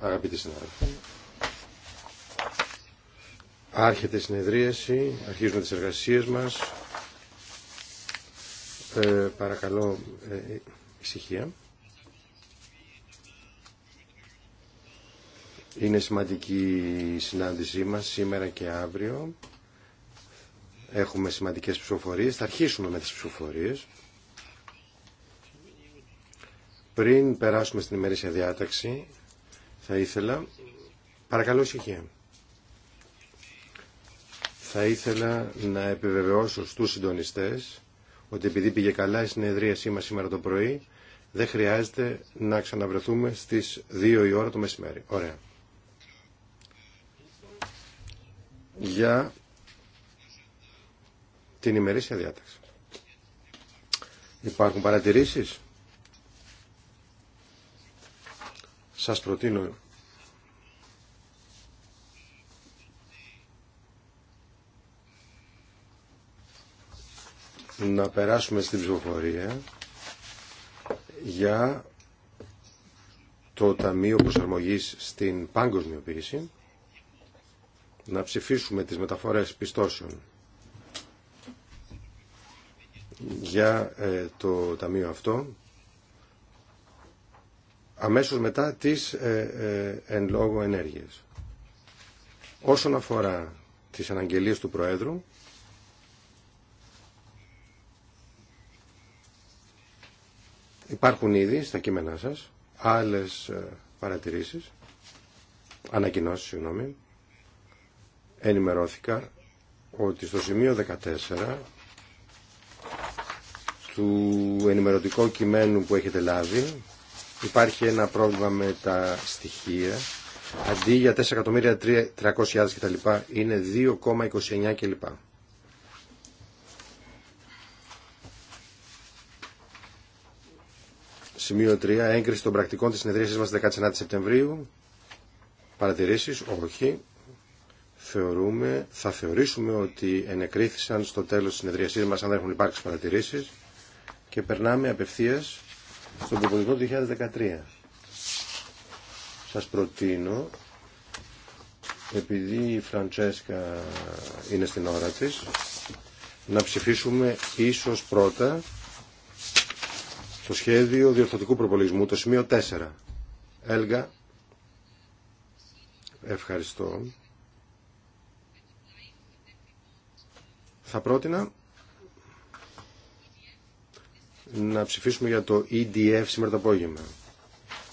Αγαπητοί συνάδελφοι. Άρχεται η συνεδρίαση, αρχίζουμε τις εργασίες μας. Ε, παρακαλώ ε, ησυχία. Είναι σημαντική η συνάντησή μας σήμερα και αύριο. Έχουμε σημαντικές ψηφοφορίες. Θα αρχίσουμε με τις ψηφοφορίες. Πριν περάσουμε στην ημερήσια διάταξη, θα ήθελα... Παρακαλώ ησυχία. Θα ήθελα να επιβεβαιώσω στους συντονιστές ότι επειδή πήγε καλά η συνεδρίασή μας σήμερα το πρωί, δεν χρειάζεται να ξαναβρεθούμε στις 2 η ώρα το μεσημέρι. Ωραία. Για την ημερήσια διάταξη. Υπάρχουν παρατηρήσεις. Σας προτείνω να περάσουμε στην ψηφοφορία για το Ταμείο Προσαρμογής στην Παγκοσμιοποίηση να ψηφίσουμε τις μεταφορές πιστώσεων για ε, το Ταμείο αυτό αμέσως μετά τις ε, ε, εν λόγω ενέργειες. Όσον αφορά τις αναγγελίες του Προέδρου, υπάρχουν ήδη στα κείμενά σας άλλες ε, παρατηρήσεις, ανακοινώσεις, συγγνώμη, ενημερώθηκα ότι στο σημείο 14 του ενημερωτικού κειμένου που έχετε λάβει υπάρχει ένα πρόβλημα με τα στοιχεία. Αντί για 4.300.000 κτλ. είναι 2,29 κλπ. Σημείο 3. Έγκριση των πρακτικών της συνεδρίασης μας 19 Σεπτεμβρίου. Παρατηρήσεις. Όχι. Θεωρούμε, θα θεωρήσουμε ότι ενεκρίθησαν στο τέλος της συνεδριασής μας αν δεν έχουν υπάρξει παρατηρήσεις και περνάμε απευθείας στον προπολογισμό 2013. Σας προτείνω, επειδή η Φραντσέσκα είναι στην ώρα της, να ψηφίσουμε ίσως πρώτα το σχέδιο διορθωτικού προπολισμού το σημείο 4. Έλγα, ευχαριστώ. Θα πρότεινα να ψηφίσουμε για το EDF σήμερα το απόγευμα.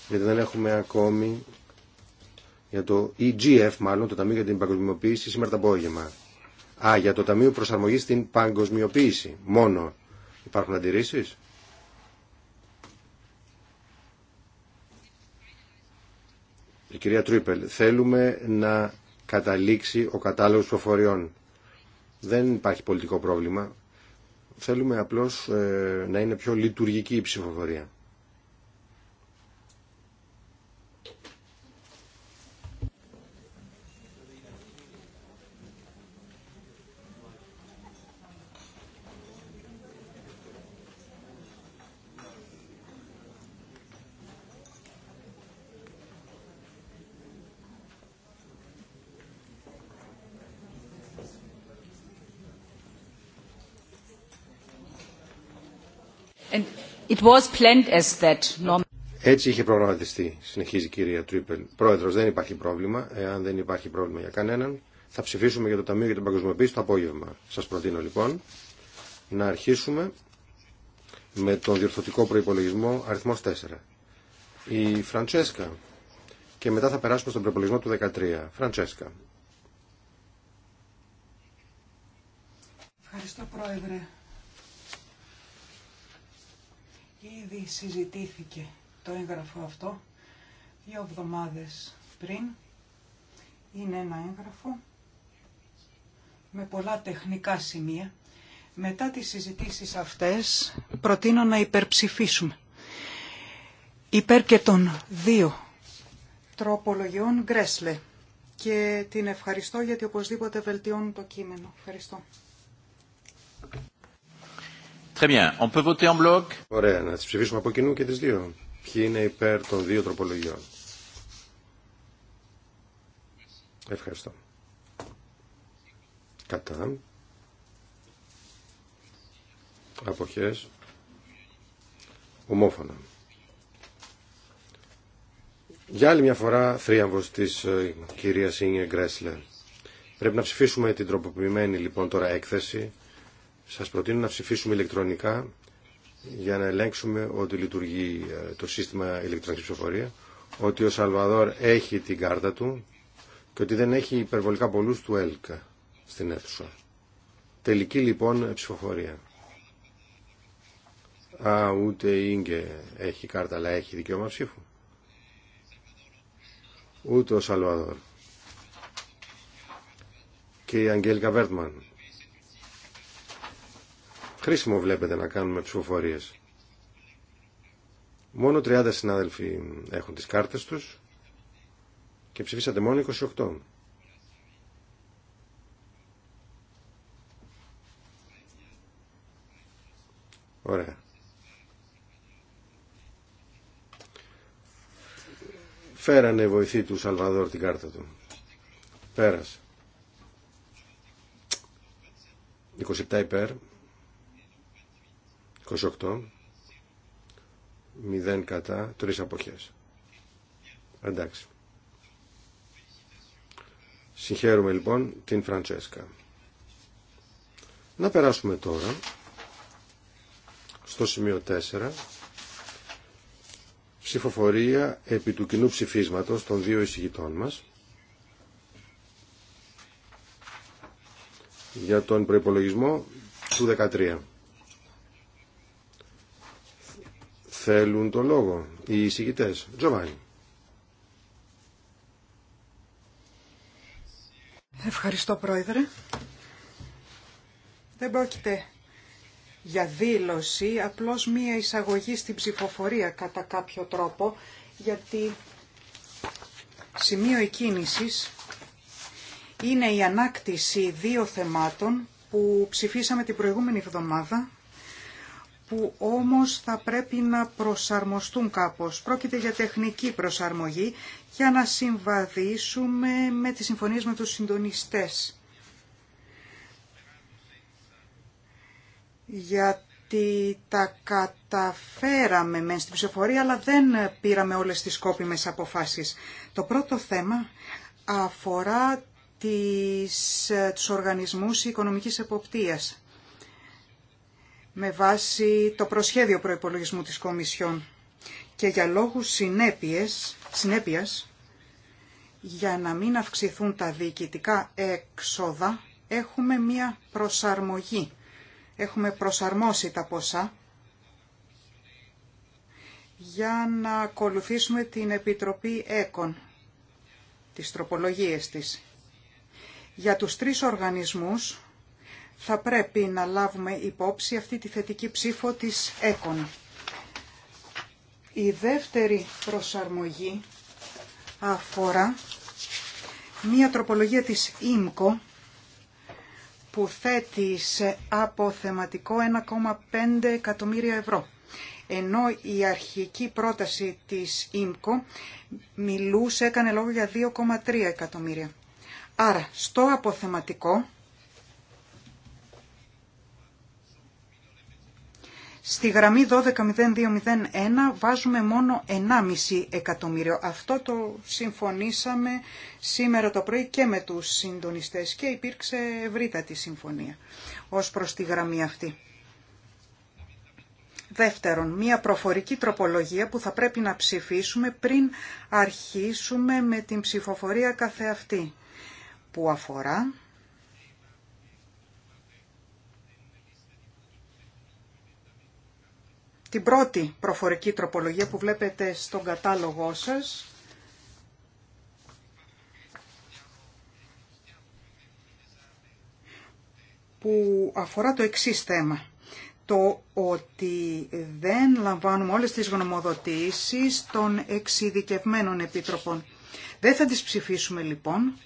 Γιατί δεν έχουμε ακόμη για το EGF μάλλον, το Ταμείο για την Παγκοσμιοποίηση σήμερα το απόγευμα. Α, για το Ταμείο Προσαρμογής στην Παγκοσμιοποίηση μόνο. Υπάρχουν αντιρρήσει. Η κυρία Τρίπελ, θέλουμε να καταλήξει ο κατάλογος προφοριών. Δεν υπάρχει πολιτικό πρόβλημα. Θέλουμε απλώς ε, να είναι πιο λειτουργική η ψηφοφορία. Έτσι είχε προγραμματιστεί, συνεχίζει η κυρία Τρίπελ. Πρόεδρος, δεν υπάρχει πρόβλημα. Εάν δεν υπάρχει πρόβλημα για κανέναν, θα ψηφίσουμε για το Ταμείο για την Παγκοσμιοποίηση το απόγευμα. Σας προτείνω λοιπόν να αρχίσουμε με τον διορθωτικό προϋπολογισμό αριθμός 4. Η Φραντσέσκα και μετά θα περάσουμε στον προϋπολογισμό του 13. Φραντσέσκα. Ευχαριστώ Πρόεδρε. Ήδη συζητήθηκε το έγγραφο αυτό δύο εβδομάδες πριν. Είναι ένα έγγραφο με πολλά τεχνικά σημεία. Μετά τις συζητήσεις αυτές προτείνω να υπερψηφίσουμε. Υπέρ και των δύο τροπολογιών Γκρέσλε και την ευχαριστώ γιατί οπωσδήποτε βελτιώνουν το κείμενο. Ευχαριστώ. Très bien. On peut voter en bloc. Ωραία, να τις ψηφίσουμε από κοινού και τις δύο. Ποιοι είναι υπέρ των δύο τροπολογιών. Ευχαριστώ. Κατά. Αποχές. Ομόφωνα. Για άλλη μια φορά θρίαμβος της ε, κυρίας Ίνιε Γκρέσλε. Πρέπει να ψηφίσουμε την τροποποιημένη λοιπόν τώρα έκθεση σας προτείνω να ψηφίσουμε ηλεκτρονικά για να ελέγξουμε ότι λειτουργεί ε, το σύστημα ηλεκτρονικής ψηφοφορία, ότι ο Σαλβαδόρ έχει την κάρτα του και ότι δεν έχει υπερβολικά πολλούς του ΕΛΚΑ στην αίθουσα. Τελική λοιπόν ψηφοφορία. Α, ούτε η Ίγκε έχει κάρτα, αλλά έχει δικαίωμα ψήφου. Ούτε ο Σαλβαδόρ. Και η Αγγέλικα Βέρτμαν χρήσιμο βλέπετε να κάνουμε ψηφοφορίες. Μόνο 30 συνάδελφοι έχουν τις κάρτες τους και ψηφίσατε μόνο 28. Ωραία. Φέρανε βοηθή του Σαλβαδόρ την κάρτα του. Πέρασε. 27 υπέρ, 28. 0 κατά, τρεις αποχές. Εντάξει. Συγχαίρουμε λοιπόν την Φραντσέσκα. Να περάσουμε τώρα στο σημείο 4 ψηφοφορία επί του κοινού ψηφίσματος των δύο εισηγητών μας για τον προϋπολογισμό του 13. Θέλουν το λόγο οι εισηγητές. Τζοβάνι. Ευχαριστώ Πρόεδρε. Δεν πρόκειται για δήλωση, απλώς μία εισαγωγή στην ψηφοφορία κατά κάποιο τρόπο, γιατί σημείο εκκίνησης είναι η ανάκτηση δύο θεμάτων που ψηφίσαμε την προηγούμενη εβδομάδα που όμως θα πρέπει να προσαρμοστούν κάπως. Πρόκειται για τεχνική προσαρμογή για να συμβαδίσουμε με τις συμφωνίες με τους συντονιστές. Γιατί τα καταφέραμε μεν στην ψηφοφορία, αλλά δεν πήραμε όλες τις σκόπιμες αποφάσεις. Το πρώτο θέμα αφορά τις, τους οργανισμούς οικονομικής εποπτείας με βάση το προσχέδιο προϋπολογισμού της Κομισιόν και για λόγους συνέπειες, συνέπειας, για να μην αυξηθούν τα διοικητικά έξοδα, έχουμε μία προσαρμογή. Έχουμε προσαρμόσει τα ποσά για να ακολουθήσουμε την Επιτροπή ΕΚΟΝ, τις τροπολογίες της. Για τους τρεις οργανισμούς θα πρέπει να λάβουμε υπόψη αυτή τη θετική ψήφο της ΕΚΟΝ. Η δεύτερη προσαρμογή αφορά μία τροπολογία της ΙΜΚΟ που θέτει σε αποθεματικό 1,5 εκατομμύρια ευρώ. Ενώ η αρχική πρόταση της ΙΜΚΟ μιλούσε, έκανε λόγο για 2,3 εκατομμύρια. Άρα, στο αποθεματικό Στη γραμμή 120201 βάζουμε μόνο 1,5 εκατομμύριο. Αυτό το συμφωνήσαμε σήμερα το πρωί και με τους συντονιστές και υπήρξε ευρύτατη συμφωνία ως προς τη γραμμή αυτή. Δεύτερον, μία προφορική τροπολογία που θα πρέπει να ψηφίσουμε πριν αρχίσουμε με την ψηφοφορία καθεαυτή που αφορά την πρώτη προφορική τροπολογία που βλέπετε στον κατάλογό σας. που αφορά το εξή θέμα. Το ότι δεν λαμβάνουμε όλες τις γνωμοδοτήσεις των εξειδικευμένων επιτροπών. Δεν θα τις ψηφίσουμε λοιπόν,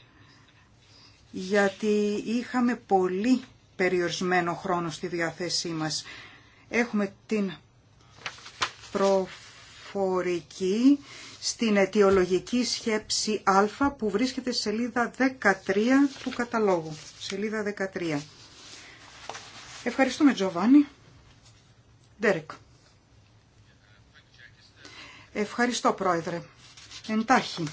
γιατί είχαμε πολύ περιορισμένο χρόνο στη διάθεσή μας. Έχουμε την προφορική στην αιτιολογική σκέψη α που βρίσκεται σε σελίδα 13 του καταλόγου. Σελίδα 13. Ευχαριστούμε Τζοβάνι. Ντέρεκ. Ευχαριστώ Πρόεδρε. Εντάχει.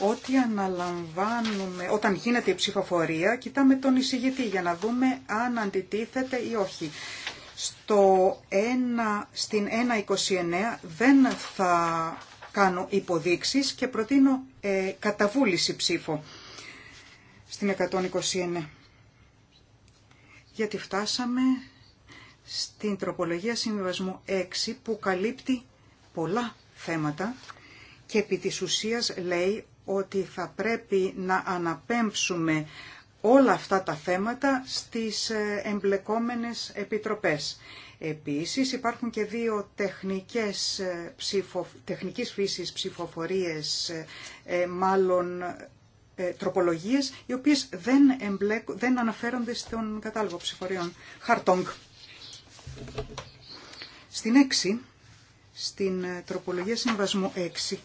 Ό,τι αναλαμβάνουμε, όταν γίνεται η ψηφοφορία, κοιτάμε τον εισηγητή για να δούμε αν αντιτίθεται ή όχι. Στο 1, στην 1.29 δεν θα κάνω υποδείξεις και προτείνω ε, καταβούληση ψήφο στην 129. Γιατί φτάσαμε στην τροπολογία συμβιβασμού 6 που καλύπτει πολλά θέματα και επί της ουσίας λέει ότι θα πρέπει να αναπέμψουμε όλα αυτά τα θέματα στις ε, εμπλεκόμενες επιτροπές. Επίσης υπάρχουν και δύο τεχνικές, ε, ψηφο, τεχνικής φύσης ψηφοφορίες, ε, μάλλον τροπολογίες, οι οποίες δεν, δεν αναφέρονται στον κατάλογο ψηφοριών. Χαρτόγκ. Στην 6, στην τροπολογία συμβασμού 6,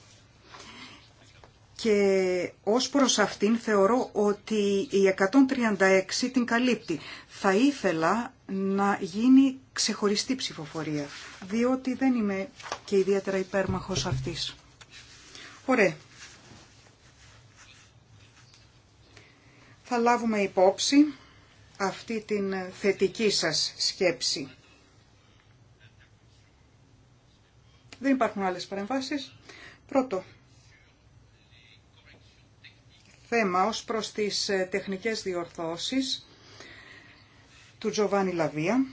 και ως προς αυτήν θεωρώ ότι η 136 την καλύπτει. Θα ήθελα να γίνει ξεχωριστή ψηφοφορία, διότι δεν είμαι και ιδιαίτερα υπέρμαχος αυτής. Ωραία. Θα λάβουμε υπόψη αυτή την θετική σας σκέψη. Δεν υπάρχουν άλλες παρεμβάσεις. Πρώτο, θέμα ως προς τις ε, τεχνικές διορθώσεις του Τζοβάνι Λαβία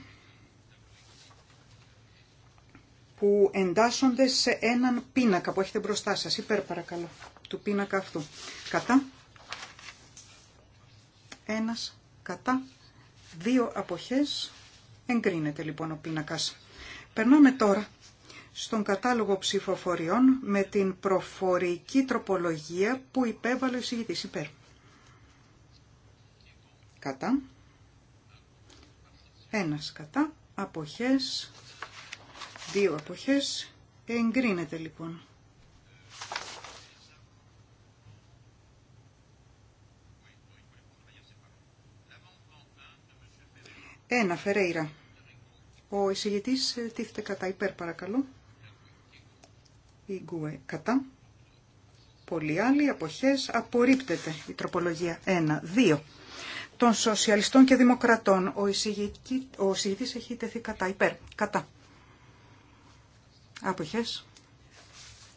που εντάσσονται σε έναν πίνακα που έχετε μπροστά σας. Υπέρ παρακαλώ, του πίνακα αυτού. Κατά. Ένας κατά. Δύο αποχές. Εγκρίνεται λοιπόν ο πίνακας. Περνάμε τώρα στον κατάλογο ψηφοφοριών με την προφορική τροπολογία που υπέβαλε ο εισηγητής υπέρ. Κατά. Ένας κατά. Αποχές. Δύο αποχές. Εγκρίνεται λοιπόν. Ένα, Φερέιρα. Ο εισηγητής ε, τίθεται κατά υπέρ παρακαλώ η Γκουε κατά. Πολλοί άλλοι αποχές απορρίπτεται η τροπολογία 1. 2. Των σοσιαλιστών και δημοκρατών ο εισηγητής έχει τεθεί κατά. Υπέρ. Κατά. Αποχές.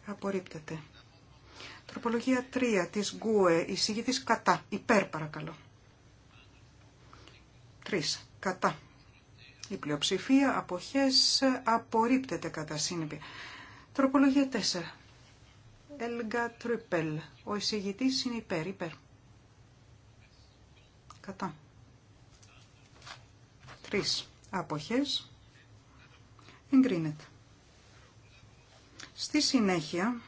Απορρίπτεται. Τροπολογία 3 της Γκουε. Εισηγητής κατά. Υπέρ παρακαλώ. 3. Κατά. Η πλειοψηφία αποχές απορρίπτεται κατά σύνεπη. Τροπολογία 4. Έλγα ΤΡΟΥΠΕΛ. Ο εισηγητής είναι υπέρ, υπέρ. Κατά. Τρεις αποχές. Εγκρίνεται. Στη συνέχεια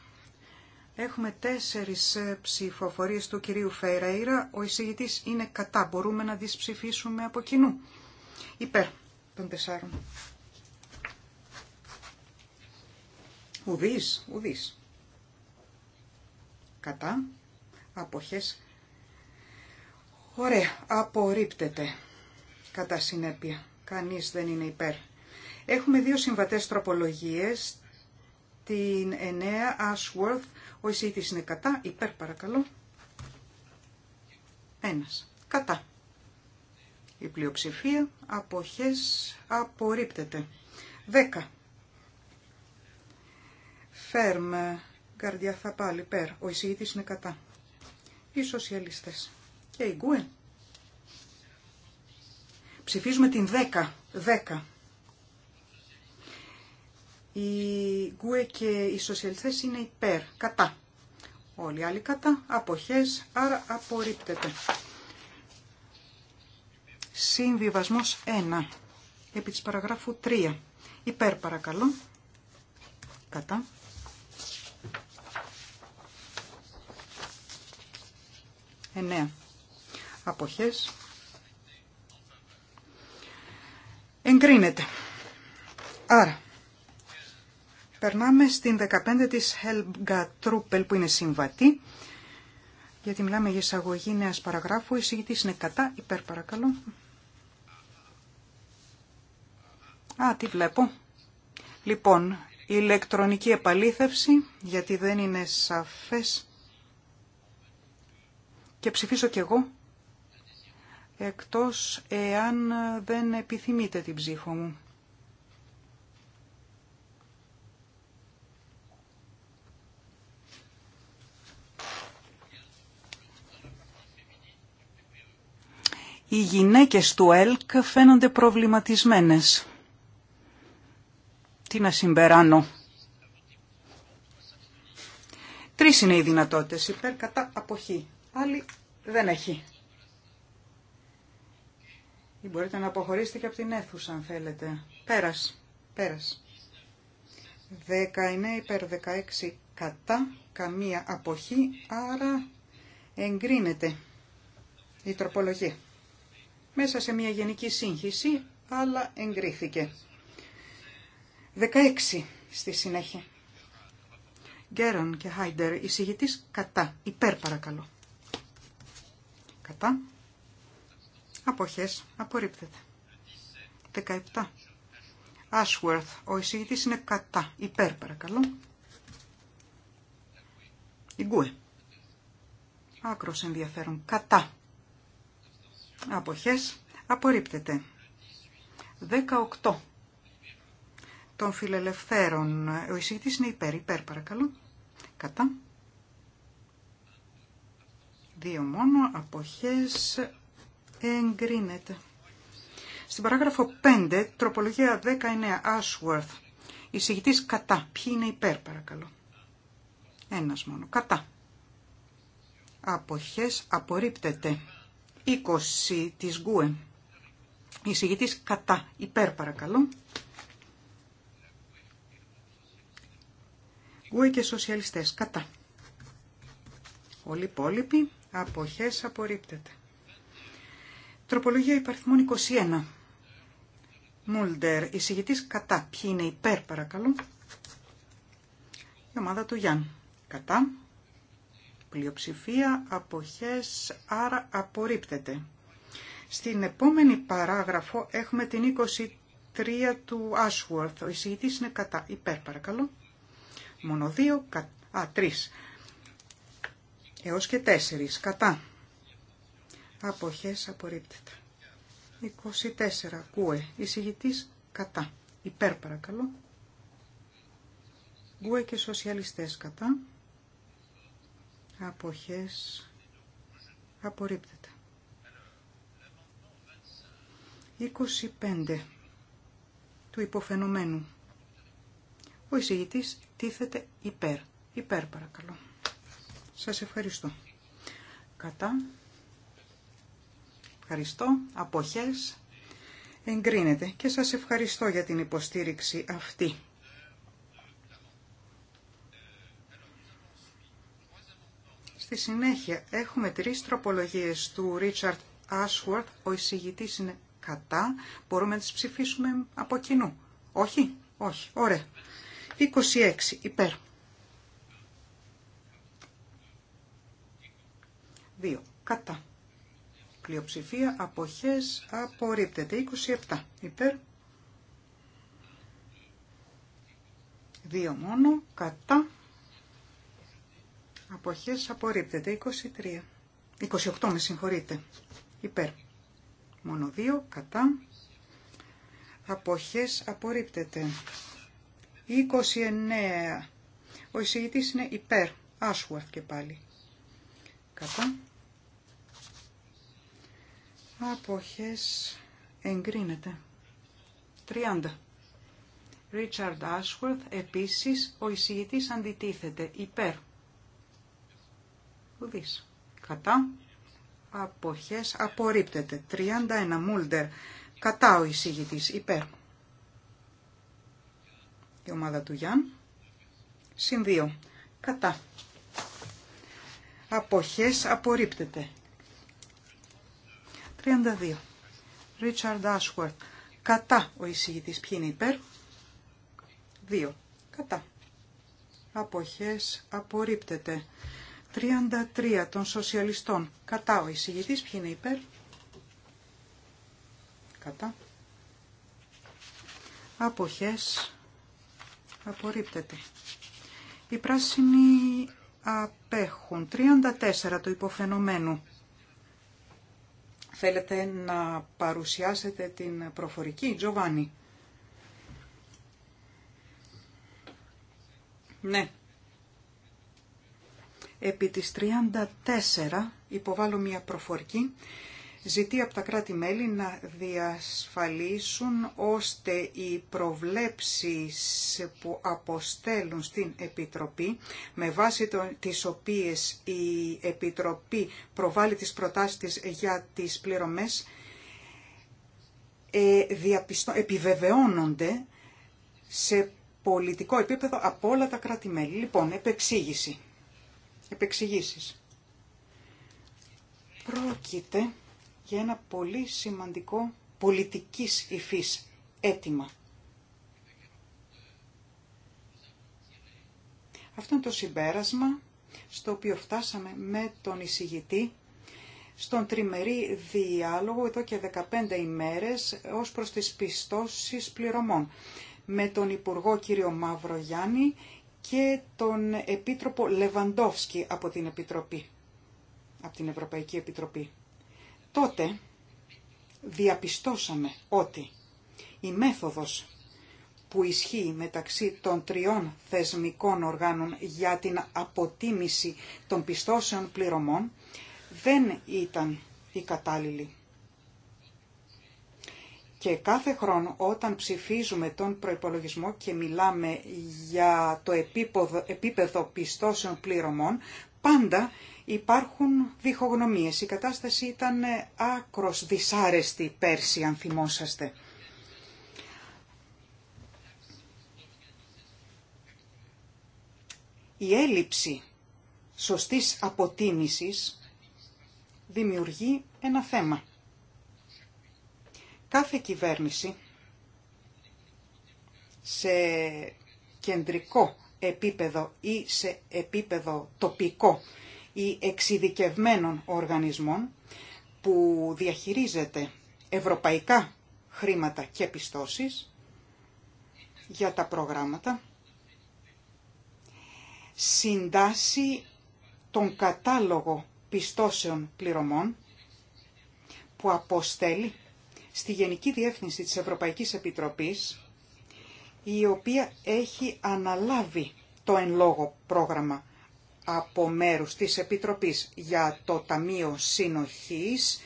έχουμε τέσσερις ε, ψηφοφορίες του κυρίου Φεϊραήρα. Ο εισηγητής είναι κατά. Μπορούμε να τι ψηφίσουμε από κοινού. Υπέρ των τεσσάρων. Ουδής, ουδής. Κατά. Αποχές. Ωραία, απορρίπτεται. Κατά συνέπεια, κανείς δεν είναι υπέρ. Έχουμε δύο συμβατές τροπολογίες. Την 9 Ashworth, ο εισήτης είναι κατά, υπέρ παρακαλώ. Ένας, κατά. Η πλειοψηφία, αποχές, απορρίπτεται. δέκα. Φέρμ, καρδιά θα πάλι, πέρ. Ο εισηγητής είναι κατά. Οι σοσιαλιστές. Και η Γκουε. Ψηφίζουμε την 10. 10. Η Γκουε και οι σοσιαλιστές είναι υπέρ, κατά. Όλοι οι άλλοι κατά, αποχές, άρα απορρίπτεται. Συμβιβασμός 1, επί της παραγράφου 3. Υπέρ παρακαλώ, κατά, 9. Αποχές. Εγκρίνεται. Άρα, περνάμε στην 15 της Helga Truppel που είναι συμβατή. Γιατί μιλάμε για εισαγωγή νέας παραγράφου. Η είναι κατά. Υπέρ παρακαλώ. Α, τι βλέπω. Λοιπόν, ηλεκτρονική επαλήθευση, γιατί δεν είναι σαφές και ψηφίσω κι εγώ, εκτός εάν δεν επιθυμείτε την ψήφο μου. Οι γυναίκες του ΕΛΚ φαίνονται προβληματισμένες. Τι να συμπεράνω. Τρεις είναι οι δυνατότητες, υπέρ κατά αποχή. Άλλη δεν έχει. Ή μπορείτε να αποχωρήσετε και από την αίθουσα αν θέλετε. Πέρας. Πέρας. 19 υπέρ 16 κατά, καμία αποχή, άρα εγκρίνεται η τροπολογία. Μέσα σε μια γενική σύγχυση, αλλά εγκρίθηκε. 16 στη συνέχεια. Γκέρον και Χάιντερ, εισηγητής κατά, υπέρ παρακαλώ. Κατά. Αποχές. Απορρίπτεται. 17. Ashworth. Ο εισηγητής είναι κατά. Υπέρ παρακαλώ. Η Γκουε. Άκρος ενδιαφέρον. Κατά. Αποχές. Απορρίπτεται. 18. Των φιλελευθέρων. Ο εισηγητής είναι υπέρ. Υπέρ παρακαλώ. Κατά. Δύο μόνο αποχές εγκρίνεται. Στην παράγραφο 5, τροπολογία 19, Ashworth. Εισηγητής κατά. Ποιοι είναι υπέρ παρακαλώ. Ένας μόνο. Κατά. Αποχές απορρίπτεται. 20 της Γκουε. Εισηγητής κατά. Υπέρ παρακαλώ. Γκουε και σοσιαλιστές. Κατά. Όλοι οι υπόλοιποι αποχές απορρίπτεται. Τροπολογία υπαριθμών 21. Μούλντερ, εισηγητής κατά. Ποιοι είναι υπέρ παρακαλώ. Η ομάδα του Γιάν. Κατά. Πλειοψηφία, αποχές, άρα απορρίπτεται. Στην επόμενη παράγραφο έχουμε την 23 του Ashworth. Ο εισηγητής είναι κατά. Υπέρ παρακαλώ. Μόνο δύο, α, τρεις έως και τέσσερις. κατά. Αποχές απορρίπτεται. 24 κούε εισηγητής κατά. Υπέρ παρακαλώ. Γκουε και σοσιαλιστές κατά. Αποχές απορρίπτεται. 25 του υποφαινομένου. Ο εισηγητής τίθεται υπέρ. Υπέρ παρακαλώ. Σας ευχαριστώ. Κατά. Ευχαριστώ. Αποχές. Εγκρίνεται. Και σας ευχαριστώ για την υποστήριξη αυτή. Στη συνέχεια έχουμε τρεις τροπολογίες του Richard Ashworth. Ο εισηγητής είναι κατά. Μπορούμε να τις ψηφίσουμε από κοινού. Όχι. Όχι. Ωραία. 26. Υπέρ. 2. Κατά. Πλειοψηφία αποχές απορρίπτεται. 27. Υπέρ. 2 μόνο. Κατά. Αποχές απορρίπτεται. 23. 28 με συγχωρείτε. Υπέρ. Μόνο 2. Κατά. Αποχές απορρίπτεται. 29. Ο εισηγητής είναι υπέρ. Άσουαρθ και πάλι. Κατά. Αποχές εγκρίνεται. 30. Ρίτσαρντ Άσχουρθ, επίσης, ο εισηγητής αντιτίθεται. Υπέρ. Ουδής. Κατά. Αποχές απορρίπτεται. 31. Μούλτερ. Κατά ο εισηγητής. Υπέρ. Η ομάδα του Γιάν. Συν 2. Κατά. Αποχές απορρίπτεται. 32. Richard Ashworth. Κατά ο εισηγητής. Ποιοι είναι υπέρ. 2. Κατά. Αποχές απορρίπτεται. 33 των σοσιαλιστών. Κατά ο εισηγητής. Ποιοι είναι υπέρ. Κατά. Αποχές απορρίπτεται. Οι πράσινοι απέχουν. 34 το υποφαινομένου. Θέλετε να παρουσιάσετε την προφορική, Τζοβάνι. Ναι. Επί της 34 υποβάλλω μια προφορική ζητεί από τα κράτη-μέλη να διασφαλίσουν ώστε οι προβλέψεις που αποστέλουν στην Επιτροπή, με βάση τις οποίες η Επιτροπή προβάλλει τις προτάσεις της για τις πληρωμές, ε, επιβεβαιώνονται σε πολιτικό επίπεδο από όλα τα κράτη-μέλη. Λοιπόν, επεξήγηση. Επεξηγήσεις. Πρόκειται για ένα πολύ σημαντικό πολιτικής υφής αίτημα. Αυτό είναι το συμπέρασμα στο οποίο φτάσαμε με τον εισηγητή στον τριμερή διάλογο εδώ και 15 ημέρες ως προς τις πιστώσεις πληρωμών με τον Υπουργό κύριο Μαύρο Γιάννη και τον Επίτροπο Λεβαντόφσκι από την Επιτροπή, από την Ευρωπαϊκή Επιτροπή τότε διαπιστώσαμε ότι η μέθοδος που ισχύει μεταξύ των τριών θεσμικών οργάνων για την αποτίμηση των πιστώσεων πληρωμών δεν ήταν η κατάλληλη. Και κάθε χρόνο όταν ψηφίζουμε τον προϋπολογισμό και μιλάμε για το επίπεδο, επίπεδο πιστώσεων πληρωμών, πάντα Υπάρχουν διχογνωμίες. Η κατάσταση ήταν ε, άκρος δυσάρεστη πέρσι, αν θυμόσαστε. Η έλλειψη σωστής αποτίμησης δημιουργεί ένα θέμα. Κάθε κυβέρνηση σε κεντρικό επίπεδο ή σε επίπεδο τοπικό ή εξειδικευμένων οργανισμών που διαχειρίζεται ευρωπαϊκά χρήματα και πιστώσεις για τα προγράμματα συντάσσει τον κατάλογο πιστώσεων πληρωμών που αποστέλει στη Γενική Διεύθυνση της Ευρωπαϊκής Επιτροπής η οποία έχει αναλάβει το εν λόγω πρόγραμμα από μέρους της Επιτροπής για το Ταμείο Συνοχής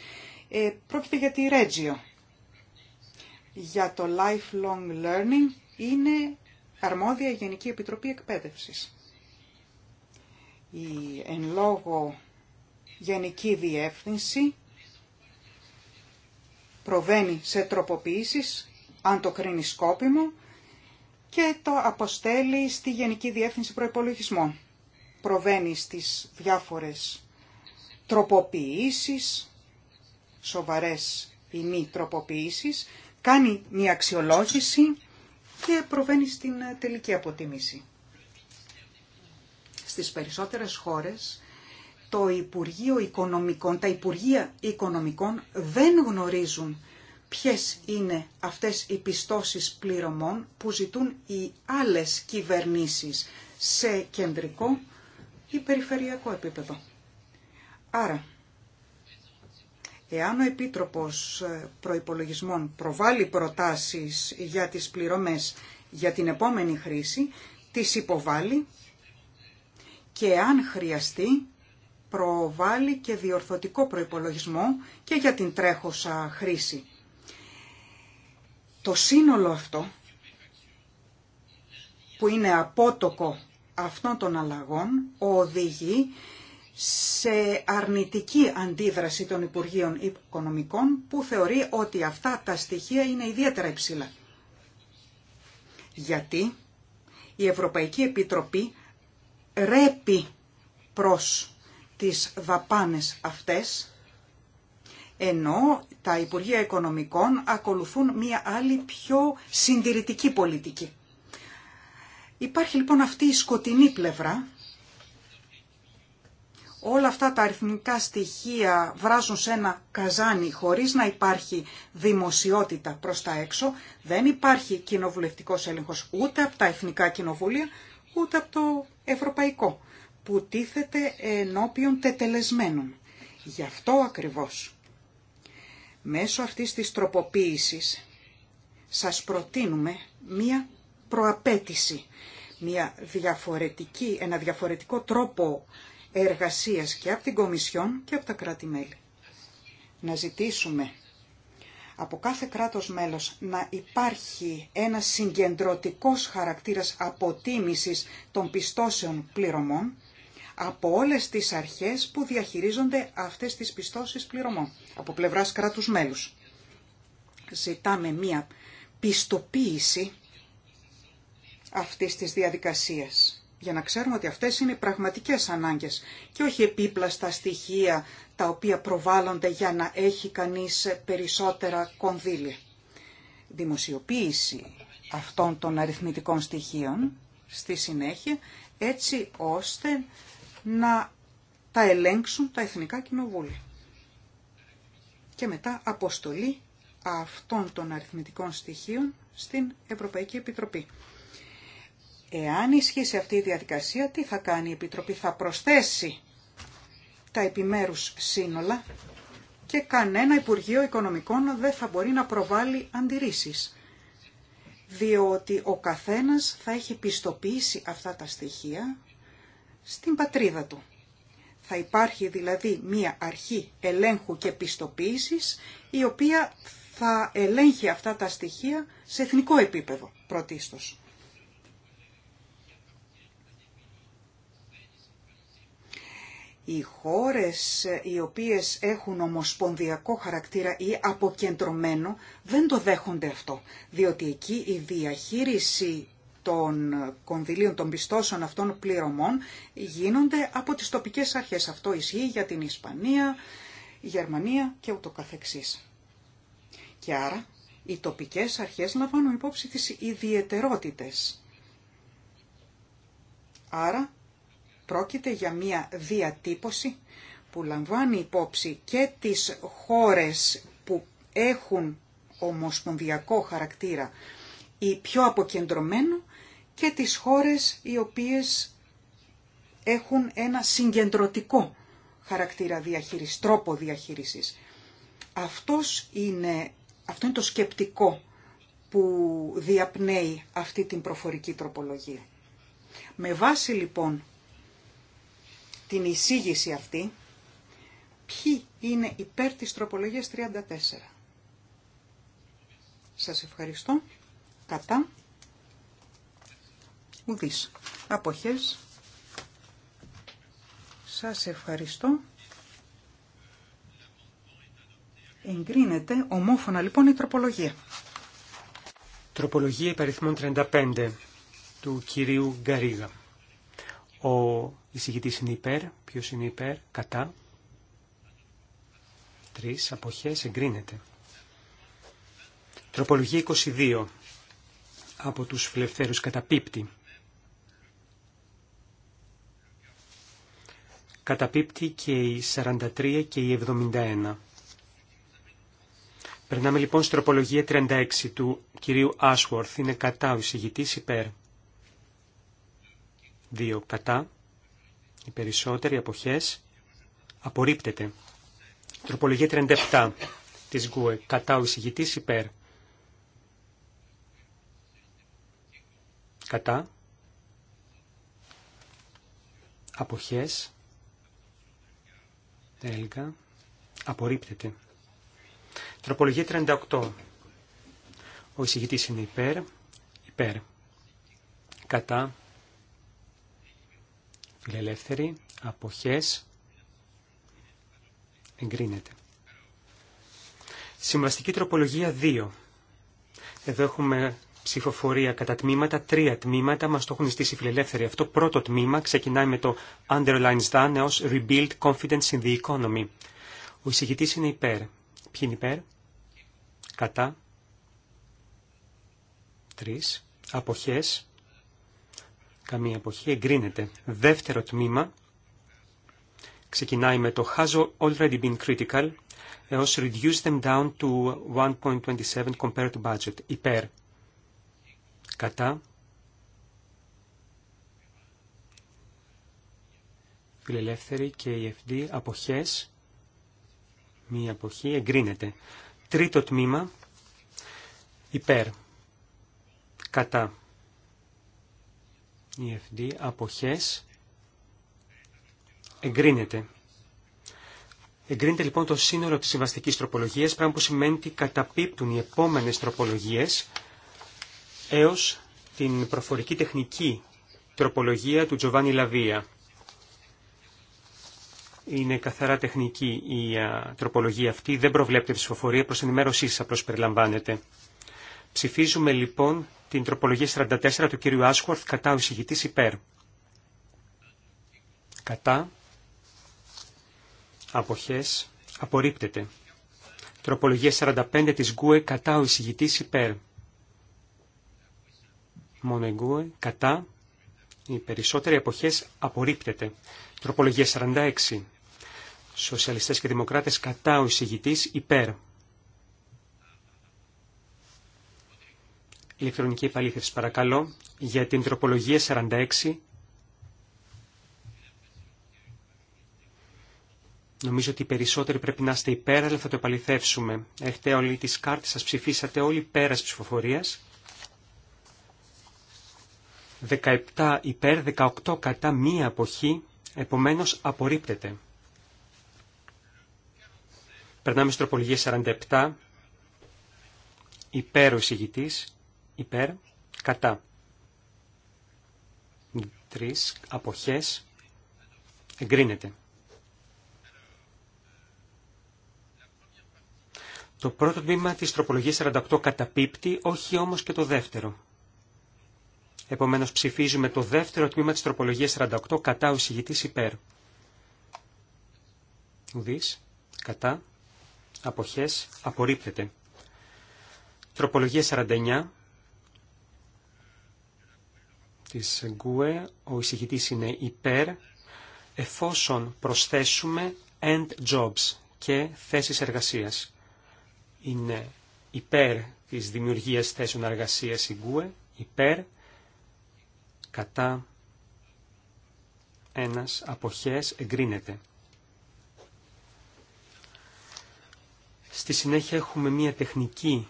ε, πρόκειται για τη Regio. Για το Lifelong Learning είναι αρμόδια Γενική Επιτροπή Εκπαίδευσης. Η εν λόγω Γενική Διεύθυνση προβαίνει σε τροποποιήσεις, αν το κρίνει σκόπιμο, και το αποστέλει στη Γενική Διεύθυνση Προϋπολογισμών προβαίνει στις διάφορες τροποποιήσεις, σοβαρές ή μη τροποποιήσεις, κάνει μια αξιολόγηση και προβαίνει στην ε, τελική αποτίμηση. Στις περισσότερες χώρες το Υπουργείο Οικονομικών, τα Υπουργεία Οικονομικών δεν γνωρίζουν ποιες είναι αυτές οι πιστώσεις πληρωμών που ζητούν οι άλλες κυβερνήσεις σε κεντρικό ή περιφερειακό επίπεδο. Άρα, εάν ο Επίτροπος ε, Προϋπολογισμών προβάλλει προτάσεις για τις πληρωμές για την επόμενη χρήση, τις υποβάλλει και αν χρειαστεί προβάλλει και διορθωτικό προϋπολογισμό και για την τρέχουσα χρήση. Το σύνολο αυτό που είναι απότοκο αυτών των αλλαγών οδηγεί σε αρνητική αντίδραση των Υπουργείων Οικονομικών που θεωρεί ότι αυτά τα στοιχεία είναι ιδιαίτερα υψηλά. Γιατί η Ευρωπαϊκή Επιτροπή ρέπει προς τις δαπάνες αυτές, ενώ τα Υπουργεία Οικονομικών ακολουθούν μία άλλη πιο συντηρητική πολιτική. Υπάρχει λοιπόν αυτή η σκοτεινή πλευρά. Όλα αυτά τα αριθμικά στοιχεία βράζουν σε ένα καζάνι χωρίς να υπάρχει δημοσιότητα προς τα έξω. Δεν υπάρχει κοινοβουλευτικός έλεγχος ούτε από τα εθνικά κοινοβούλια, ούτε από το ευρωπαϊκό, που τίθεται ενώπιον τετελεσμένων. Γι' αυτό ακριβώς. Μέσω αυτής της τροποποίησης σας προτείνουμε μία προαπέτηση. Μια διαφορετική, ένα διαφορετικό τρόπο εργασίας και από την Κομισιόν και από τα κράτη-μέλη. Να ζητήσουμε από κάθε κράτος μέλος να υπάρχει ένα συγκεντρωτικός χαρακτήρας αποτίμησης των πιστώσεων πληρωμών από όλες τις αρχές που διαχειρίζονται αυτές τις πιστώσεις πληρωμών από πλευράς κράτους μέλους. Ζητάμε μία πιστοποίηση αυτής της διαδικασίας. Για να ξέρουμε ότι αυτές είναι πραγματικές ανάγκες και όχι επίπλαστα στοιχεία τα οποία προβάλλονται για να έχει κανείς περισσότερα κονδύλια. Δημοσιοποίηση αυτών των αριθμητικών στοιχείων στη συνέχεια έτσι ώστε να τα ελέγξουν τα Εθνικά Κοινοβούλια. Και μετά αποστολή αυτών των αριθμητικών στοιχείων στην Ευρωπαϊκή Επιτροπή. Εάν ισχύσει αυτή η διαδικασία, τι θα κάνει η Επιτροπή, θα προσθέσει τα επιμέρους σύνολα και κανένα Υπουργείο Οικονομικών δεν θα μπορεί να προβάλλει αντιρρήσεις. Διότι ο καθένας θα έχει πιστοποιήσει αυτά τα στοιχεία στην πατρίδα του. Θα υπάρχει δηλαδή μία αρχή ελέγχου και πιστοποίησης η οποία θα ελέγχει αυτά τα στοιχεία σε εθνικό επίπεδο πρωτίστως. Οι χώρες ε, οι οποίες έχουν ομοσπονδιακό χαρακτήρα ή αποκεντρωμένο δεν το δέχονται αυτό, διότι εκεί η διαχείριση των κονδυλίων, των πιστώσεων αυτών πληρωμών γίνονται από τις τοπικές αρχές. Αυτό ισχύει για την Ισπανία, η Γερμανία και ούτω καθεξής. Και άρα οι τοπικές αρχές λαμβάνουν υπόψη τις ιδιαιτερότητες. Άρα Πρόκειται για μία διατύπωση που λαμβάνει υπόψη και τις χώρες που έχουν ομοσπονδιακό χαρακτήρα ή πιο αποκεντρωμένο και τις χώρες οι οποίες έχουν ένα συγκεντρωτικό χαρακτήρα διαχείρισης, τρόπο διαχείρισης. Αυτός είναι, αυτό είναι το σκεπτικό που διαπνέει αυτή την προφορική τροπολογία. Με βάση λοιπόν την εισήγηση αυτή, ποιοι είναι υπέρ της τροπολογίας 34. Σας ευχαριστώ. Κατά. Ουδής. Αποχές. Σας ευχαριστώ. Εγκρίνεται ομόφωνα λοιπόν η τροπολογία. Τροπολογία υπαριθμών 35 του κυρίου Γκαρίγα. Ο εισηγητή είναι υπέρ, Ποιο είναι υπέρ, κατά. Τρει αποχέ εγκρίνεται. Τροπολογία 22 από τους φιλελευθέρους καταπίπτει. Καταπίπτει και η 43 και η 71. Περνάμε λοιπόν στην τροπολογία 36 του κυρίου Άσουαρθ. Είναι κατά ο εισηγητής υπέρ. 2 κατά. Οι περισσότεροι αποχές απορρίπτεται. Τροπολογία 37 της ΓΚΟΕ. Κατά ο εισηγητής υπέρ. Κατά. Αποχές. Έλγα. Απορρίπτεται. Τροπολογία 38. Ο εισηγητής είναι υπέρ. Υπέρ. Κατά. Φιλελεύθερη. Αποχές. Εγκρίνεται. Συμβαστική τροπολογία 2. Εδώ έχουμε ψηφοφορία κατά τμήματα, τρία τμήματα, μας το έχουν στήσει φιλελεύθεροι. Αυτό πρώτο τμήμα ξεκινάει με το Underlines Done έως Rebuild Confidence in the Economy. Ο εισηγητής είναι υπέρ. Ποιοι είναι υπέρ? Κατά. Τρεις. Αποχές. Καμία εποχή εγκρίνεται. Δεύτερο τμήμα ξεκινάει με το «Has already been critical» έως «Reduce them down to 1.27 compared to budget» υπέρ. Κατά. Φιλελεύθερη και η FD αποχές. Μία αποχή εγκρίνεται. Τρίτο τμήμα υπέρ. Κατά. EFD, αποχές, εγκρίνεται. Εγκρίνεται λοιπόν το σύνολο της συμβαστικής τροπολογίας, πράγμα που σημαίνει ότι καταπίπτουν οι επόμενες τροπολογίες έως την προφορική τεχνική τροπολογία του Τζοβάνι Λαβία. Είναι καθαρά τεχνική η τροπολογία αυτή, δεν προβλέπεται ψηφοφορία, προς ενημέρωσή σας απλώς περιλαμβάνεται. Ψηφίζουμε λοιπόν την τροπολογία 44 του κυρίου Άσχορθ κατά ο εισηγητής υπέρ. Κατά. Αποχές. Απορρίπτεται. Τροπολογία 45 της Γκουε κατά ο εισηγητής υπέρ. Μόνο η Γκουε κατά. Οι περισσότεροι αποχές απορρίπτεται. Τροπολογία 46. Σοσιαλιστές και Δημοκράτες κατά ο εισηγητής υπέρ. Ηλεκτρονική επαλήθευση παρακαλώ για την τροπολογία 46. Νομίζω ότι οι περισσότεροι πρέπει να είστε υπέρ, αλλά θα το επαληθεύσουμε. Έχετε όλοι τις κάρτες σας, ψηφίσατε όλοι πέρας ψηφοφορίας. 17 υπέρ, 18 κατά μία αποχή, επομένως απορρίπτεται. Περνάμε στην τροπολογία 47, υπέρ ο εισηγητής, υπέρ, κατά. Τρεις αποχές εγκρίνεται. Το πρώτο τμήμα της τροπολογίας 48 καταπίπτει, όχι όμως και το δεύτερο. Επομένως ψηφίζουμε το δεύτερο τμήμα της τροπολογίας 48 κατά ο εισηγητής υπέρ. Ουδής, κατά, αποχές, απορρίπτεται. Τροπολογία 49, της ο εισηγητής είναι υπέρ, εφόσον προσθέσουμε end jobs και θέσεις εργασίας. Είναι υπέρ της δημιουργίας θέσεων εργασίας η Γκούε υπέρ, κατά, ένας, αποχές, εγκρίνεται. Στη συνέχεια έχουμε μία τεχνική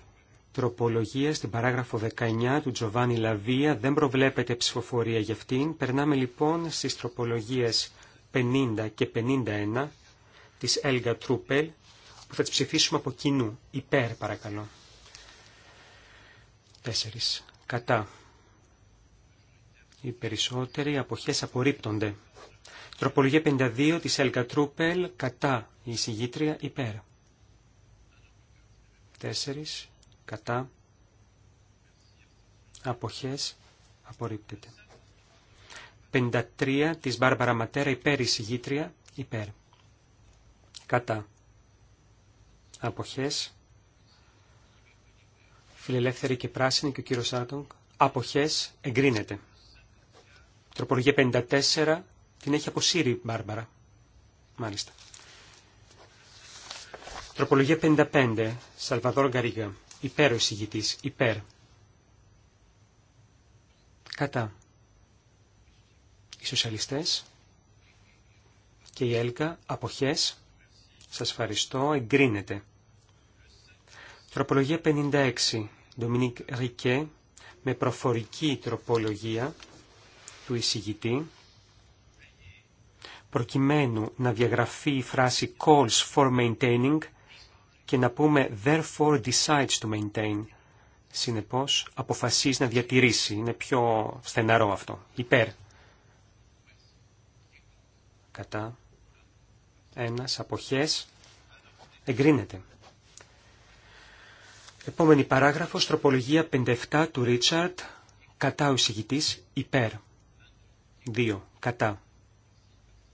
τροπολογία στην παράγραφο 19 του Τζοβάνι Λαβία. Δεν προβλέπεται ψηφοφορία για αυτήν. Περνάμε λοιπόν στις τροπολογίες 50 και 51 της Έλγα Τρούπελ που θα τις ψηφίσουμε από κοινού. Υπέρ παρακαλώ. 4. Κατά. Οι περισσότεροι αποχές απορρίπτονται. Τροπολογία 52 της Έλγα Τρούπελ κατά η εισηγήτρια υπέρ. 4 κατά, αποχές, απορρίπτεται. 53 της Μπάρμπαρα Ματέρα υπέρ εισηγήτρια, υπέρ, κατά, αποχές, φιλελεύθερη και πράσινη και ο κύριος Άτογκ, αποχές, εγκρίνεται. Τροπολογία 54 την έχει αποσύρει η Μπάρμπαρα. Μάλιστα. Τροπολογία 55, Σαλβαδόρ Γκαρίγα. Υπέρ ο εισηγητής. Υπέρ. Κατά. Οι σοσιαλιστές και η Έλκα αποχές. Σας ευχαριστώ. Εγκρίνεται. Τροπολογία 56. Ντομινίκ Ρικέ με προφορική τροπολογία του εισηγητή προκειμένου να διαγραφεί η φράση calls for maintaining και να πούμε therefore decides to maintain. Συνεπώς αποφασίζει να διατηρήσει. Είναι πιο στεναρό αυτό. Υπέρ. Κατά. Ένας. Αποχές. Εγκρίνεται. Επόμενη παράγραφος, τροπολογία 57 του Ρίτσαρτ, κατά ο εισηγητής, υπέρ. 2. Κατά.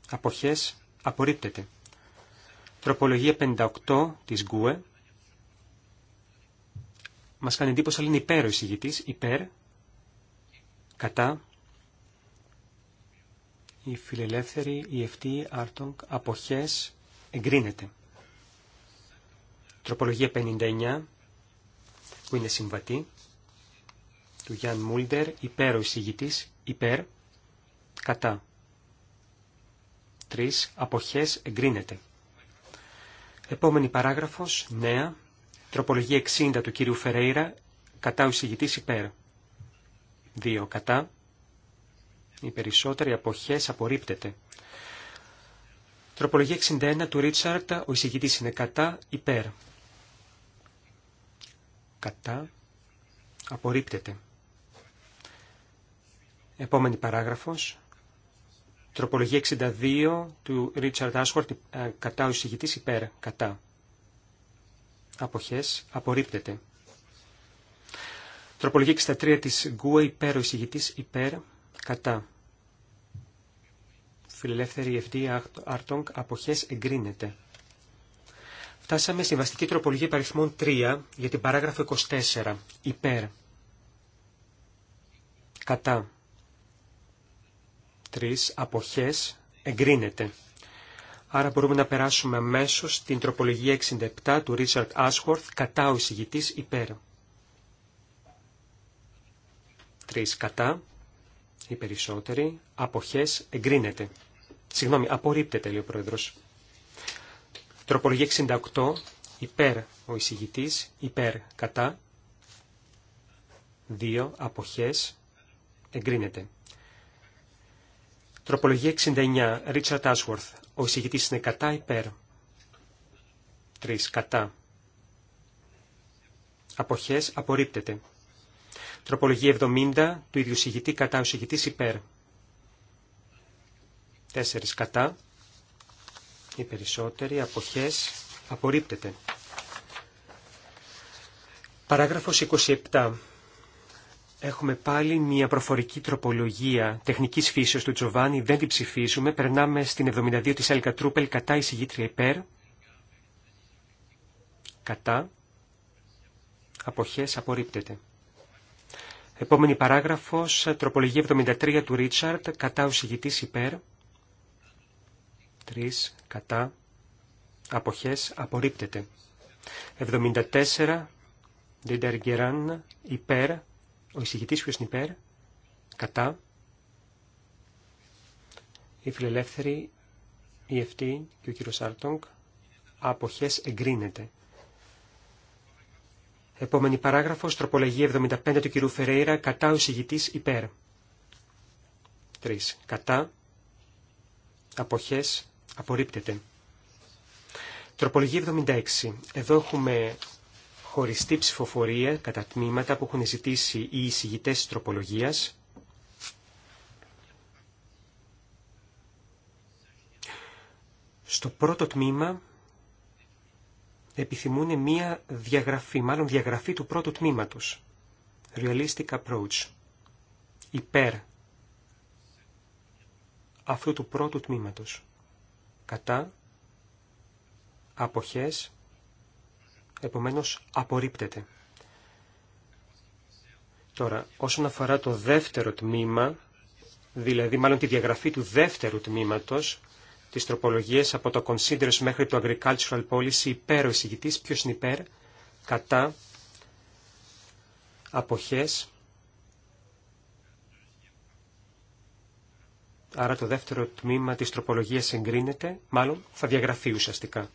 Αποχές, απορρίπτεται. Τροπολογία 58 της Γκουε. Μας κάνει εντύπωση, ότι είναι υπέρ ο εισηγητής. Υπέρ. Κατά. Η φιλελεύθερη, η ευτή, άρτονγκ, αποχές, εγκρίνεται. Τροπολογία 59, που είναι συμβατή, του Γιάν Μούλντερ, υπέρ ο εισηγητής, υπέρ, κατά. Τρεις, αποχές, εγκρίνεται. Επόμενη παράγραφος, νέα, τροπολογία 60 του κύριου Φερέιρα, κατά ο εισηγητής υπέρ. Δύο, Κατά. Οι περισσότεροι αποχές απορρίπτεται. Τροπολογία 61 του Ρίτσαρτ, ο εισηγητής είναι κατά, υπέρ. Κατά. Απορρίπτεται. Επόμενη παράγραφος. Τροπολογία 62 του Ρίτσαρντ Άσχορτ ε, κατά ο εισηγητής υπέρ. Κατά. Αποχές. Απορρίπτεται. Τροπολογία 63 της Γκουε υπέρ ο εισηγητής υπέρ. Κατά. Φιλελεύθερη FD Αρτόγκ. Αποχές εγκρίνεται. Φτάσαμε στη βαστική τροπολογία παριθμών 3 για την παράγραφο 24. Υπέρ. Κατά αποχές, εγκρίνεται. Άρα μπορούμε να περάσουμε αμέσω στην τροπολογία 67 του Ρίτσαρτ Άσχορθ κατά ο εισηγητής υπέρ. Τρεις κατά, οι περισσότεροι, αποχές εγκρίνεται. Συγγνώμη, απορρίπτεται λέει ο Πρόεδρος. Τροπολογία 68, υπέρ ο εισηγητής, υπέρ κατά, δύο αποχές εγκρίνεται. Τροπολογία 69. Ρίτσαρτ Ashworth. Ο εισηγητής είναι κατά υπέρ. 3. Κατά. Αποχές απορρίπτεται. Τροπολογία 70 του ίδιου εισηγητή κατά ο εισηγητής υπέρ. 4 κατά. Οι περισσότεροι αποχές απορρίπτεται. Παράγραφος 27. Έχουμε πάλι μια προφορική τροπολογία τεχνικής φύσεως του Τζοβάνι, δεν την ψηφίζουμε. Περνάμε στην 72 της Έλκα Τρούπελ, κατά εισηγήτρια υπέρ. Κατά. Αποχές απορρίπτεται. Επόμενη παράγραφος, τροπολογία 73 του Ρίτσαρτ, κατά ουσηγητής υπέρ. 3. Κατά. Αποχές απορρίπτεται. 74. Διντεργεράν υπέρ ο εισηγητής ποιος είναι υπέρ, κατά, η φιλελεύθερη, η ευτή και ο κύριος Άρτογκ, αποχές εγκρίνεται. Επόμενη παράγραφος, τροπολογία 75 του κυρίου Φερέιρα, κατά ο εισηγητής υπέρ. 3. Κατά, αποχές, απορρίπτεται. Τροπολογία 76. Εδώ έχουμε χωριστή ψηφοφορία κατά τμήματα που έχουν ζητήσει οι εισηγητές της τροπολογίας. Στο πρώτο τμήμα επιθυμούν μία διαγραφή, μάλλον διαγραφή του πρώτου τμήματος. Realistic approach. Υπέρ αυτού του πρώτου τμήματος. Κατά αποχές επομένως απορρίπτεται. Τώρα, όσον αφορά το δεύτερο τμήμα, δηλαδή μάλλον τη διαγραφή του δεύτερου τμήματος, τις τροπολογίες από το Considerous μέχρι το Agricultural Policy, υπέρ ο εισηγητής, ποιος είναι υπέρ, κατά, αποχές, άρα το δεύτερο τμήμα της τροπολογίας εγκρίνεται, μάλλον θα διαγραφεί ουσιαστικά.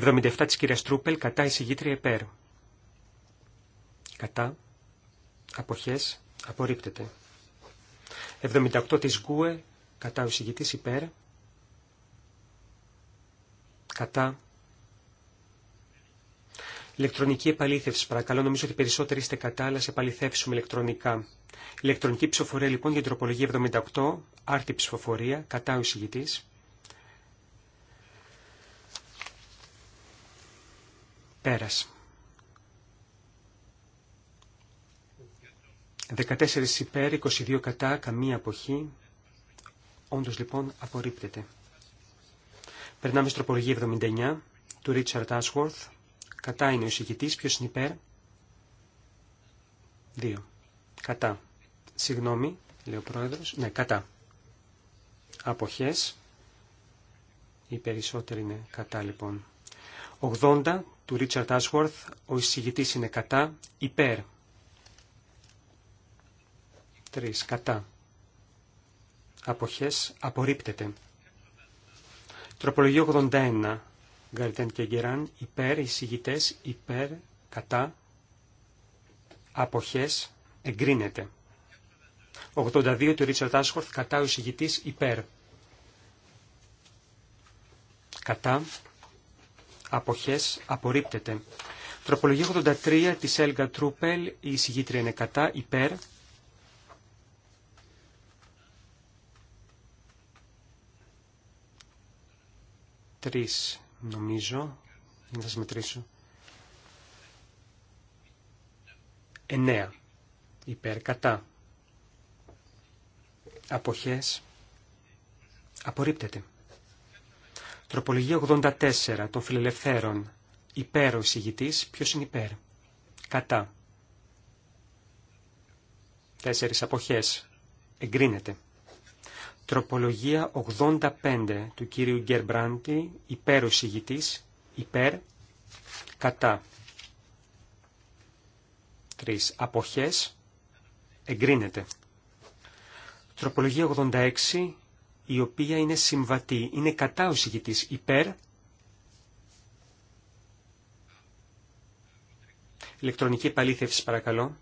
77 της κυρίας Τρούπελ κατά εισηγήτρια υπέρ. Κατά. Αποχές. Απορρίπτεται. 78 της Γκούε κατά ο εισηγητής υπέρ. Κατά. Ηλεκτρονική επαλήθευση. Παρακαλώ, νομίζω ότι περισσότεροι είστε κατά, αλλά σε επαληθεύσουμε ηλεκτρονικά. Ηλεκτρονική ψηφοφορία λοιπόν για την τροπολογία 78, άρτη ψηφοφορία, κατά ο εισηγητής. Πέρας. 14 υπέρ, 22 κατά, καμία αποχή. Όντως λοιπόν απορρίπτεται. Περνάμε στην τροπολογία 79 του Ρίτσαρτ Άσχουαρθ Κατά είναι ο εισηγητής, ποιος είναι υπέρ. 2. Κατά. Συγγνώμη, λέει ο πρόεδρος. Ναι, κατά. Αποχές. Οι περισσότεροι είναι κατά λοιπόν. 80 του Ρίτσαρτ Άσχορθ, ο εισηγητής είναι κατά, υπέρ. Τρεις, Κατά. Αποχές απορρίπτεται. Τροπολογία 81. Γκαρτέν και Γκεράν, υπέρ, εισηγητές, υπέρ, κατά, αποχές, εγκρίνεται. 82 του Ρίτσαρτ Άσχορθ, κατά, ο εισηγητής, υπέρ. Κατά, αποχές απορρίπτεται. Τροπολογία 83 της Έλγα Τρούπελ, η εισηγήτρια είναι κατά, υπέρ. Τρεις, νομίζω, να σας μετρήσω. Εννέα, υπέρ, κατά. Αποχές, απορρίπτεται. Τροπολογία 84 των φιλελευθέρων. Υπέρ ο εισηγητής. Ποιος είναι υπέρ. Κατά. Τέσσερις αποχές. Εγκρίνεται. Τροπολογία 85 του κύριου Γκέρμπραντι Υπέρ ο εισηγητής. Υπέρ. Κατά. Τρεις αποχές. Εγκρίνεται. Τροπολογία 86 η οποία είναι συμβατή. Είναι κατά ο υπέρ. Ηλεκτρονική επαλήθευση παρακαλώ.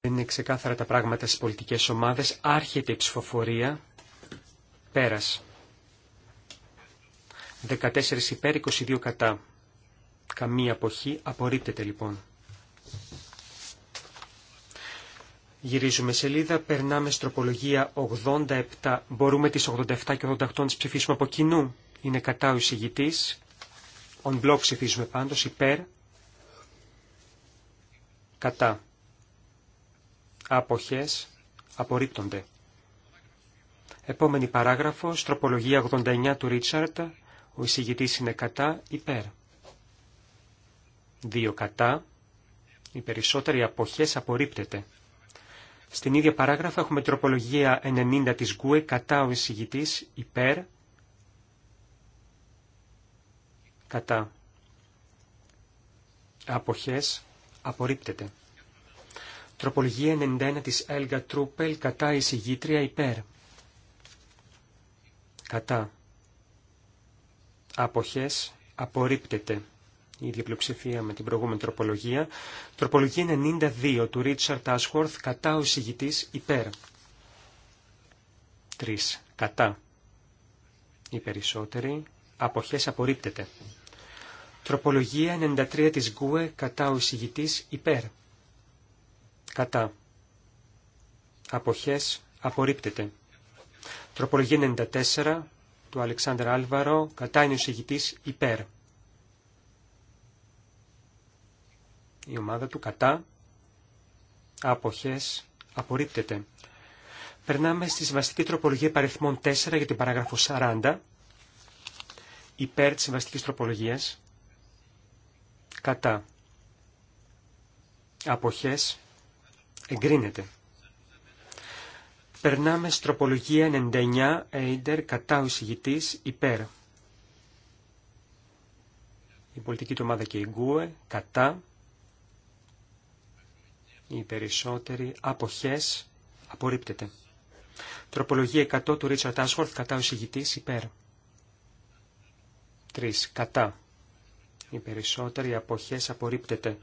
Δεν είναι ξεκάθαρα τα πράγματα στις πολιτικές ομάδες. Άρχεται η ψηφοφορία. Πέρας. 14 υπέρ, 22 κατά. Καμία αποχή απορρίπτεται λοιπόν. Γυρίζουμε σελίδα, περνάμε στροπολογία 87. Μπορούμε τις 87 και 88 να τις ψηφίσουμε από κοινού. Είναι κατά ο εισηγητής. On block ψηφίζουμε πάντως, υπέρ. Κατά. Αποχές. Απορρίπτονται. Επόμενη παράγραφος, Στροπολογία 89 του Ρίτσαρτ. Ο εισηγητής είναι κατά, υπέρ. Δύο κατά. Οι περισσότεροι αποχές απορρίπτεται. Στην ίδια παράγραφα έχουμε τροπολογία 90 της ΓΚΟΕ κατά ο εισηγητής υπέρ κατά αποχές απορρίπτεται. Τροπολογία 91 της Έλγα Τρούπελ κατά εισηγήτρια υπέρ κατά αποχές απορρίπτεται η ίδια με την προηγούμενη τροπολογία. Τροπολογία 92 του Ρίτσαρτ Άσχορθ κατά ο υπέρ. 3. Κατά. Οι περισσότεροι. Αποχές απορρίπτεται. Τροπολογία 93 της Γκουε κατά ο εισηγητής υπέρ. Κατά. Αποχές απορρίπτεται. Τροπολογία 94 του Αλεξάνδρα Άλβαρο κατά είναι ο υπέρ. η ομάδα του κατά αποχές απορρίπτεται. Περνάμε στη συμβαστική τροπολογία παριθμών 4 για την παράγραφο 40 υπέρ της συμβαστικής τροπολογίας κατά αποχές εγκρίνεται. Περνάμε στη τροπολογία 99 έιντερ κατά ο εισηγητής υπέρ. Η πολιτική του ομάδα και η Γκουε κατά οι περισσότεροι αποχές απορρίπτεται. Τροπολογία 100 του Ρίτσαρτ Άσχορθ κατά ο συγητής υπέρ. 3. Κατά. Οι περισσότεροι αποχές απορρίπτεται.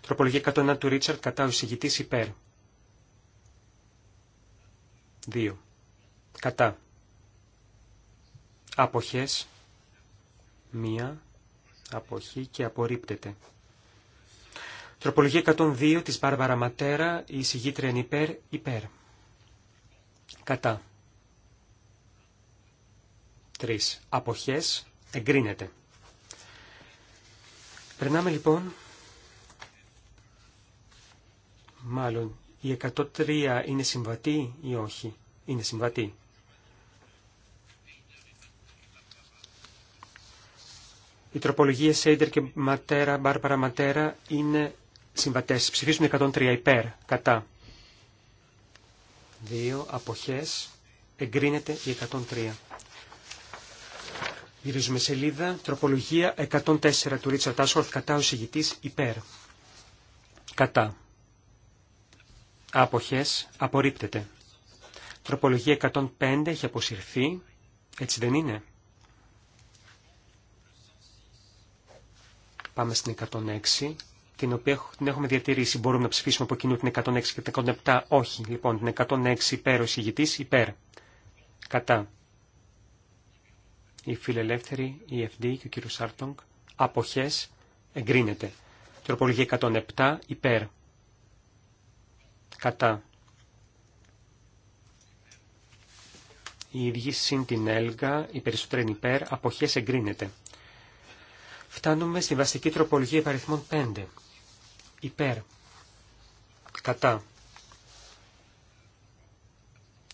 Τροπολογία 101 του Ρίτσαρτ κατά ο συγητής υπέρ. 2. Κατά. Αποχές. 1, Αποχή και απορρίπτεται. Τροπολογία 102 της Μπάρβαρα Ματέρα, η εισηγήτρια υπέρ, υπέρ. Κατά. 3. Αποχές εγκρίνεται. Περνάμε λοιπόν, μάλλον η 103 είναι συμβατή ή όχι. Είναι συμβατή. η τροπολογια Σέιντερ και Ματέρα, Μπάρπαρα Ματέρα είναι συμβατές. Ψηφίζουν 103 υπέρ, κατά. Δύο αποχές. Εγκρίνεται η 103. Γυρίζουμε σελίδα. Τροπολογία 104 του Ρίτσαρτ Τάσχορθ κατά ο συγητής υπέρ. Κατά. Αποχές. Απορρίπτεται. Τροπολογία 105 έχει αποσυρθεί. Έτσι δεν είναι. Πάμε στην 106 την οποία έχουμε διατηρήσει. Μπορούμε να ψηφίσουμε από κοινού την 106 και την 107. Όχι. Λοιπόν, την 106 υπέρ ο εισηγητή, υπέρ. Κατά. Η φιλελεύθερη, η FD και ο κύριος Σάρτονγκ. Αποχές. Εγκρίνεται. Τροπολογία 107 υπέρ. Κατά. η ίδιοι συν την ΕΛΓΑ, οι περισσότεροι είναι υπέρ, αποχές εγκρίνεται. Φτάνουμε στη βασική τροπολογία υπαριθμών 5 υπέρ, κατά,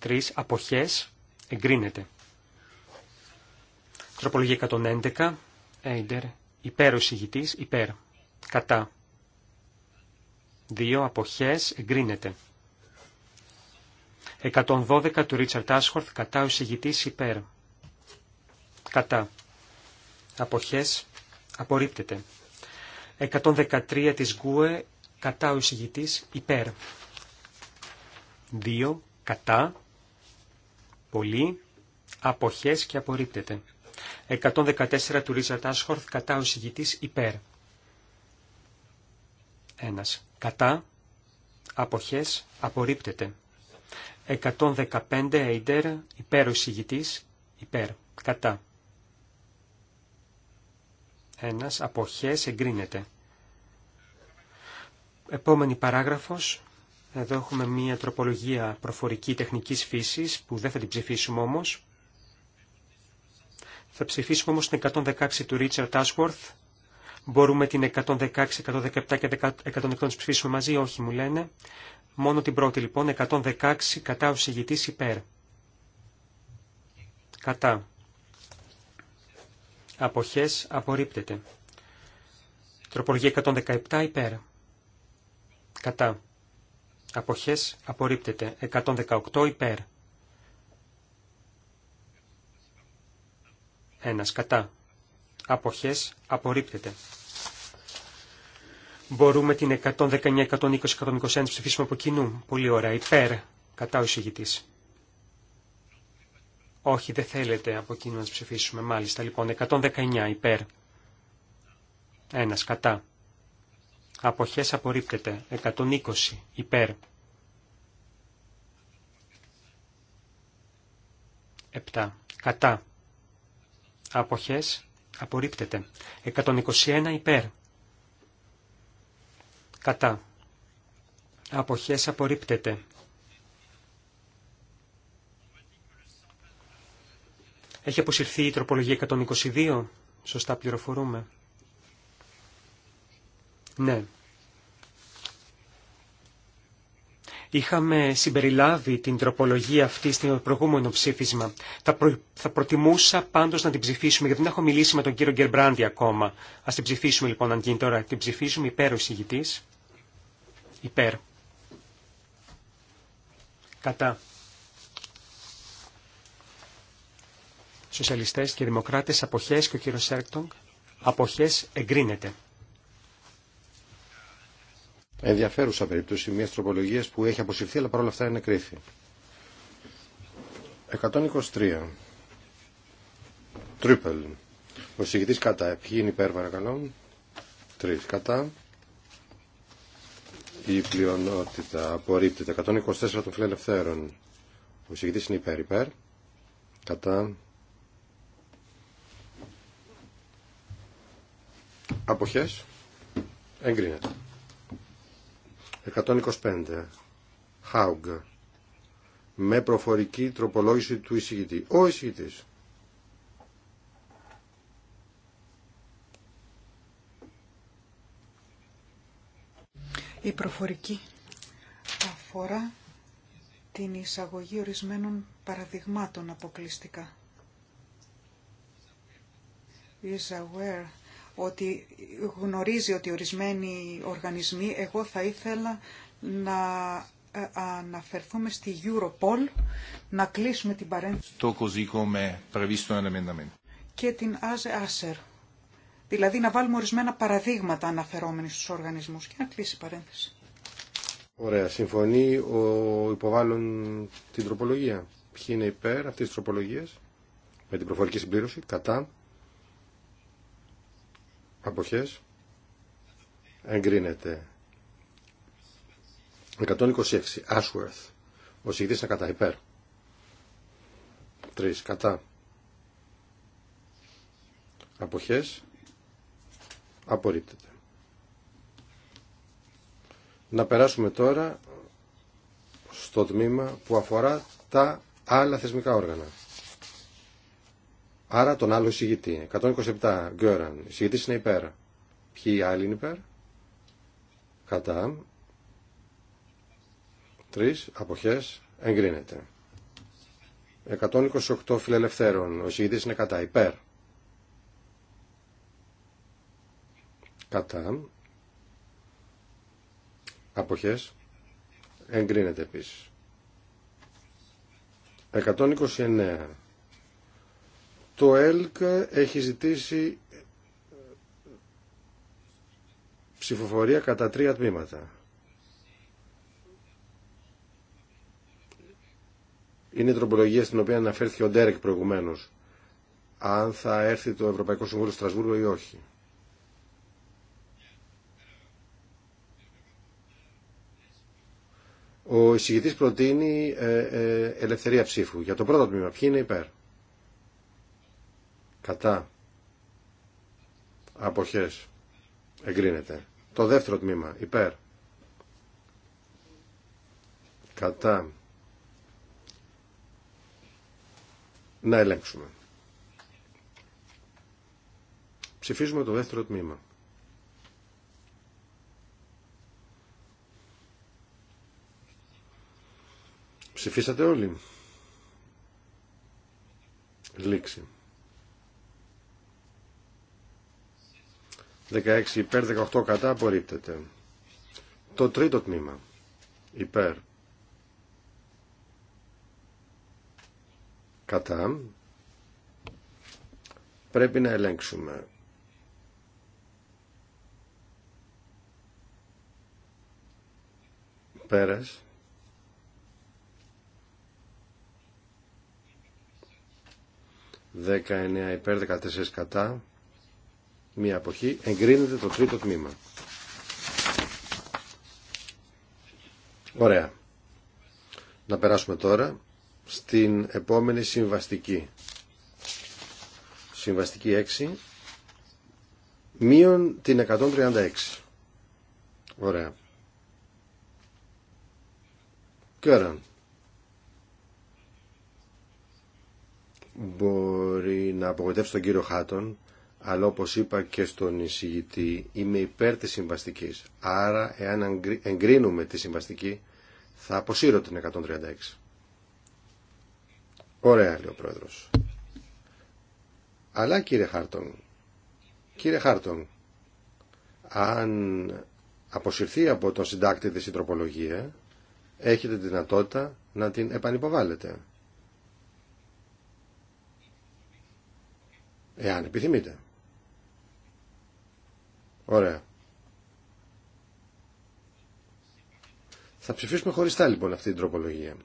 τρεις αποχές, εγκρίνεται. Τροπολογία 111, έντερ, υπέρ ο συγητής, υπέρ, κατά. Δύο αποχές, εγκρίνεται. 112 του Ρίτσαρτ Άσχορθ, κατά ο συγητής, υπέρ, κατά. Αποχές, απορρίπτεται. 113 της Γκουε, κατά ο εισηγητής υπέρ. 2 κατά πολύ αποχές και απορρίπτεται. 114 του Ρίζα Τάσχορθ κατά ο εισηγητής υπέρ. 1 κατά αποχές απορρίπτεται. 115 Έιντερ υπέρ ο εισηγητής υπέρ κατά ένας αποχές εγκρίνεται. Επόμενη παράγραφος. Εδώ έχουμε μία τροπολογία προφορική τεχνικής φύσης που δεν θα την ψηφίσουμε όμως. Θα ψηφίσουμε όμως την 116 του Richard Ashworth. Μπορούμε την 116, 117 και 118 να ψηφίσουμε μαζί. Όχι μου λένε. Μόνο την πρώτη λοιπόν. 116 κατά ο υπέρ. Κατά. Αποχές απορρίπτεται. Τροπολογία 117 υπέρ. Κατά. Αποχές απορρίπτεται. 118 υπέρ. Ένας κατά. Αποχές απορρίπτεται. Μπορούμε την 119, 120, 121 ψηφίσουμε από κοινού. Πολύ ωραία. Υπέρ. Κατά ο εισηγητής. Όχι, δεν θέλετε από εκείνο να ψηφίσουμε. Μάλιστα, λοιπόν, 119 υπέρ. Ένας κατά. Αποχές απορρίπτεται. 120 υπέρ. 7. Κατά. Αποχές απορρίπτεται. 121 υπέρ. Κατά. Αποχές απορρίπτεται. Έχει αποσυρθεί η τροπολογία 122. Σωστά πληροφορούμε. Ναι. Είχαμε συμπεριλάβει την τροπολογία αυτή στην προηγούμενο ψήφισμα. Θα, θα προτιμούσα πάντως να την ψηφίσουμε, γιατί δεν έχω μιλήσει με τον κύριο Γκερμπράντι ακόμα. Ας την ψηφίσουμε λοιπόν, αν γίνει τώρα. Την ψηφίσουμε υπέρ ο εισηγητής. Υπέρ. Κατά. Σοσιαλιστέ και Δημοκράτες αποχέ και ο κύριο Σέρκτονγκ Αποχέ εγκρίνεται. Ενδιαφέρουσα περίπτωση μια τροπολογία που έχει αποσυρθεί αλλά παρόλα αυτά είναι κρίθη. 123. Τρίπελ. Ο συγκητής κατά. Ποιοι είναι υπέρ παρακαλώ. Τρει κατά. Η πλειονότητα απορρίπτεται. 124 των φιλελευθέρων. Ο συγκητής είναι υπέρ. Υπέρ. Κατά. Αποχές. Εγκρίνεται. 125. Χάουγκ. Με προφορική τροπολόγηση του εισηγητή. Ο εισηγητής. Η προφορική αφορά την εισαγωγή ορισμένων παραδειγμάτων αποκλειστικά. Is ότι γνωρίζει ότι ορισμένοι οργανισμοί, εγώ θα ήθελα να ε, αναφερθούμε στη Europol, να κλείσουμε την παρένθεση και την ΑΖΕ ΑΣΕΡ. Δηλαδή να βάλουμε ορισμένα παραδείγματα αναφερόμενοι στους οργανισμούς και να κλείσει η παρένθεση. Ωραία. Συμφωνεί ο υποβάλλον την τροπολογία. Ποιοι είναι υπέρ αυτής της τροπολογίας με την προφορική συμπλήρωση, κατά, αποχές εγκρίνεται 126 Ashworth ο συγκεκριτής είναι κατά υπέρ 3 κατά αποχές απορρίπτεται να περάσουμε τώρα στο τμήμα που αφορά τα άλλα θεσμικά όργανα Άρα τον άλλο εισηγητή. 127. Γκέραν. Εισηγητής είναι υπέρ. Ποιοι άλλοι είναι υπέρ. Κατά. Τρεις. Αποχές. Εγκρίνεται. 128 φιλελευθέρων. Ο εισηγητής είναι κατά. Υπέρ. Κατά. Αποχές. Εγκρίνεται επίση. 129 το ΕΛΚ έχει ζητήσει ε, ψηφοφορία κατά τρία τμήματα. Είναι η τροπολογία στην οποία αναφέρθηκε ο Ντέρεκ προηγουμένως. Αν θα έρθει το Ευρωπαϊκό Συμβούλιο Στρασβούργο ή όχι. Ο εισηγητής προτείνει ε, ε, ελευθερία ψήφου. Για το πρώτο τμήμα, ποιοι είναι υπέρ κατά αποχές εγκρίνεται. Το δεύτερο τμήμα υπέρ κατά να ελέγξουμε. Ψηφίζουμε το δεύτερο τμήμα. Ψηφίσατε όλοι. Λήξη. 16 υπέρ, 18 κατά, απορρίπτεται. Το τρίτο τμήμα. Υπέρ. Κατά. Πρέπει να ελέγξουμε. Πέρας. 19 εννέα υπέρ, δεκατέσσερις κατά μία αποχή, εγκρίνεται το τρίτο τμήμα. Ωραία. Να περάσουμε τώρα στην επόμενη συμβαστική. Συμβαστική 6, μείον την 136. Ωραία. Κέραν. Μπορεί να απογοητεύσει τον κύριο Χάτον, αλλά όπως είπα και στον εισηγητή είμαι υπέρ της συμβαστικής. Άρα εάν εγκρίνουμε τη συμβαστική θα αποσύρω την 136. Ωραία λέει ο πρόεδρος. Αλλά κύριε Χάρτον, κύριε Χάρτον, αν αποσυρθεί από τον συντάκτη της η τροπολογία, έχετε δυνατότητα να την επανυποβάλλετε. Εάν επιθυμείτε. Ωραία. Θα ψηφίσουμε χωριστά λοιπόν αυτή την τροπολογία.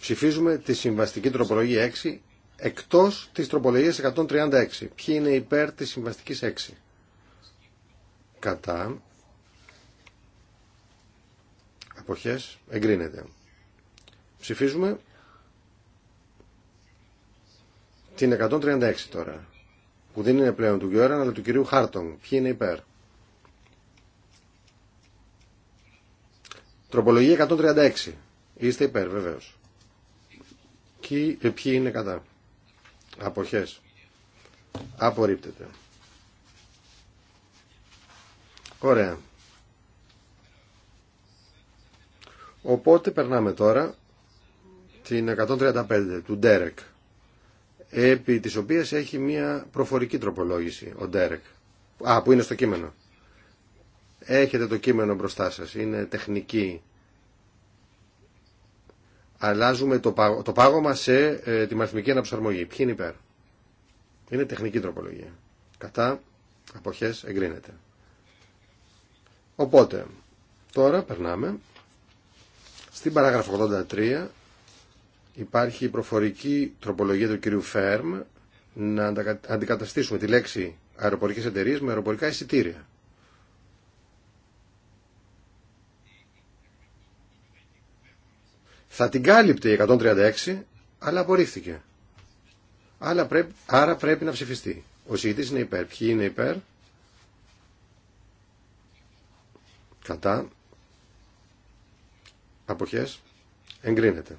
Ψηφίζουμε τη συμβαστική τροπολογία 6 εκτός της τροπολογίας 136. Ποιοι είναι υπέρ της συμβαστικής 6. Κατά. Αποχές. Εγκρίνεται. Ψηφίζουμε την 136 τώρα που δεν είναι πλέον του Γιώργου αλλά του κυρίου Χάρτον. Ποιοι είναι υπέρ. Τροπολογία 136. Είστε υπέρ βεβαίω. Και ε, ποιοι είναι κατά. Αποχές. Απορρίπτεται. Ωραία. Οπότε περνάμε τώρα την 135 του Ντέρεκ επί της οποίας έχει μια προφορική τροπολόγηση ο Ντέρεκ. Α, που είναι στο κείμενο. Έχετε το κείμενο μπροστά σας. Είναι τεχνική. Αλλάζουμε το, το πάγωμα σε ε, τη μαθηματική αναψαρμογή. Ποιοι είναι υπέρ. Είναι τεχνική τροπολογία. Κατά αποχές εγκρίνεται. Οπότε, τώρα περνάμε στην παράγραφο 83 Υπάρχει η προφορική τροπολογία του κυρίου Φέρμ να αντικαταστήσουμε τη λέξη αεροπορικές εταιρείες με αεροπορικά εισιτήρια. Θα την κάλυπτε η 136, αλλά απορρίφθηκε. Άρα πρέπει, άρα πρέπει να ψηφιστεί. Ο συγητής είναι υπέρ. Ποιοι είναι υπέρ. Κατά. Αποχές. Εγκρίνεται.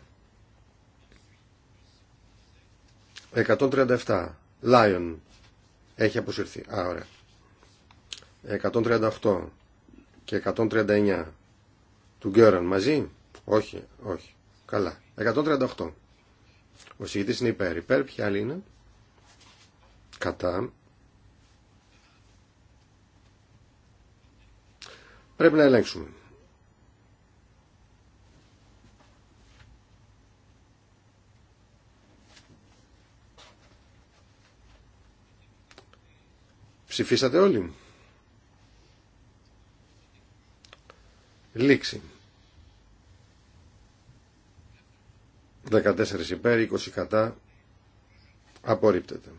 137. Lion. Έχει αποσυρθεί. Α, ωραία. 138 και 139 του Γκέραν μαζί. Όχι, όχι. Καλά. 138. Ο συγητής είναι υπέρ. Υπέρ ποια άλλη είναι. Κατά. Πρέπει να ελέγξουμε. Ψηφίσατε όλοι. Λήξη. 14 υπέρ, 20 κατά. Απορρίπτεται.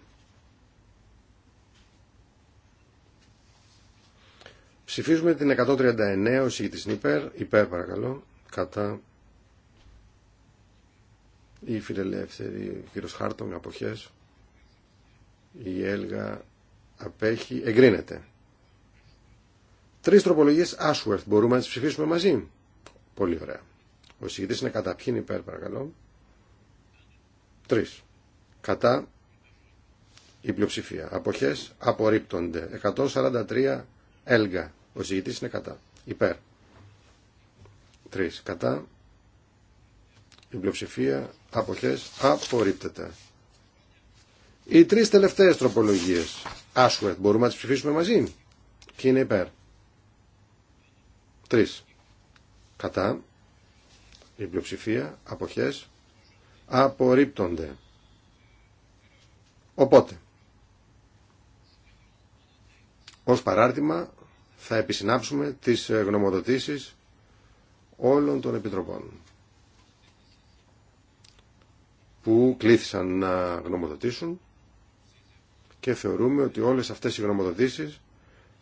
Ψηφίζουμε την 139, ο συγκητής υπέρ, υπέρ παρακαλώ, κατά η φιλελεύθερη, ο κύριος Χάρτον, αποχές, η Έλγα, απέχει, εγκρίνεται. Τρεις τροπολογίες Ashworth, μπορούμε να τις ψηφίσουμε μαζί. Πολύ ωραία. Ο συγητής είναι κατά. Ποιοι είναι υπέρ, παρακαλώ. Τρεις. Κατά η πλειοψηφία. Αποχές απορρίπτονται. 143 έλγα. Ο συγητής είναι κατά. Υπέρ. Τρεις. Κατά η πλειοψηφία. Αποχές απορρίπτεται. Οι τρεις τελευταίες τροπολογίες. Άσουετ, μπορούμε να τι ψηφίσουμε μαζί. και είναι υπέρ. Τρεις. Κατά. Η πλειοψηφία. Αποχές. Απορρίπτονται. Οπότε. Ως παράρτημα θα επισυνάψουμε τις γνωμοδοτήσεις όλων των επιτροπών που κλήθησαν να γνωμοδοτήσουν και θεωρούμε ότι όλες αυτές οι γνωμοδοτήσεις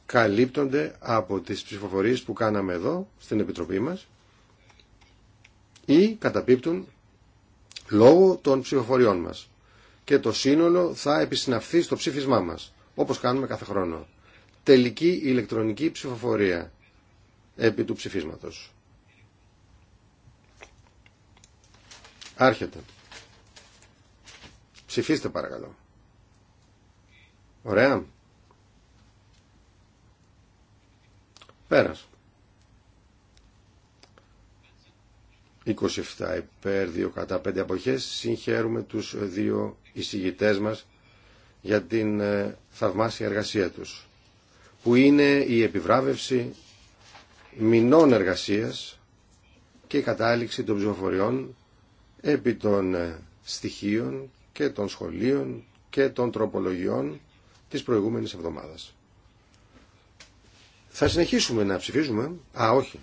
καλύπτονται από τις ψηφοφορίες που κάναμε εδώ στην Επιτροπή μας ή καταπίπτουν λόγω των ψηφοφοριών μας. Και το σύνολο θα επισυναυθεί στο ψήφισμά μας, όπως κάνουμε κάθε χρόνο. Τελική ηλεκτρονική ψηφοφορία επί του ψηφίσματος. Άρχεται. Ψηφίστε παρακαλώ. Ωραία. Πέρας. 27 υπέρ, 2 κατά 5 αποχές. Συγχαίρουμε τους δύο εισηγητές μας για την ε, θαυμάσια εργασία τους, που είναι η επιβράβευση μηνών εργασίας και η κατάληξη των ψηφοφοριών επί των ε, στοιχείων και των σχολείων και των τροπολογιών της προηγούμενης εβδομάδας. Θα συνεχίσουμε να ψηφίζουμε. Α, όχι.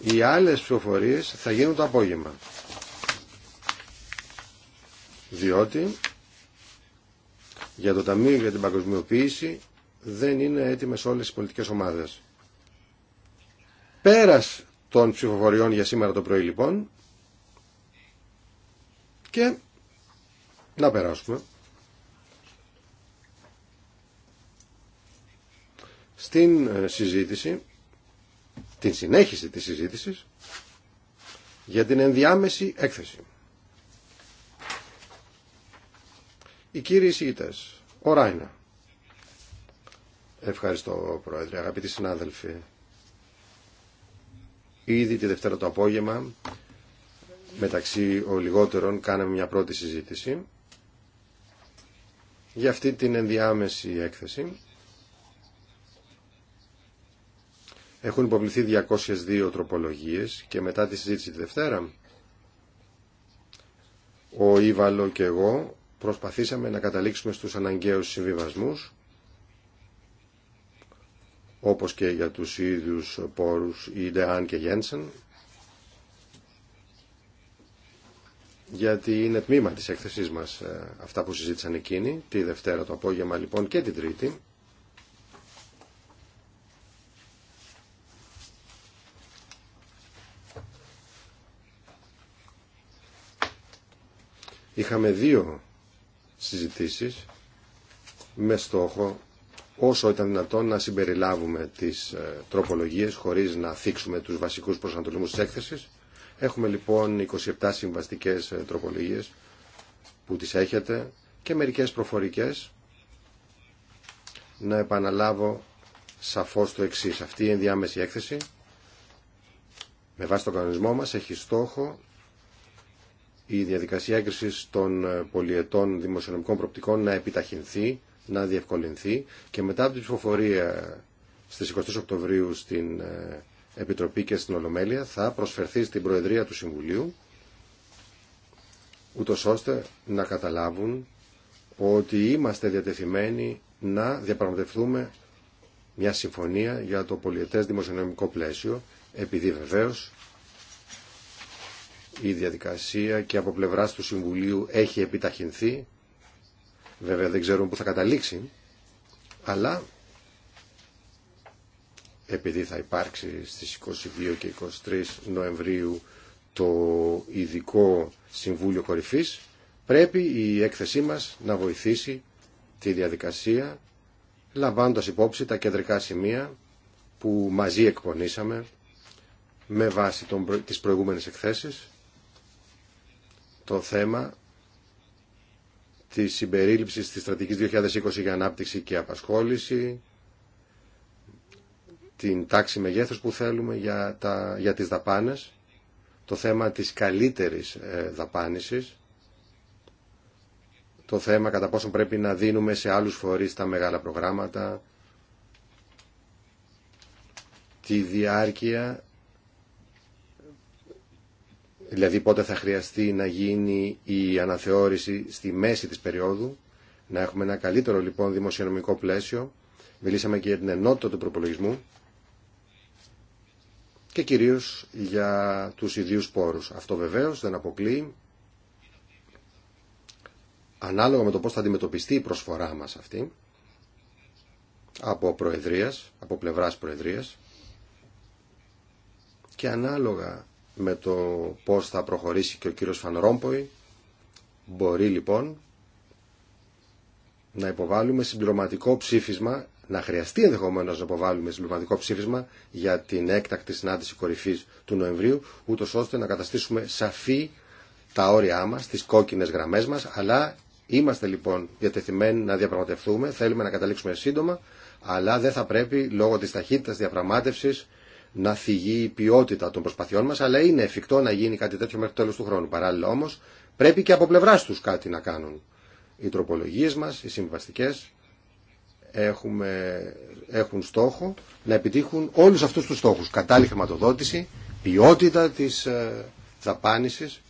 Οι άλλες ψηφοφορίες θα γίνουν το απόγευμα. Διότι για το Ταμείο για την Παγκοσμιοποίηση δεν είναι έτοιμες όλες οι πολιτικές ομάδες. Πέρας των ψηφοφοριών για σήμερα το πρωί λοιπόν και να περάσουμε στην ε, συζήτηση, την συνέχιση της συζήτησης για την ενδιάμεση έκθεση. Οι κύριοι εισηγητές, ο Ράινα. Ευχαριστώ Πρόεδρε, αγαπητοί συνάδελφοι. Ήδη τη Δευτέρα το απόγευμα μεταξύ ο λιγότερων κάναμε μια πρώτη συζήτηση για αυτή την ενδιάμεση έκθεση Έχουν υποβληθεί 202 τροπολογίες και μετά τη συζήτηση τη Δευτέρα ο Ήβαλο και εγώ προσπαθήσαμε να καταλήξουμε στους αναγκαίους συμβιβασμούς όπως και για τους ίδιους πόρους η Ντεάν και Γένσεν γιατί είναι τμήμα της έκθεσής μας ε, αυτά που συζήτησαν εκείνοι τη Δευτέρα το απόγευμα λοιπόν και την Τρίτη είχαμε δύο συζητήσεις με στόχο όσο ήταν δυνατόν να συμπεριλάβουμε τις ε, τροπολογίες χωρίς να θίξουμε τους βασικούς προσανατολισμούς της έκθεσης. Έχουμε λοιπόν 27 συμβαστικές ε, τροπολογίες που τις έχετε και μερικές προφορικές. Να επαναλάβω σαφώς το εξής. Αυτή η ενδιάμεση έκθεση με βάση τον κανονισμό μας έχει στόχο η διαδικασία έγκριση των ε, πολιετών δημοσιονομικών προπτικών να επιταχυνθεί, να διευκολυνθεί και μετά από την ψηφοφορία ε, στις 20 Οκτωβρίου στην ε, Επιτροπή και στην Ολομέλεια θα προσφερθεί στην Προεδρία του Συμβουλίου ούτω ώστε να καταλάβουν ότι είμαστε διατεθειμένοι να διαπραγματευτούμε μια συμφωνία για το πολιετές δημοσιονομικό πλαίσιο επειδή βεβαίως η διαδικασία και από πλευρά του Συμβουλίου έχει επιταχυνθεί. Βέβαια δεν ξέρουμε που θα καταλήξει, αλλά επειδή θα υπάρξει στις 22 και 23 Νοεμβρίου το ειδικό Συμβούλιο Κορυφής, πρέπει η έκθεσή μας να βοηθήσει τη διαδικασία, λαμβάνοντας υπόψη τα κεντρικά σημεία που μαζί εκπονήσαμε με βάση τις προηγούμενες εκθέσεις το θέμα της συμπερίληψης της στρατηγικής 2020 για ανάπτυξη και απασχόληση, την τάξη μεγέθους που θέλουμε για, τα, για τις δαπάνες, το θέμα της καλύτερης ε, δαπάνησης, το θέμα κατά πόσο πρέπει να δίνουμε σε άλλους φορείς τα μεγάλα προγράμματα, τη διάρκεια δηλαδή πότε θα χρειαστεί να γίνει η αναθεώρηση στη μέση της περίοδου, να έχουμε ένα καλύτερο λοιπόν δημοσιονομικό πλαίσιο, μιλήσαμε και για την ενότητα του προπολογισμού και κυρίως για τους ιδίους πόρους. Αυτό βεβαίως δεν αποκλείει, ανάλογα με το πώς θα αντιμετωπιστεί η προσφορά μας αυτή, από προεδρίας, από πλευράς προεδρίας, και ανάλογα με το πώς θα προχωρήσει και ο κύριος Φανρόμποη. Μπορεί λοιπόν να υποβάλουμε συμπληρωματικό ψήφισμα, να χρειαστεί ενδεχομένως να υποβάλουμε συμπληρωματικό ψήφισμα για την έκτακτη συνάντηση κορυφής του Νοεμβρίου, ούτω ώστε να καταστήσουμε σαφή τα όρια μας, τις κόκκινες γραμμές μας, αλλά είμαστε λοιπόν διατεθειμένοι να διαπραγματευτούμε, θέλουμε να καταλήξουμε σύντομα, αλλά δεν θα πρέπει λόγω της ταχύτητας διαπραγμάτευσης να θυγεί η ποιότητα των προσπαθειών μας, αλλά είναι εφικτό να γίνει κάτι τέτοιο μέχρι το τέλος του χρόνου. Παράλληλα όμω, πρέπει και από πλευρά του κάτι να κάνουν. Οι τροπολογίε μα, οι συμβαστικές, έχουμε, έχουν στόχο να επιτύχουν όλους αυτούς τους στόχους. Κατάλληλη χρηματοδότηση, ποιότητα της δαπάνησης ε,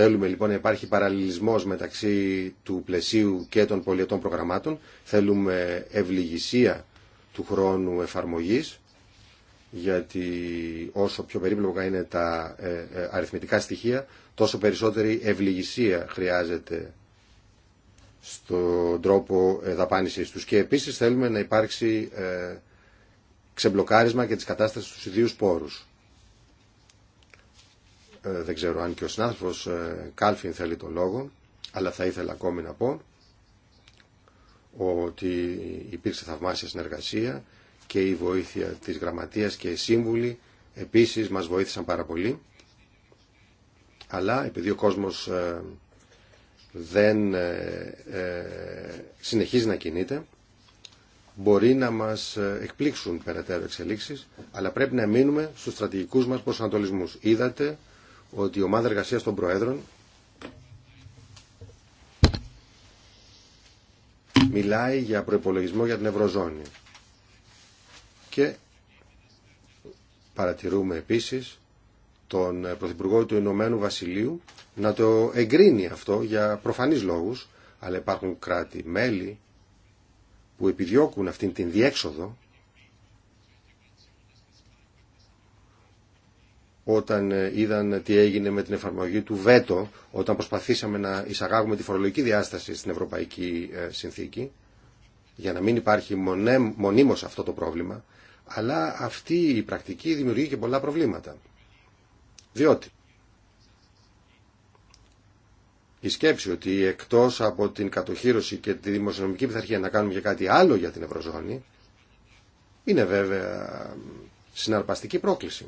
Θέλουμε λοιπόν να υπάρχει παραλληλισμός μεταξύ του πλαισίου και των πολιετών προγραμμάτων. Θέλουμε ευληγησία του χρόνου εφαρμογής, γιατί όσο πιο περίπλοκα είναι τα ε, ε, αριθμητικά στοιχεία, τόσο περισσότερη ευληγησία χρειάζεται στον τρόπο δαπάνησης τους. Και επίσης θέλουμε να υπάρξει ε, ξεμπλοκάρισμα και της κατάστασης στους ιδίους πόρους. Ε, δεν ξέρω αν και ο συνάδελφος ε, Κάλφιν θέλει το λόγο, αλλά θα ήθελα ακόμη να πω ότι υπήρξε θαυμάσια συνεργασία και η βοήθεια της γραμματείας και οι σύμβουλοι επίσης μας βοήθησαν πάρα πολύ. Αλλά επειδή ο κόσμος ε, δεν συνεχίζει να κινείται, μπορεί να μας εκπλήξουν περαιτέρω εξελίξεις, αλλά πρέπει να μείνουμε στους στρατηγικούς μας προσανατολισμούς. Είδατε ότι η ομάδα εργασίας των Προέδρων μιλάει για προϋπολογισμό για την Ευρωζώνη. Και παρατηρούμε επίσης τον Πρωθυπουργό του Ηνωμένου Βασιλείου να το εγκρίνει αυτό για προφανείς λόγους, αλλά υπάρχουν κράτη-μέλη που επιδιώκουν αυτήν την διέξοδο όταν ε, είδαν τι έγινε με την εφαρμογή του ΒΕΤΟ, όταν προσπαθήσαμε να εισαγάγουμε τη φορολογική διάσταση στην Ευρωπαϊκή ε, Συνθήκη, για να μην υπάρχει μονίμως αυτό το πρόβλημα, αλλά αυτή η πρακτική δημιουργεί και πολλά προβλήματα. Διότι η σκέψη ότι εκτός από την κατοχήρωση και τη δημοσιονομική πειθαρχία να κάνουμε και κάτι άλλο για την Ευρωζώνη, είναι βέβαια συναρπαστική πρόκληση.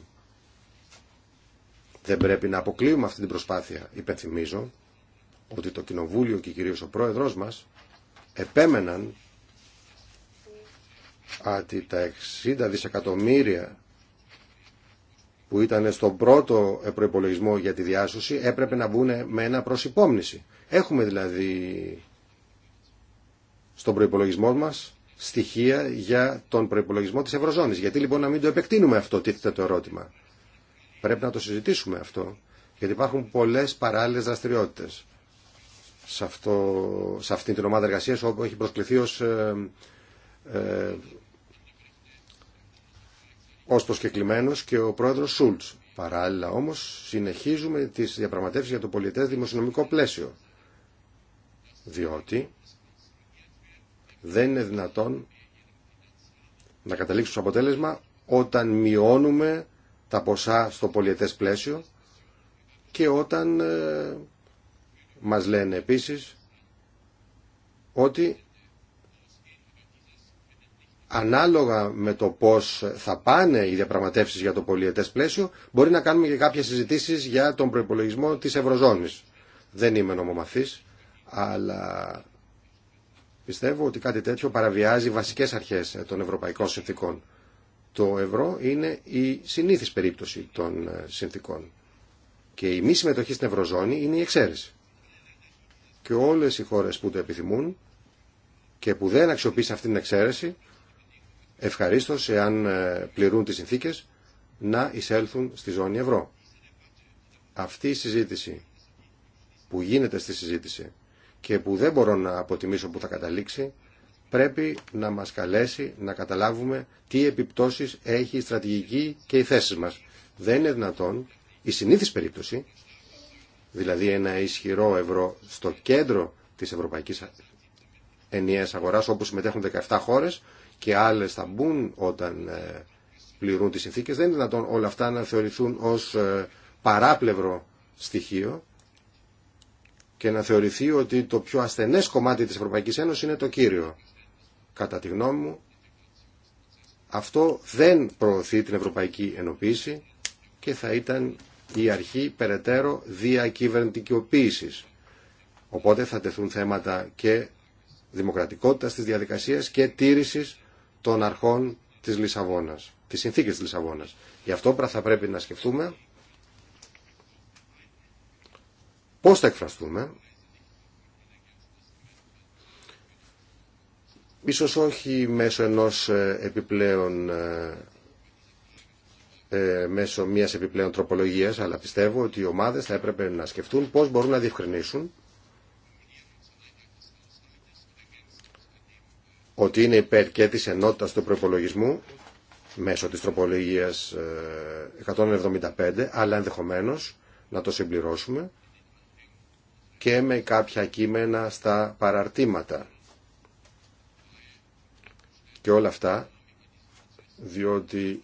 Δεν πρέπει να αποκλείουμε αυτή την προσπάθεια. Υπενθυμίζω ότι το Κοινοβούλιο και κυρίως ο Πρόεδρος μας επέμεναν ότι τα 60 δισεκατομμύρια που ήταν στον πρώτο προπολογισμό για τη διάσωση έπρεπε να μπουν με ένα προς υπόμνηση. Έχουμε δηλαδή στον προπολογισμό μας στοιχεία για τον προπολογισμό της Ευρωζώνης. Γιατί λοιπόν να μην το επεκτείνουμε αυτό, τίθεται το ερώτημα. Πρέπει να το συζητήσουμε αυτό, γιατί υπάρχουν πολλέ παράλληλε δραστηριότητε σε, αυτό, σε αυτή την ομάδα εργασία όπου έχει προσκληθεί ως, ε, ε, ως προσκεκλημένος και ο πρόεδρος Σούλτς. Παράλληλα όμως συνεχίζουμε τις διαπραγματεύσεις για το πολιτές δημοσιονομικό πλαίσιο. Διότι δεν είναι δυνατόν να καταλήξουμε στο αποτέλεσμα όταν μειώνουμε τα ποσά στο πολιετές πλαίσιο και όταν ε, μας λένε επίσης ότι ανάλογα με το πώς θα πάνε οι διαπραγματεύσεις για το πολιετές πλαίσιο μπορεί να κάνουμε και κάποιες συζητήσεις για τον προϋπολογισμό της Ευρωζώνης. Δεν είμαι νομομαθής, αλλά πιστεύω ότι κάτι τέτοιο παραβιάζει βασικές αρχές των ευρωπαϊκών συνθήκων. Το ευρώ είναι η συνήθις περίπτωση των ε, συνθήκων. Και η μη συμμετοχή στην Ευρωζώνη είναι η εξαίρεση. Και όλες οι χώρες που το επιθυμούν και που δεν αξιοποιήσουν αυτή την εξαίρεση, ευχαρίστως εάν ε, πληρούν τις συνθήκες, να εισέλθουν στη ζώνη ευρώ. Αυτή η συζήτηση που γίνεται στη συζήτηση και που δεν μπορώ να αποτιμήσω που θα καταλήξει, πρέπει να μας καλέσει να καταλάβουμε τι επιπτώσεις έχει η στρατηγική και οι θέσεις μας. Δεν είναι δυνατόν η συνήθις περίπτωση, δηλαδή ένα ισχυρό ευρώ στο κέντρο της Ευρωπαϊκής Ενιαίας Αγοράς όπου συμμετέχουν 17 χώρες και άλλες θα μπουν όταν ε, πληρούν τις συνθήκες, δεν είναι δυνατόν όλα αυτά να θεωρηθούν ως ε, παράπλευρο στοιχείο και να θεωρηθεί ότι το πιο ασθενές κομμάτι της Ευρωπαϊκής Ένωσης είναι το κύριο. Κατά τη γνώμη μου, αυτό δεν προωθεί την ευρωπαϊκή ενοποίηση και θα ήταν η αρχή περαιτέρω διακυβερνητικοποίησης. Οπότε θα τεθούν θέματα και δημοκρατικότητας της διαδικασίας και τήρησης των αρχών της Λισαβόνας, της συνθήκης της Λισαβόνας. Γι' αυτό θα πρέπει να σκεφτούμε πώς θα εκφραστούμε Ίσως όχι μέσω ενός ε, επιπλέον ε, ε, μέσω μιας επιπλέον τροπολογίας, αλλά πιστεύω ότι οι ομάδες θα έπρεπε να σκεφτούν πώς μπορούν να διευκρινίσουν ότι είναι υπέρ και της ενότητας του προπολογισμού μέσω της τροπολογίας 175, αλλά ενδεχομένως να το συμπληρώσουμε και με κάποια κείμενα στα παραρτήματα και όλα αυτά διότι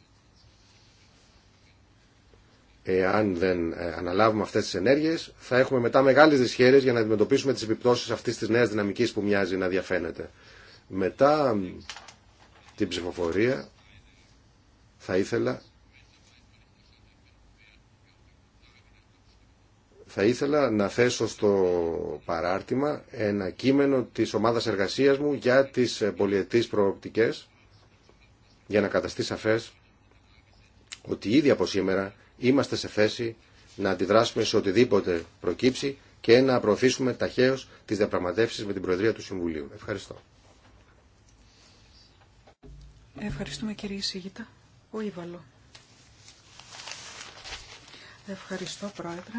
εάν δεν ε, αναλάβουμε αυτές τις ενέργειες θα έχουμε μετά μεγάλες δυσχέρειες για να αντιμετωπίσουμε τις επιπτώσεις αυτής της νέας δυναμικής που μοιάζει να διαφαίνεται. Μετά την ψηφοφορία θα ήθελα θα ήθελα να θέσω στο παράρτημα ένα κείμενο της ομάδας εργασίας μου για τις πολιετής προοπτικές για να καταστεί σαφές ότι ήδη από σήμερα είμαστε σε θέση να αντιδράσουμε σε οτιδήποτε προκύψει και να προωθήσουμε ταχαίως τις διαπραγματεύσεις με την Προεδρία του Συμβουλίου. Ευχαριστώ. Ευχαριστούμε κύριε Σίγητα. Ο Ήβαλο. Ευχαριστώ πρόεδρε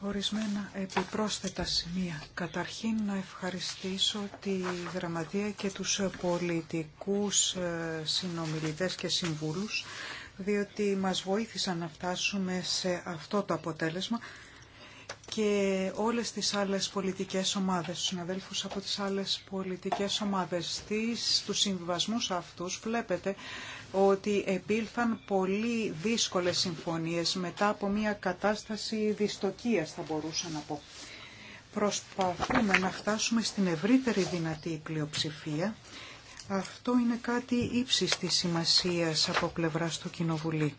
ορισμένα επιπρόσθετα σημεία. Καταρχήν να ευχαριστήσω τη Γραμματεία και τους πολιτικούς ε, συνομιλητές και συμβούλους, διότι μας βοήθησαν να φτάσουμε σε αυτό το αποτέλεσμα και όλες τις άλλες πολιτικές ομάδες, τους συναδέλφους από τις άλλες πολιτικές ομάδες. Στις, στους συμβιβασμούς αυτούς βλέπετε ότι επήλθαν πολύ δύσκολες συμφωνίες μετά από μια κατάσταση δυστοκίας θα μπορούσα να πω. Προσπαθούμε να φτάσουμε στην ευρύτερη δυνατή πλειοψηφία. Αυτό είναι κάτι ύψης της σημασίας από πλευράς του Κοινοβουλίου.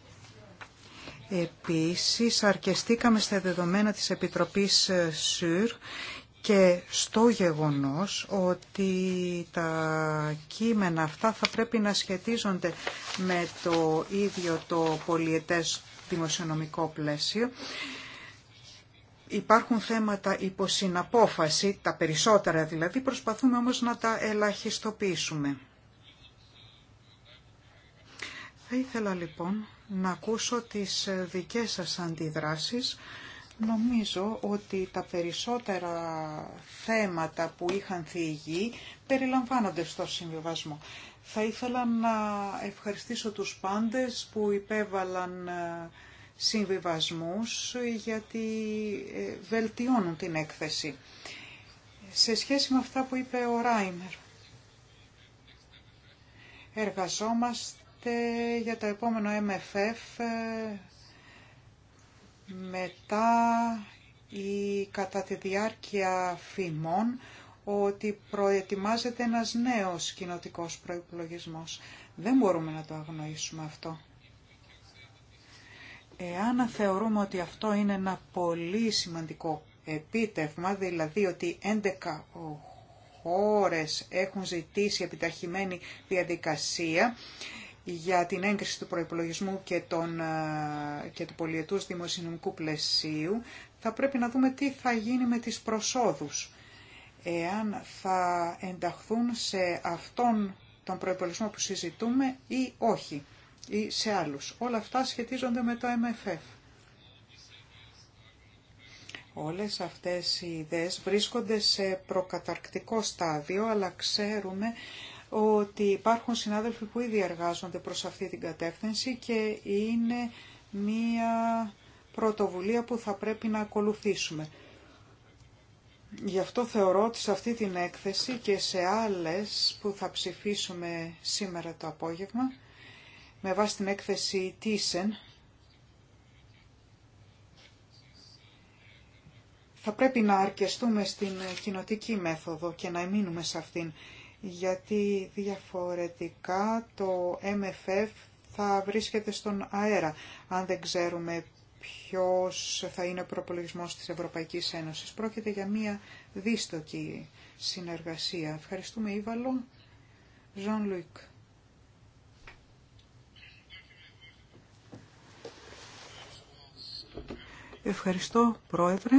Επίσης, αρκεστήκαμε στα δεδομένα της Επιτροπής ε, ΣΥΡ και στο γεγονός ότι τα κείμενα αυτά θα πρέπει να σχετίζονται με το ίδιο το πολιετές δημοσιονομικό πλαίσιο. Υπάρχουν θέματα συναπόφαση, τα περισσότερα δηλαδή, προσπαθούμε όμως να τα ελαχιστοποιήσουμε. Θα ήθελα λοιπόν να ακούσω τις δικές σας αντιδράσεις. Νομίζω ότι τα περισσότερα θέματα που είχαν θυγεί περιλαμβάνονται στο συμβιβασμό. Θα ήθελα να ευχαριστήσω τους πάντες που υπέβαλαν ε, συμβιβασμούς γιατί ε, βελτιώνουν την έκθεση. Σε σχέση με αυτά που είπε ο Ράιμερ, εργαζόμαστε για το επόμενο MFF μετά ή κατά τη διάρκεια φημών ότι προετοιμάζεται ένας νέος κοινοτικό προπολογισμό. Δεν μπορούμε να το αγνοήσουμε αυτό. Εάν θεωρούμε ότι αυτό είναι ένα πολύ σημαντικό επίτευγμα, δηλαδή ότι 11 χώρες έχουν ζητήσει επιταχυμένη διαδικασία για την έγκριση του προϋπολογισμού και, τον ε, και του πολιετούς δημοσιονομικού πλαισίου, θα πρέπει να δούμε τι θα γίνει με τις προσόδους. Εάν θα ενταχθούν σε αυτόν τον προϋπολογισμό που συζητούμε ή όχι, ή σε άλλους. Όλα αυτά σχετίζονται με το MFF. Όλες αυτές οι ιδέες βρίσκονται σε προκαταρκτικό στάδιο, αλλά ξέρουμε ότι υπάρχουν συνάδελφοι που ήδη εργάζονται προς αυτή την κατεύθυνση και είναι μία πρωτοβουλία που θα πρέπει να ακολουθήσουμε. Γι' αυτό θεωρώ ότι σε αυτή την έκθεση και σε άλλες που θα ψηφίσουμε σήμερα το απόγευμα, με βάση την έκθεση Τίσεν, θα πρέπει να αρκεστούμε στην κοινοτική μέθοδο και να εμείνουμε σε αυτήν γιατί διαφορετικά το MFF θα βρίσκεται στον αέρα, αν δεν ξέρουμε ποιος θα είναι ο προπολογισμός της Ευρωπαϊκής Ένωσης. Πρόκειται για μία δίστοκη συνεργασία. Ευχαριστούμε Ήβαλο. Ζαν Λουίκ. Ευχαριστώ Πρόεδρε.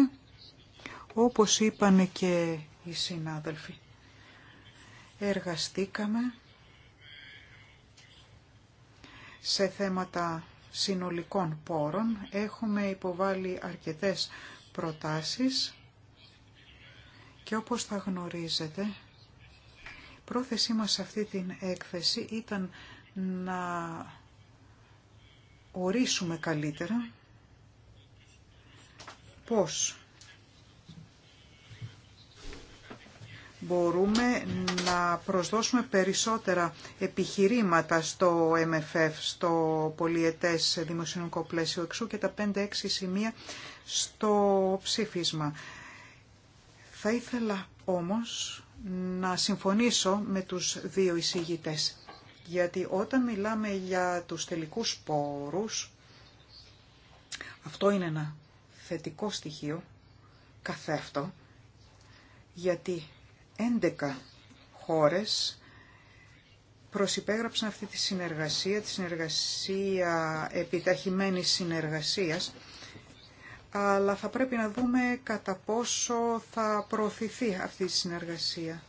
Όπως είπαν και οι συνάδελφοι εργαστήκαμε σε θέματα συνολικών πόρων. Έχουμε υποβάλει αρκετές προτάσεις και όπως θα γνωρίζετε, πρόθεσή μας σε αυτή την έκθεση ήταν να ορίσουμε καλύτερα πώς μπορούμε να προσδώσουμε περισσότερα επιχειρήματα στο MFF, στο πολιετές δημοσιονομικό πλαίσιο εξού και τα 5-6 σημεία στο ψήφισμα. Θα ήθελα όμως να συμφωνήσω με τους δύο εισηγητές, γιατί όταν μιλάμε για τους τελικούς πόρους, αυτό είναι ένα θετικό στοιχείο, καθέφτο, γιατί 11 χώρες προσυπέγραψαν αυτή τη συνεργασία, τη συνεργασία επιταχυμένης συνεργασίας, αλλά θα πρέπει να δούμε κατά πόσο θα προωθηθεί αυτή η συνεργασία.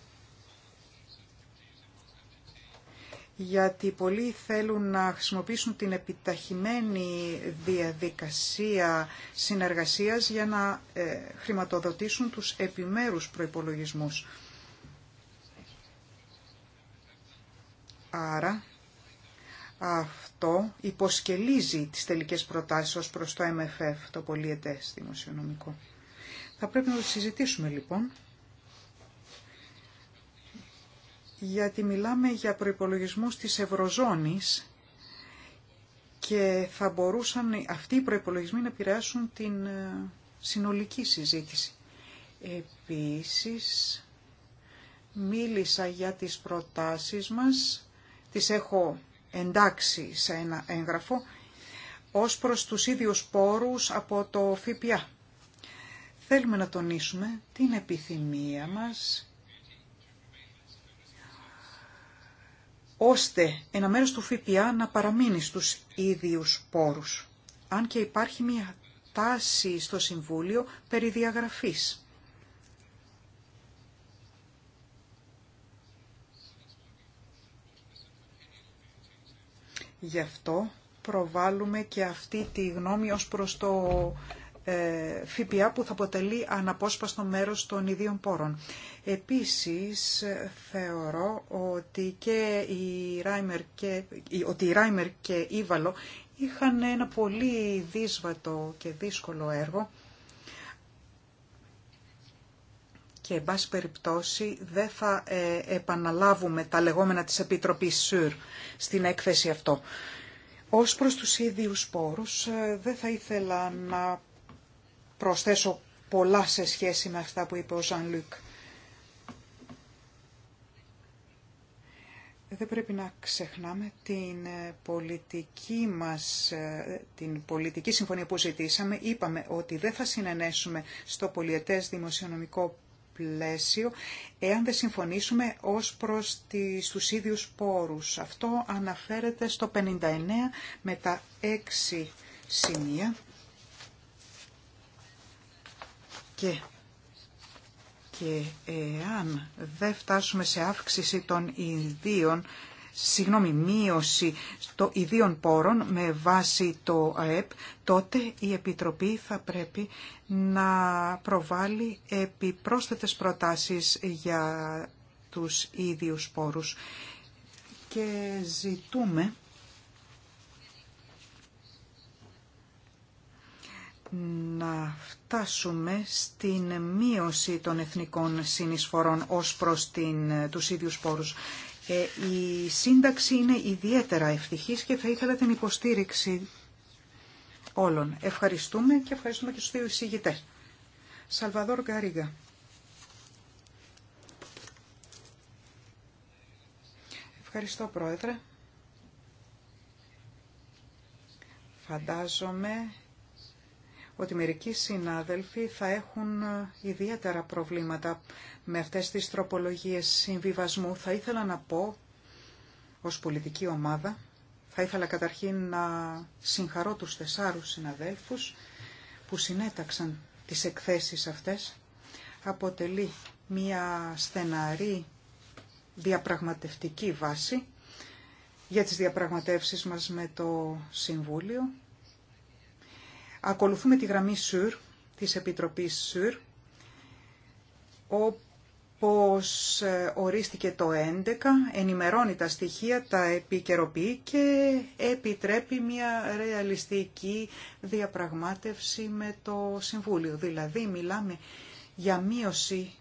γιατί πολλοί θέλουν να χρησιμοποιήσουν την επιταχυμένη διαδικασία συνεργασίας για να ε, χρηματοδοτήσουν τους επιμέρους προϋπολογισμούς. Άρα αυτό υποσκελίζει τις τελικές προτάσεις ως προς το MFF, το πολιετές δημοσιονομικό. Θα πρέπει να το συζητήσουμε λοιπόν, γιατί μιλάμε για προϋπολογισμούς της Ευρωζώνης και θα μπορούσαν αυτοί οι προϋπολογισμοί να επηρεάσουν την ε, συνολική συζήτηση. Επίσης, μίλησα για τις προτάσεις μας τις έχω εντάξει σε ένα έγγραφο, ως προς τους ίδιους πόρους από το ΦΠΑ. Θέλουμε να τονίσουμε την επιθυμία μας ώστε ένα μέρος του ΦΠΑ να παραμείνει στους ίδιους πόρους. Αν και υπάρχει μια τάση στο Συμβούλιο περί διαγραφής. Γι' αυτό προβάλλουμε και αυτή τη γνώμη ως προς το ε, ΦΠΑ που θα αποτελεί αναπόσπαστο μέρος των ιδίων πόρων. Επίσης ε, θεωρώ ότι και η Ράιμερ και, ότι η Ράιμερ και Ήβαλο είχαν ένα πολύ δύσβατο και δύσκολο έργο και εν πάση περιπτώσει δεν θα ε, επαναλάβουμε τα λεγόμενα της Επιτροπής ΣΥΡ στην έκθεση αυτό. Ως προς τους ίδιους πόρους ε, δεν θα ήθελα να προσθέσω πολλά σε σχέση με αυτά που είπε ο Ζαν Λουκ. Δεν πρέπει να ξεχνάμε την ε, πολιτική μας, την πολιτική συμφωνία που ζητήσαμε. Είπαμε ότι δεν θα συνενέσουμε στο πολιετές δημοσιονομικό εάν δεν συμφωνήσουμε ως προς τις, τους ίδιους πόρους. Αυτό αναφέρεται στο 59 με τα 6 σημεία και και εάν δεν φτάσουμε σε αύξηση των ιδίων συγγνώμη, μείωση των ιδίων πόρων με βάση το ΑΕΠ, τότε η Επιτροπή θα πρέπει να προβάλλει επιπρόσθετες προτάσεις για τους ίδιους πόρους. Και ζητούμε να φτάσουμε στην μείωση των εθνικών συνεισφορών ως προς την, τους ίδιους πόρους. Ε, η σύνταξη είναι ιδιαίτερα ευτυχής και θα ήθελα την υποστήριξη όλων. Ευχαριστούμε και ευχαριστούμε και στους δύο εισηγητές. Σαλβαδόρ Γκαρίγα. Ευχαριστώ Πρόεδρε. Φαντάζομαι ότι μερικοί συνάδελφοι θα έχουν ε, ιδιαίτερα προβλήματα με αυτές τις τροπολογίες συμβιβασμού. Θα ήθελα να πω ως πολιτική ομάδα, θα ήθελα καταρχήν να συγχαρώ τους τεσσάρους συναδέλφους που συνέταξαν τις εκθέσεις αυτές. Αποτελεί μια στεναρή διαπραγματευτική βάση για τις διαπραγματεύσεις μας με το Συμβούλιο Ακολουθούμε τη γραμμή ΣΥΡ, της Επιτροπής ΣΥΡ, όπως ε, ορίστηκε το 11, ενημερώνει τα στοιχεία, τα επικαιροποιεί και επιτρέπει μια ρεαλιστική διαπραγμάτευση με το Συμβούλιο. Δηλαδή μιλάμε για μείωση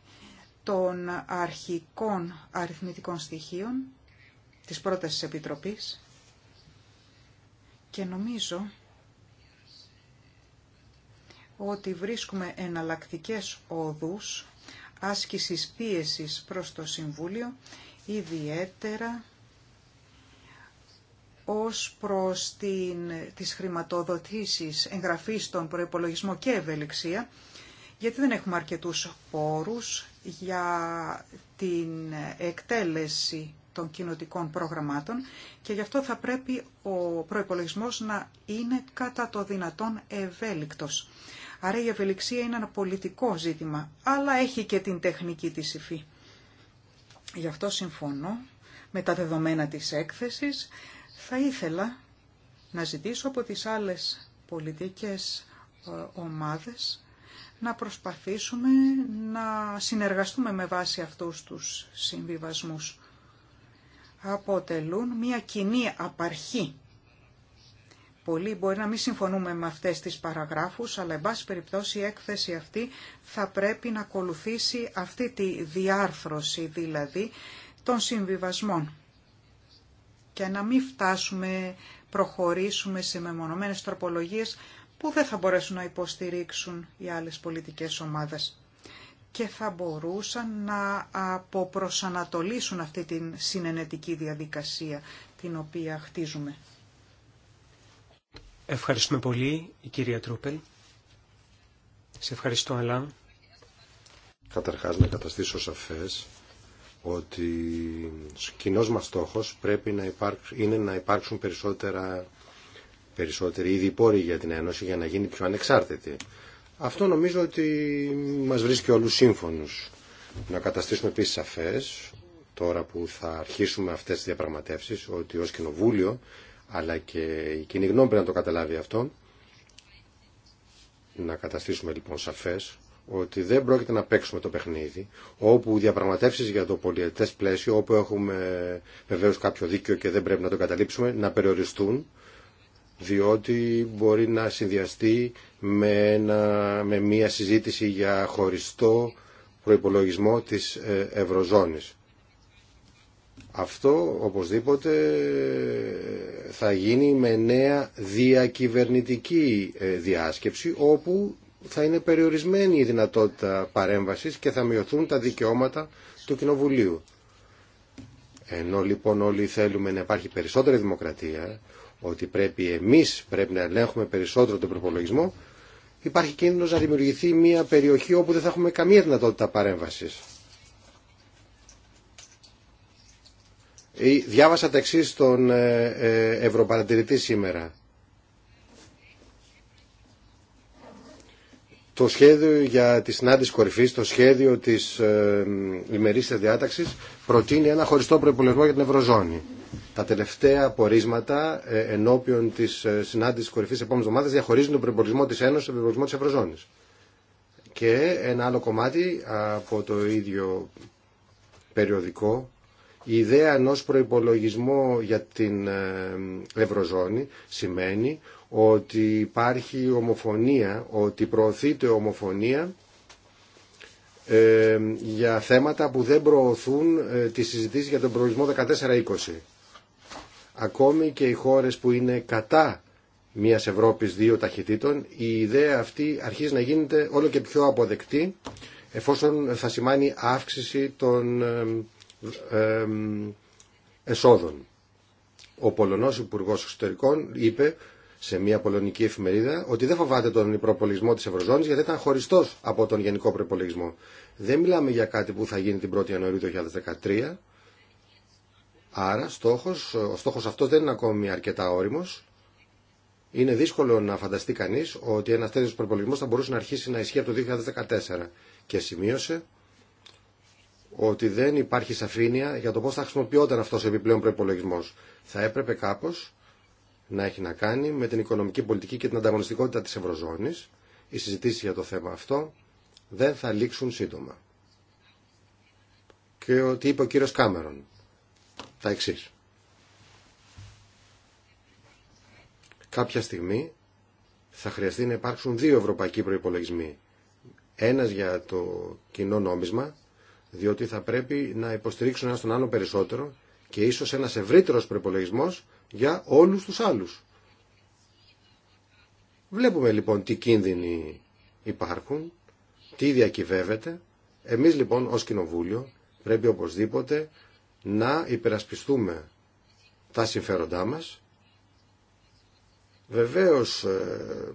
των αρχικών αριθμητικών στοιχείων της πρότασης Επιτροπής και νομίζω ότι βρίσκουμε εναλλακτικές όδους άσκησης πίεσης προς το Συμβούλιο, ιδιαίτερα ως προς την, τις χρηματοδοτήσεις εγγραφής των και ευελιξία, γιατί δεν έχουμε αρκετούς πόρους για την εκτέλεση των κοινοτικών προγραμμάτων και γι' αυτό θα πρέπει ο προϋπολογισμός να είναι κατά το δυνατόν ευέλικτος. Άρα η ευελιξία είναι ένα πολιτικό ζήτημα, αλλά έχει και την τεχνική της υφή. Γι' αυτό συμφωνώ με τα δεδομένα της έκθεσης. Θα ήθελα να ζητήσω από τις άλλες πολιτικές ε, ομάδες να προσπαθήσουμε να συνεργαστούμε με βάση αυτούς τους συμβιβασμούς αποτελούν μια κοινή απαρχή. Πολλοί μπορεί να μην συμφωνούμε με αυτές τις παραγράφους, αλλά εν πάση περιπτώσει η έκθεση αυτή θα πρέπει να ακολουθήσει αυτή τη διάρθρωση δηλαδή των συμβιβασμών και να μην φτάσουμε, προχωρήσουμε σε μεμονωμένες τροπολογίες που δεν θα μπορέσουν να υποστηρίξουν οι άλλες πολιτικές ομάδες και θα μπορούσαν να αποπροσανατολίσουν αυτή την συνενετική διαδικασία την οποία χτίζουμε. Ευχαριστούμε πολύ, η κυρία Τρούπελ. Σε ευχαριστώ, αλλά. Καταρχάς, να καταστήσω σαφές ότι κοινό μας στόχος πρέπει να είναι να υπάρξουν περισσότερα, περισσότεροι ήδη πόροι για την Ένωση για να γίνει πιο ανεξάρτητη. Αυτό νομίζω ότι μας βρίσκει όλους σύμφωνους. Να καταστήσουμε επίσης σαφές, τώρα που θα αρχίσουμε αυτές τις διαπραγματεύσεις, ότι ως Κοινοβούλιο, αλλά και η κοινή γνώμη πρέπει να το καταλάβει αυτό, να καταστήσουμε λοιπόν σαφές ότι δεν πρόκειται να παίξουμε το παιχνίδι, όπου οι διαπραγματεύσει για το πολιετέ πλαίσιο, όπου έχουμε βεβαίω κάποιο δίκαιο και δεν πρέπει να το καταλήψουμε, να περιοριστούν διότι μπορεί να συνδυαστεί με, με μια συζήτηση για χωριστό προϋπολογισμό της ε, Ευρωζώνης. Αυτό οπωσδήποτε θα γίνει με νέα διακυβερνητική ε, διάσκεψη όπου θα είναι περιορισμένη η δυνατότητα παρέμβασης και θα μειωθούν τα δικαιώματα του Κοινοβουλίου. Ενώ λοιπόν όλοι θέλουμε να υπάρχει περισσότερη δημοκρατία, ότι πρέπει εμείς πρέπει να ελέγχουμε περισσότερο τον προπολογισμό, υπάρχει κίνδυνος να δημιουργηθεί μια περιοχή όπου δεν θα έχουμε καμία δυνατότητα παρέμβασης. Διάβασα τα εξή στον ε, ε, Ευρωπαρατηρητή σήμερα. Το σχέδιο για τη συνάντηση κορυφή, το σχέδιο τη ε, ημερήσια διάταξη προτείνει ένα χωριστό προπολογισμό για την Ευρωζώνη. Τα τελευταία πορίσματα ε, ενώπιον τη ε, συνάντηση κορυφή επόμενη εβδομάδα διαχωρίζουν τον προπολογισμό τη Ένωση από τον προπολογισμό τη Ευρωζώνη. Και ένα άλλο κομμάτι από το ίδιο περιοδικό, η ιδέα ενό προπολογισμού για την ε, Ευρωζώνη σημαίνει ότι υπάρχει ομοφωνία, ότι προωθείται ομοφωνία για θέματα που δεν προωθούν τη συζήτηση για τον προορισμό 14-20. Ακόμη και οι χώρες που είναι κατά μιας Ευρώπης δύο ταχυτήτων, η ιδέα αυτή αρχίζει να γίνεται όλο και πιο αποδεκτή, εφόσον θα σημάνει αύξηση των εσόδων. Ο Πολωνός υπουργό Εξωτερικών είπε σε μια πολωνική εφημερίδα ότι δεν φοβάται τον προπολογισμό της Ευρωζώνης γιατί ήταν χωριστός από τον γενικό προπολογισμό. Δεν μιλάμε για κάτι που θα γίνει την 1η Ιανουαρίου 2013, Άρα στόχος, ο στόχος αυτός δεν είναι ακόμη αρκετά όριμος. Είναι δύσκολο να φανταστεί κανείς ότι ένας τέτοιος προπολογισμός θα μπορούσε να αρχίσει να ισχύει από το 2014. Και σημείωσε ότι δεν υπάρχει σαφήνεια για το πώς θα χρησιμοποιόταν αυτός ο επιπλέον προπολογισμό. Θα έπρεπε κάπως να έχει να κάνει με την οικονομική πολιτική και την ανταγωνιστικότητα της Ευρωζώνης. Οι συζητήσεις για το θέμα αυτό δεν θα λήξουν σύντομα. Και ότι είπε ο κύριος Κάμερον τα εξή. Κάποια στιγμή θα χρειαστεί να υπάρξουν δύο ευρωπαϊκοί προϋπολογισμοί. Ένας για το κοινό νόμισμα, διότι θα πρέπει να υποστηρίξουν ένα τον άλλο περισσότερο και ίσως ένα ευρύτερος προϋπολογισμός για όλους τους άλλους. Βλέπουμε λοιπόν τι κίνδυνοι υπάρχουν, τι διακυβεύεται. Εμείς λοιπόν ως Κοινοβούλιο πρέπει οπωσδήποτε να υπερασπιστούμε τα συμφέροντά μας. Βεβαίως ε,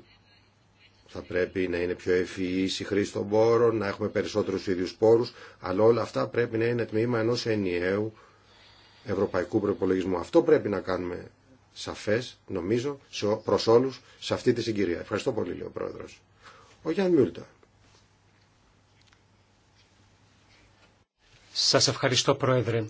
θα πρέπει να είναι πιο ευφυής η χρήση των πόρων, να έχουμε περισσότερους ίδιους πόρους, αλλά όλα αυτά πρέπει να είναι τμήμα ενός ενιαίου ευρωπαϊκού προπολογισμού. Αυτό πρέπει να κάνουμε σαφές, νομίζω, προς όλους σε αυτή τη συγκυρία. Ευχαριστώ πολύ, λέει ο Πρόεδρος. Ο Γιάννη Μιούλτα. Σας ευχαριστώ Πρόεδρε.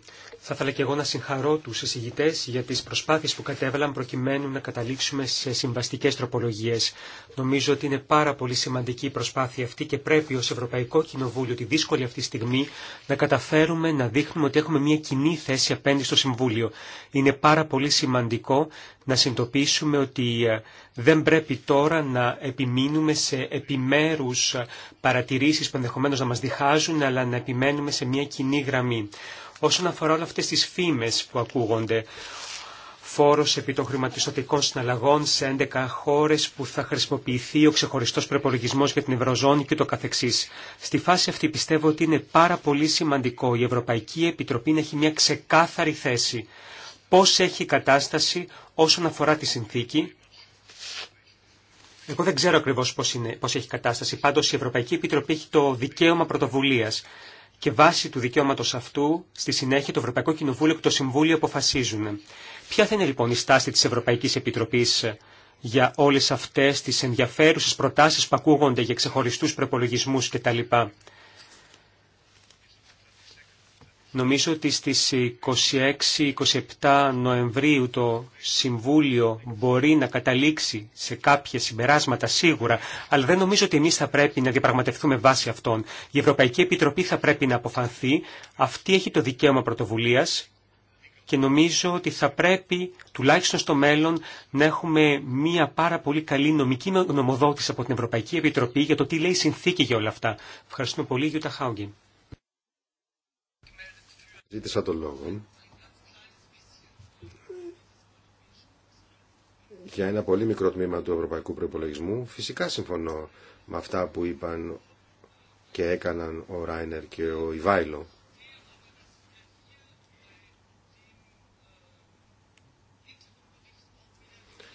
Θα ήθελα και εγώ να συγχαρώ τους εισηγητές για τις προσπάθειες που κατέβαλαν προκειμένου να καταλήξουμε σε συμβαστικές τροπολογίες. Νομίζω ότι είναι πάρα πολύ σημαντική η προσπάθεια αυτή και πρέπει ως Ευρωπαϊκό Κοινοβούλιο τη δύσκολη αυτή στιγμή να καταφέρουμε να δείχνουμε ότι έχουμε μια κοινή θέση απέναντι στο Συμβούλιο. Είναι πάρα πολύ σημαντικό να συντοπίσουμε ότι ε, δεν πρέπει τώρα να επιμείνουμε σε επιμέρους ε, παρατηρήσεις που ενδεχομένως να μας διχάζουν, αλλά να επιμένουμε σε μια κοινή γραμμή όσον αφορά όλε αυτές τις φήμες που ακούγονται. Φόρος επί των χρηματιστοτικών συναλλαγών σε 11 χώρες που θα χρησιμοποιηθεί ο ξεχωριστός προπολογισμό για την Ευρωζώνη και το καθεξής. Στη φάση αυτή πιστεύω ότι είναι πάρα πολύ σημαντικό η Ευρωπαϊκή Επιτροπή να έχει μια ξεκάθαρη θέση. Πώς έχει η κατάσταση όσον αφορά τη συνθήκη εγώ δεν ξέρω ακριβώς πώς, είναι, πώς έχει κατάσταση. Πάντως η Ευρωπαϊκή Επιτροπή έχει το δικαίωμα πρωτοβουλίας και βάσει του δικαιώματο αυτού, στη συνέχεια το Ευρωπαϊκό Κοινοβούλιο και το Συμβούλιο αποφασίζουν. Ποια θα είναι λοιπόν η στάση της Ευρωπαϊκής Επιτροπής ε, για όλες αυτές τις ενδιαφέρουσε προτάσεις που ακούγονται για ξεχωριστού προπολογισμού κτλ. Νομίζω ότι στις 26-27 Νοεμβρίου το Συμβούλιο μπορεί να καταλήξει σε κάποια συμπεράσματα σίγουρα, αλλά δεν νομίζω ότι εμείς θα πρέπει να διαπραγματευτούμε βάσει αυτών. Η Ευρωπαϊκή Επιτροπή θα πρέπει να αποφανθεί. Αυτή έχει το δικαίωμα πρωτοβουλίας και νομίζω ότι θα πρέπει τουλάχιστον στο μέλλον να έχουμε μία πάρα πολύ καλή νομική νομοδότηση από την Ευρωπαϊκή Επιτροπή για το τι λέει η συνθήκη για όλα αυτά. Ευχαριστούμε πολύ, Γιούτα Χάουγκιν. Ζήτησα τον λόγο για ένα πολύ μικρό τμήμα του ευρωπαϊκού προπολογισμού. Φυσικά συμφωνώ με αυτά που είπαν και έκαναν ο Ράινερ και ο Ιβάιλο.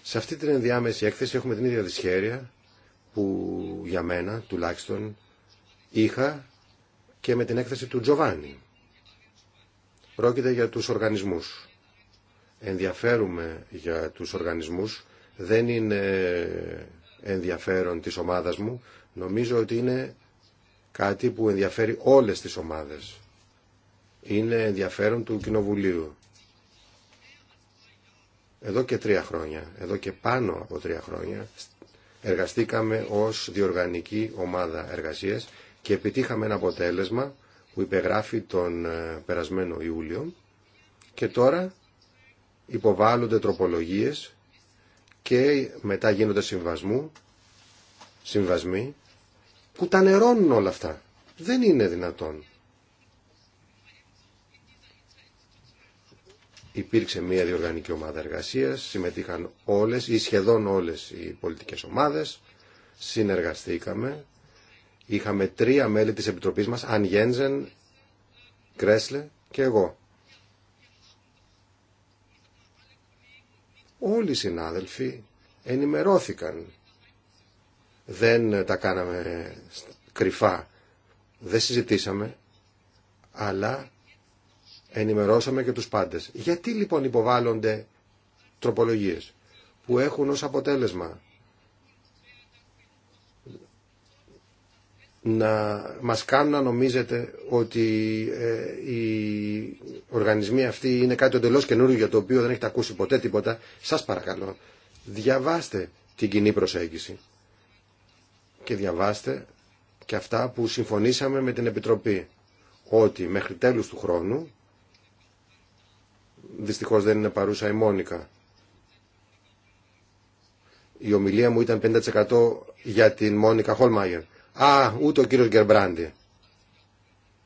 Σε αυτή την ενδιάμεση έκθεση έχουμε την ίδια δυσχέρεια που για μένα τουλάχιστον είχα και με την έκθεση του Τζοβάνι. Πρόκειται για τους οργανισμούς. Ενδιαφέρουμε για τους οργανισμούς. Δεν είναι ενδιαφέρον της ομάδας μου. Νομίζω ότι είναι κάτι που ενδιαφέρει όλες τις ομάδες. Είναι ενδιαφέρον του Κοινοβουλίου. Εδώ και τρία χρόνια, εδώ και πάνω από τρία χρόνια, εργαστήκαμε ως διοργανική ομάδα εργασίας και επιτύχαμε ένα αποτέλεσμα που υπεγράφει τον ε, περασμένο Ιούλιο και τώρα υποβάλλονται τροπολογίες και μετά γίνονται συμβασμού, συμβασμοί που τα νερώνουν όλα αυτά. Δεν είναι δυνατόν. Υπήρξε μια διοργανική ομάδα εργασίας, συμμετείχαν όλες ή σχεδόν όλες οι πολιτικές ομάδες, συνεργαστήκαμε είχαμε τρία μέλη της Επιτροπής μας, Αν Γένζεν, Κρέσλε και εγώ. Όλοι οι συνάδελφοι ενημερώθηκαν. Δεν τα κάναμε κρυφά. Δεν συζητήσαμε, αλλά ενημερώσαμε και τους πάντες. Γιατί λοιπόν υποβάλλονται τροπολογίες που έχουν ως αποτέλεσμα να μας κάνουν να νομίζετε ότι ε, οι οργανισμοί αυτοί είναι κάτι εντελώ καινούριο για το οποίο δεν έχετε ακούσει ποτέ τίποτα. Σας παρακαλώ, διαβάστε την κοινή προσέγγιση και διαβάστε και αυτά που συμφωνήσαμε με την Επιτροπή ότι μέχρι τέλους του χρόνου δυστυχώς δεν είναι παρούσα η Μόνικα η ομιλία μου ήταν 50% για την Μόνικα Χολμάγερ Α, ούτε ο κύριο Γκερμπράντι.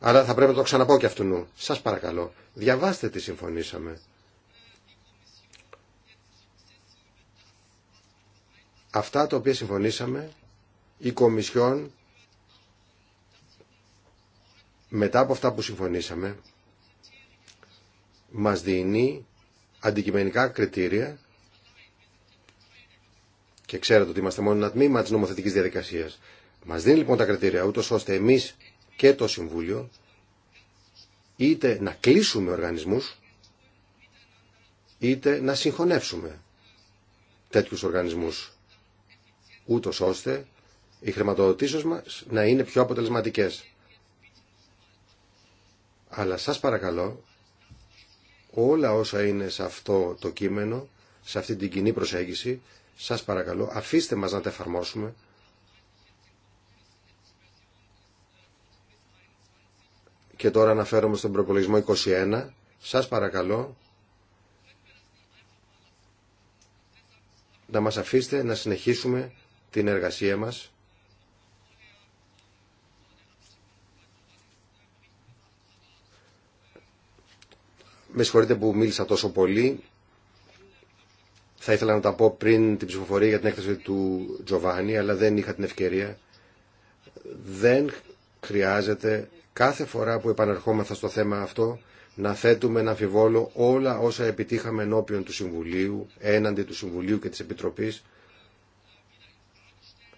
Αλλά θα πρέπει να το ξαναπώ και αυτού. Σας παρακαλώ, διαβάστε τι συμφωνήσαμε. Αυτά τα οποία συμφωνήσαμε, η Κομισιόν, μετά από αυτά που συμφωνήσαμε, μας δίνει αντικειμενικά κριτήρια και ξέρετε ότι είμαστε μόνο ένα τμήμα της νομοθετικής διαδικασίας. Μα δίνει λοιπόν τα κριτήρια ούτως ώστε εμεί και το Συμβούλιο είτε να κλείσουμε οργανισμούς είτε να συγχωνεύσουμε τέτοιους οργανισμούς ούτω ώστε οι χρηματοδοτήσεις μας να είναι πιο αποτελεσματικές. Αλλά σας παρακαλώ όλα όσα είναι σε αυτό το κείμενο, σε αυτή την κοινή προσέγγιση, σας παρακαλώ αφήστε μας να τα εφαρμόσουμε και τώρα αναφέρομαι στον προπολογισμό 21. Σας παρακαλώ να μας αφήσετε να συνεχίσουμε την εργασία μας Με συγχωρείτε που μίλησα τόσο πολύ. Θα ήθελα να τα πω πριν την ψηφοφορία για την έκθεση του Τζοβάνι, αλλά δεν είχα την ευκαιρία. Δεν χρειάζεται κάθε φορά που επαναρχόμαστε στο θέμα αυτό να θέτουμε να αμφιβόλο όλα όσα επιτύχαμε ενώπιον του Συμβουλίου, έναντι του Συμβουλίου και της Επιτροπής.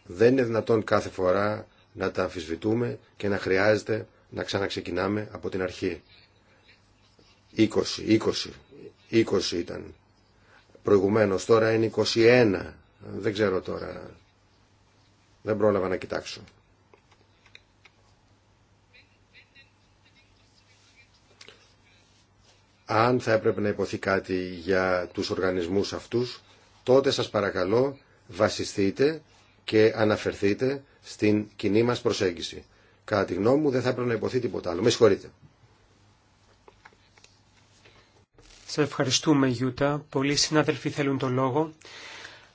Δεν είναι δυνατόν κάθε φορά να τα αμφισβητούμε και να χρειάζεται να ξαναξεκινάμε από την αρχή. 20, 20, 20 ήταν. Προηγουμένως τώρα είναι 21. Δεν ξέρω τώρα. Δεν πρόλαβα να κοιτάξω. αν θα έπρεπε να υποθεί κάτι για τους οργανισμούς αυτούς, τότε σας παρακαλώ βασιστείτε και αναφερθείτε στην κοινή μας προσέγγιση. Κατά τη γνώμη μου δεν θα έπρεπε να υποθεί τίποτα άλλο. Με συγχωρείτε. Σε ευχαριστούμε Γιούτα. Πολλοί συνάδελφοι θέλουν το λόγο.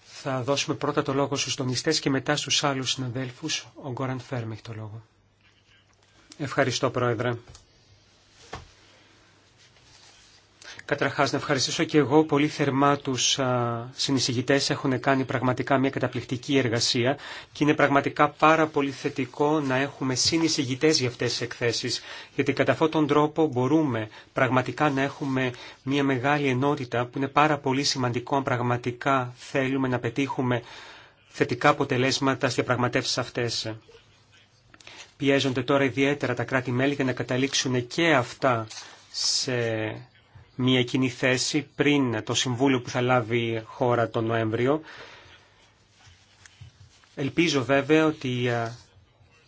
Θα δώσουμε πρώτα το λόγο στους τονιστές και μετά στους άλλους συναδέλφους. Ο Γκόραν Φέρμ το λόγο. Ευχαριστώ Πρόεδρε. Καταρχάς, να ευχαριστήσω και εγώ πολύ θερμά τους συνεισηγητές. Έχουν κάνει πραγματικά μια καταπληκτική εργασία και είναι πραγματικά πάρα πολύ θετικό να έχουμε συνεισηγητές για αυτές τις εκθέσεις, γιατί κατά αυτόν τον τρόπο μπορούμε πραγματικά να έχουμε μια μεγάλη ενότητα που είναι πάρα πολύ σημαντικό αν πραγματικά θέλουμε να πετύχουμε θετικά αποτελέσματα στις διαπραγματεύσεις αυτές. Πιέζονται τώρα ιδιαίτερα τα κράτη-μέλη για να καταλήξουν και αυτά σε μια κοινή θέση πριν το Συμβούλιο που θα λάβει χώρα τον Νοέμβριο. Ελπίζω βέβαια ότι ε,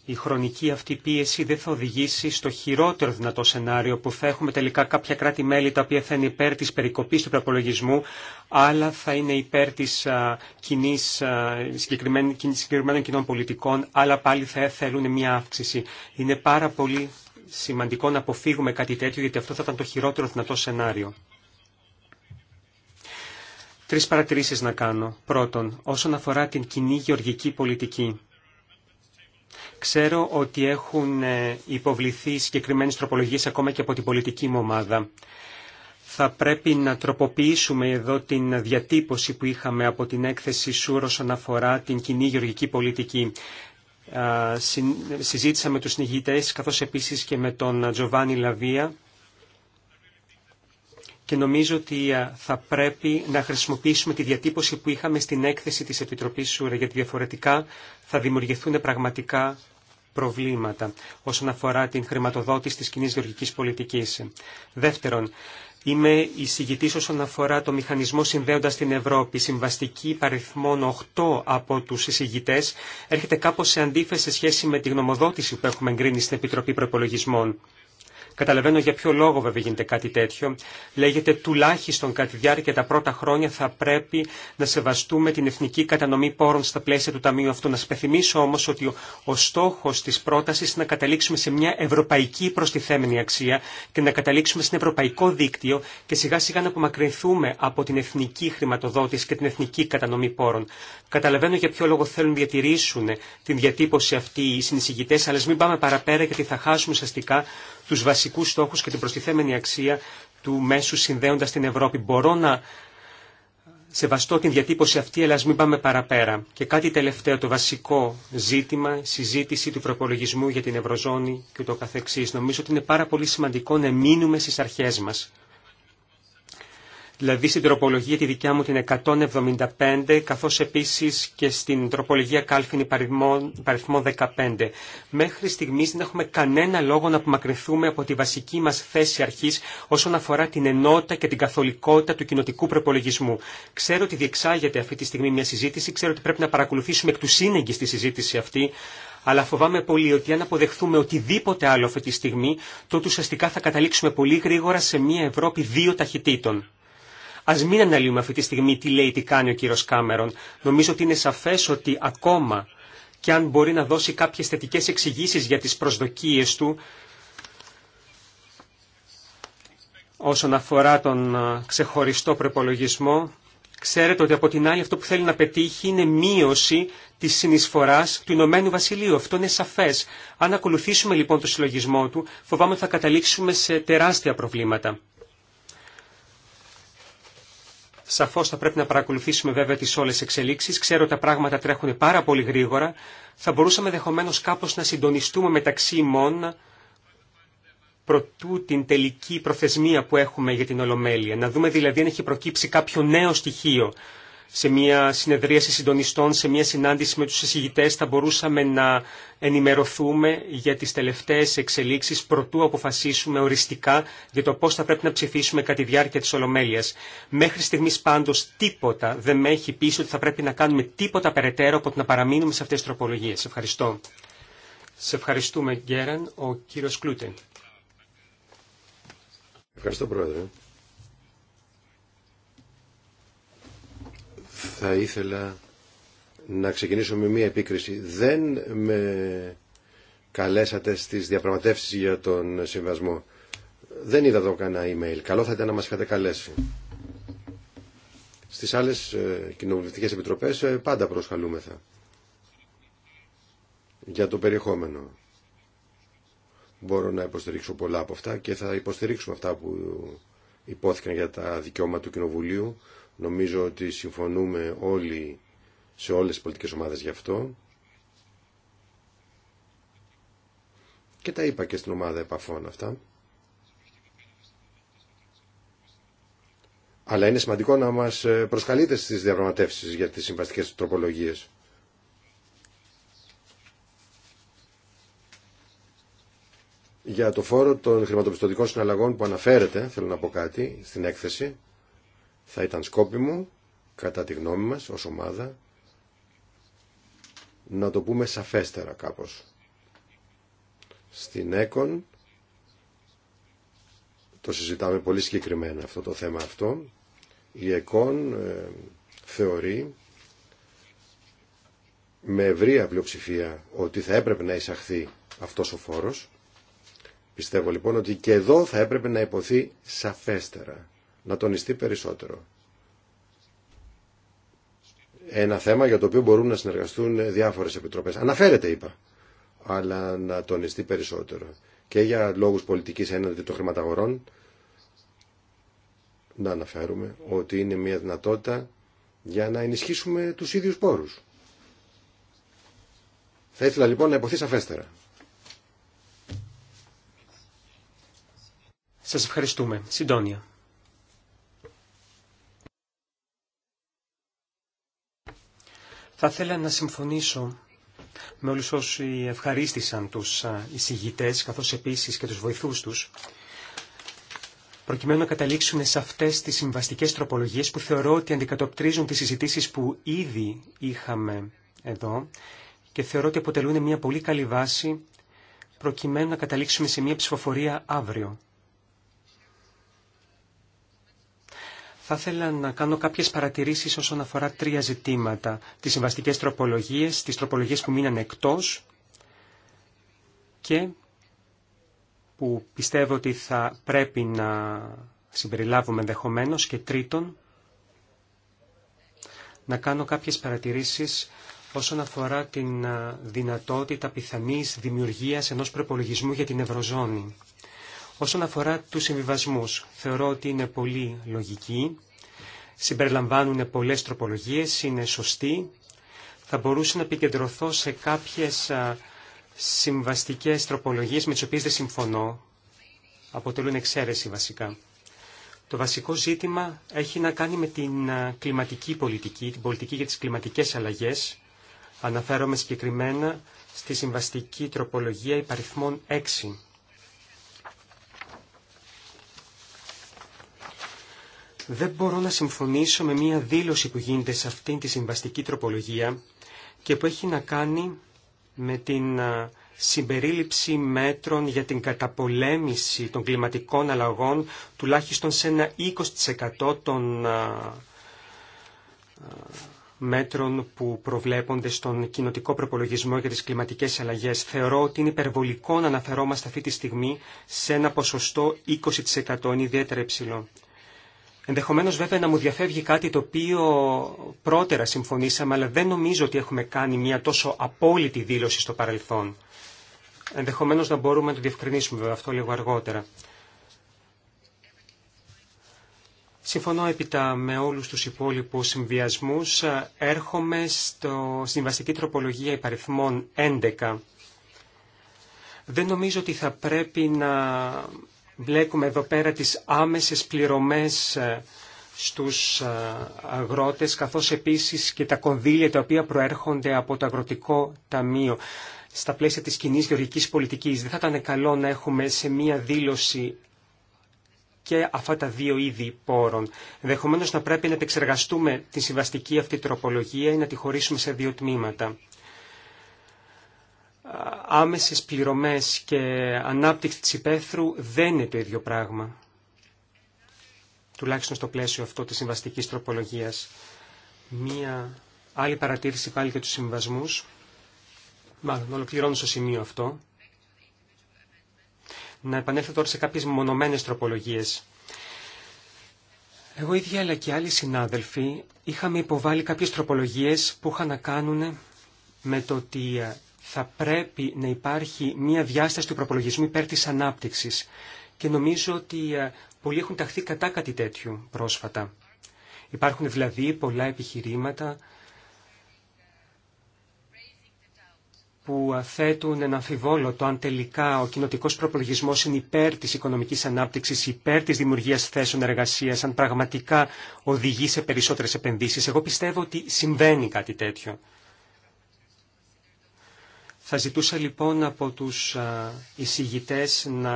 η χρονική αυτή πίεση δεν θα οδηγήσει στο χειρότερο δυνατό σενάριο που θα έχουμε τελικά κάποια κράτη-μέλη τα οποία θα είναι υπέρ της περικοπής του προπολογισμού αλλά θα είναι υπέρ της ε, ε, κοινής, συγκεκριμένων κοινών πολιτικών αλλά πάλι θα θέλουν μια αύξηση. Είναι πάρα πολύ σημαντικό να αποφύγουμε κάτι τέτοιο, γιατί αυτό θα ήταν το χειρότερο δυνατό σενάριο. Τρεις παρατηρήσεις να κάνω. Πρώτον, όσον αφορά την κοινή γεωργική πολιτική. Ξέρω ότι έχουν ε, υποβληθεί συγκεκριμένες τροπολογίες ακόμα και από την πολιτική μου ομάδα. Θα πρέπει να τροποποιήσουμε εδώ την διατύπωση που είχαμε από την έκθεση ΣΟΥΡ όσον αφορά την κοινή γεωργική πολιτική συζήτησα με τους συνηγητές καθώς επίσης και με τον Τζοβάνι Λαβία και νομίζω ότι θα πρέπει να χρησιμοποιήσουμε τη διατύπωση που είχαμε στην έκθεση της Επιτροπής Σούρα γιατί διαφορετικά θα δημιουργηθούν πραγματικά προβλήματα όσον αφορά την χρηματοδότηση της κοινή γεωργικής πολιτικής. Δεύτερον, Είμαι εισηγητή όσον αφορά το μηχανισμό συνδέοντα την Ευρώπη. Συμβαστική παριθμών 8 από του εισηγητέ έρχεται κάπω σε αντίθεση σε σχέση με τη γνωμοδότηση που έχουμε εγκρίνει στην Επιτροπή Προπολογισμών. Καταλαβαίνω για ποιο λόγο βέβαια γίνεται κάτι τέτοιο. Λέγεται τουλάχιστον κατά τη διάρκεια τα πρώτα χρόνια θα πρέπει να σεβαστούμε την εθνική κατανομή πόρων στα πλαίσια του Ταμείου αυτού. Να σα πεθυμίσω όμω ότι ο στόχο τη πρόταση είναι να καταλήξουμε σε μια ευρωπαϊκή προστιθέμενη αξία και να καταλήξουμε ένα ευρωπαϊκό δίκτυο και σιγά σιγά να απομακρυνθούμε από την εθνική χρηματοδότηση και την εθνική κατανομή πόρων. Καταλαβαίνω για ποιο λόγο θέλουν να διατηρήσουν την διατύπωση αυτή οι συνεισηγητέ, αλλά μην πάμε παραπέρα γιατί θα χάσουμε ουσιαστικά τους βασικούς στόχου και την προστιθέμενη αξία του μέσου συνδέοντας την Ευρώπη. Μπορώ να σεβαστώ την διατύπωση αυτή, αλλά ας μην πάμε παραπέρα. Και κάτι τελευταίο, το βασικό ζήτημα, συζήτηση του προπολογισμού για την Ευρωζώνη και το καθεξής. Νομίζω ότι είναι πάρα πολύ σημαντικό να μείνουμε στι αρχές μας δηλαδή στην τροπολογία τη δικιά μου την 175, καθώς επίσης και στην τροπολογία κάλφιν παριθμό 15. Μέχρι στιγμής δεν έχουμε κανένα λόγο να απομακρυνθούμε από τη βασική μας θέση αρχής όσον αφορά την ενότητα και την καθολικότητα του κοινοτικού προπολογισμού. Ξέρω ότι διεξάγεται αυτή τη στιγμή μια συζήτηση, ξέρω ότι πρέπει να παρακολουθήσουμε εκ του σύνεγγυ στη συζήτηση αυτή, αλλά φοβάμαι πολύ ότι αν αποδεχθούμε οτιδήποτε άλλο αυτή τη στιγμή, τότε ουσιαστικά θα καταλήξουμε πολύ γρήγορα σε μια Ευρώπη δύο ταχυτήτων. Α μην αναλύουμε αυτή τη στιγμή τι λέει, τι κάνει ο κύριο Κάμερον. Νομίζω ότι είναι σαφέ ότι ακόμα και αν μπορεί να δώσει κάποιε θετικέ εξηγήσει για τι προσδοκίε του, όσον αφορά τον ξεχωριστό προπολογισμό, ξέρετε ότι από την άλλη αυτό που θέλει να πετύχει είναι μείωση τη συνεισφορά του Ηνωμένου Βασιλείου. Αυτό είναι σαφέ. Αν ακολουθήσουμε λοιπόν το συλλογισμό του, φοβάμαι ότι θα καταλήξουμε σε τεράστια προβλήματα. Σαφώς θα πρέπει να παρακολουθήσουμε βέβαια τις όλες εξελίξεις. Ξέρω τα πράγματα τρέχουν πάρα πολύ γρήγορα. Θα μπορούσαμε δεχομένως κάπως να συντονιστούμε μεταξύ ημών προτού την τελική προθεσμία που έχουμε για την Ολομέλεια. Να δούμε δηλαδή αν έχει προκύψει κάποιο νέο στοιχείο σε μια συνεδρίαση συντονιστών, σε μια συνάντηση με τους εισηγητές θα μπορούσαμε να ενημερωθούμε για τις τελευταίες εξελίξεις προτού αποφασίσουμε οριστικά για το πώς θα πρέπει να ψηφίσουμε κατά τη διάρκεια της Ολομέλειας. Μέχρι στιγμής πάντως τίποτα δεν με έχει πείσει ότι θα πρέπει να κάνουμε τίποτα περαιτέρω από το να παραμείνουμε σε αυτές τις τροπολογίες. Ευχαριστώ. Σε ευχαριστούμε Γκέραν, ο κύριος Κλούτεν. Ευχαριστώ Πρόεδρε. Θα ήθελα να ξεκινήσω με μία επίκριση. Δεν με καλέσατε στις διαπραγματεύσεις για τον συμβασμό. Δεν είδα εδώ κανένα email. Καλό θα ήταν να μας είχατε καλέσει. Στις άλλες ε, κοινοβουλευτικές επιτροπές ε, πάντα προσκαλούμεθα για το περιεχόμενο. Μπορώ να υποστηρίξω πολλά από αυτά και θα υποστηρίξουμε αυτά που υπόθηκαν για τα δικαιώματα του Κοινοβουλίου Νομίζω ότι συμφωνούμε όλοι σε όλες τις πολιτικές ομάδες γι' αυτό. Και τα είπα και στην ομάδα επαφών αυτά. Αλλά είναι σημαντικό να μας ε, προσκαλείτε στις διαπραγματεύσεις για τις συμβαστικές τροπολογίες. Για το φόρο των χρηματοπιστωτικών συναλλαγών που αναφέρεται, θέλω να πω κάτι στην έκθεση, θα ήταν σκόπιμο, κατά τη γνώμη μας, ως ομάδα, να το πούμε σαφέστερα κάπως. Στην ΕΚΟΝ το συζητάμε πολύ συγκεκριμένα αυτό το θέμα αυτό. Η ΕΚΟΝ ε, θεωρεί με ευρία πλειοψηφία ότι θα έπρεπε να εισαχθεί αυτός ο φόρος. Πιστεύω λοιπόν ότι και εδώ θα έπρεπε να υποθεί σαφέστερα να τονιστεί περισσότερο. Ένα θέμα για το οποίο μπορούν να συνεργαστούν διάφορες επιτροπές. Αναφέρεται είπα, αλλά να τονιστεί περισσότερο. Και για λόγους πολιτικής έναντι των χρηματαγορών, να αναφέρουμε ότι είναι μια δυνατότητα για να ενισχύσουμε τους ίδιους πόρους. Θα ήθελα λοιπόν να υποθεί σαφέστερα. Σας ευχαριστούμε. Συντόνια. Θα ήθελα να συμφωνήσω με όλους όσοι ευχαρίστησαν τους εισηγητές, καθώς επίσης και τους βοηθούς τους, προκειμένου να καταλήξουν σε αυτές τις συμβαστικές τροπολογίες που θεωρώ ότι αντικατοπτρίζουν τις συζητήσεις που ήδη είχαμε εδώ και θεωρώ ότι αποτελούν μια πολύ καλή βάση προκειμένου να καταλήξουμε σε μια ψηφοφορία αύριο. Θα ήθελα να κάνω κάποιες παρατηρήσεις όσον αφορά τρία ζητήματα. Τις συμβαστικές τροπολογίες, τις τροπολογίες που μείναν εκτός και που πιστεύω ότι θα πρέπει να συμπεριλάβουμε ενδεχομένω και τρίτον να κάνω κάποιες παρατηρήσεις όσον αφορά την δυνατότητα πιθανής δημιουργίας ενός προπολογισμού για την Ευρωζώνη. Όσον αφορά τους συμβιβασμού, θεωρώ ότι είναι πολύ λογική, συμπεριλαμβάνουν πολλές τροπολογίες, είναι σωστή. Θα μπορούσα να επικεντρωθώ σε κάποιες συμβαστικές τροπολογίες με τις οποίες δεν συμφωνώ. Αποτελούν εξαίρεση βασικά. Το βασικό ζήτημα έχει να κάνει με την κλιματική πολιτική, την πολιτική για τις κλιματικές αλλαγές. Αναφέρομαι συγκεκριμένα στη συμβαστική τροπολογία υπαριθμών 6 Δεν μπορώ να συμφωνήσω με μία δήλωση που γίνεται σε αυτήν τη συμβαστική τροπολογία και που έχει να κάνει με την συμπερίληψη μέτρων για την καταπολέμηση των κλιματικών αλλαγών τουλάχιστον σε ένα 20% των μέτρων που προβλέπονται στον κοινοτικό προπολογισμό για τις κλιματικές αλλαγές. Θεωρώ ότι είναι υπερβολικό να αναφερόμαστε αυτή τη στιγμή σε ένα ποσοστό 20%, ιδιαίτερα υψηλό. Ενδεχομένως βέβαια να μου διαφεύγει κάτι το οποίο πρώτερα συμφωνήσαμε, αλλά δεν νομίζω ότι έχουμε κάνει μια τόσο απόλυτη δήλωση στο παρελθόν. Ενδεχομένως να μπορούμε να το διευκρινίσουμε βέβαια αυτό λίγο αργότερα. Συμφωνώ έπειτα με όλους τους υπόλοιπους συμβιασμούς. Έρχομαι στο συμβαστική τροπολογία υπαριθμών 11. Δεν νομίζω ότι θα πρέπει να Βλέπουμε εδώ πέρα τις άμεσες πληρωμές ε, στους ε, αγρότες, καθώς επίσης και τα κονδύλια τα οποία προέρχονται από το Αγροτικό Ταμείο στα πλαίσια της κοινή γεωργικής πολιτικής. Δεν θα ήταν καλό να έχουμε σε μία δήλωση και αυτά τα δύο είδη πόρων. Ενδεχομένω να πρέπει να επεξεργαστούμε τη συμβαστική αυτή τροπολογία ή να τη χωρίσουμε σε δύο τμήματα άμεσες πληρωμές και ανάπτυξη της υπαίθρου δεν είναι το ίδιο πράγμα. Τουλάχιστον στο πλαίσιο αυτό της συμβαστικής τροπολογίας. Μία άλλη παρατήρηση πάλι για τους συμβασμούς. Μάλλον ολοκληρώνω στο σημείο αυτό. Να επανέλθω τώρα σε κάποιες μονομένες τροπολογίες. Εγώ ίδια αλλά και άλλοι συνάδελφοι είχαμε υποβάλει κάποιες τροπολογίες που είχαν να κάνουν με το ότι ε, θα πρέπει να υπάρχει μια διάσταση του προπολογισμού υπέρ της ανάπτυξης και νομίζω ότι ε, πολλοί έχουν ταχθεί κατά κάτι τέτοιο πρόσφατα. Υπάρχουν δηλαδή πολλά επιχειρήματα που ε, θέτουν ένα αμφιβόλο το αν τελικά ο κοινοτικό προπολογισμό είναι υπέρ τη οικονομική ανάπτυξη, υπέρ τη δημιουργία θέσεων εργασία, αν πραγματικά οδηγεί σε περισσότερε επενδύσει. Εγώ πιστεύω ότι συμβαίνει κάτι τέτοιο. Θα ζητούσα λοιπόν από τους εισηγητές να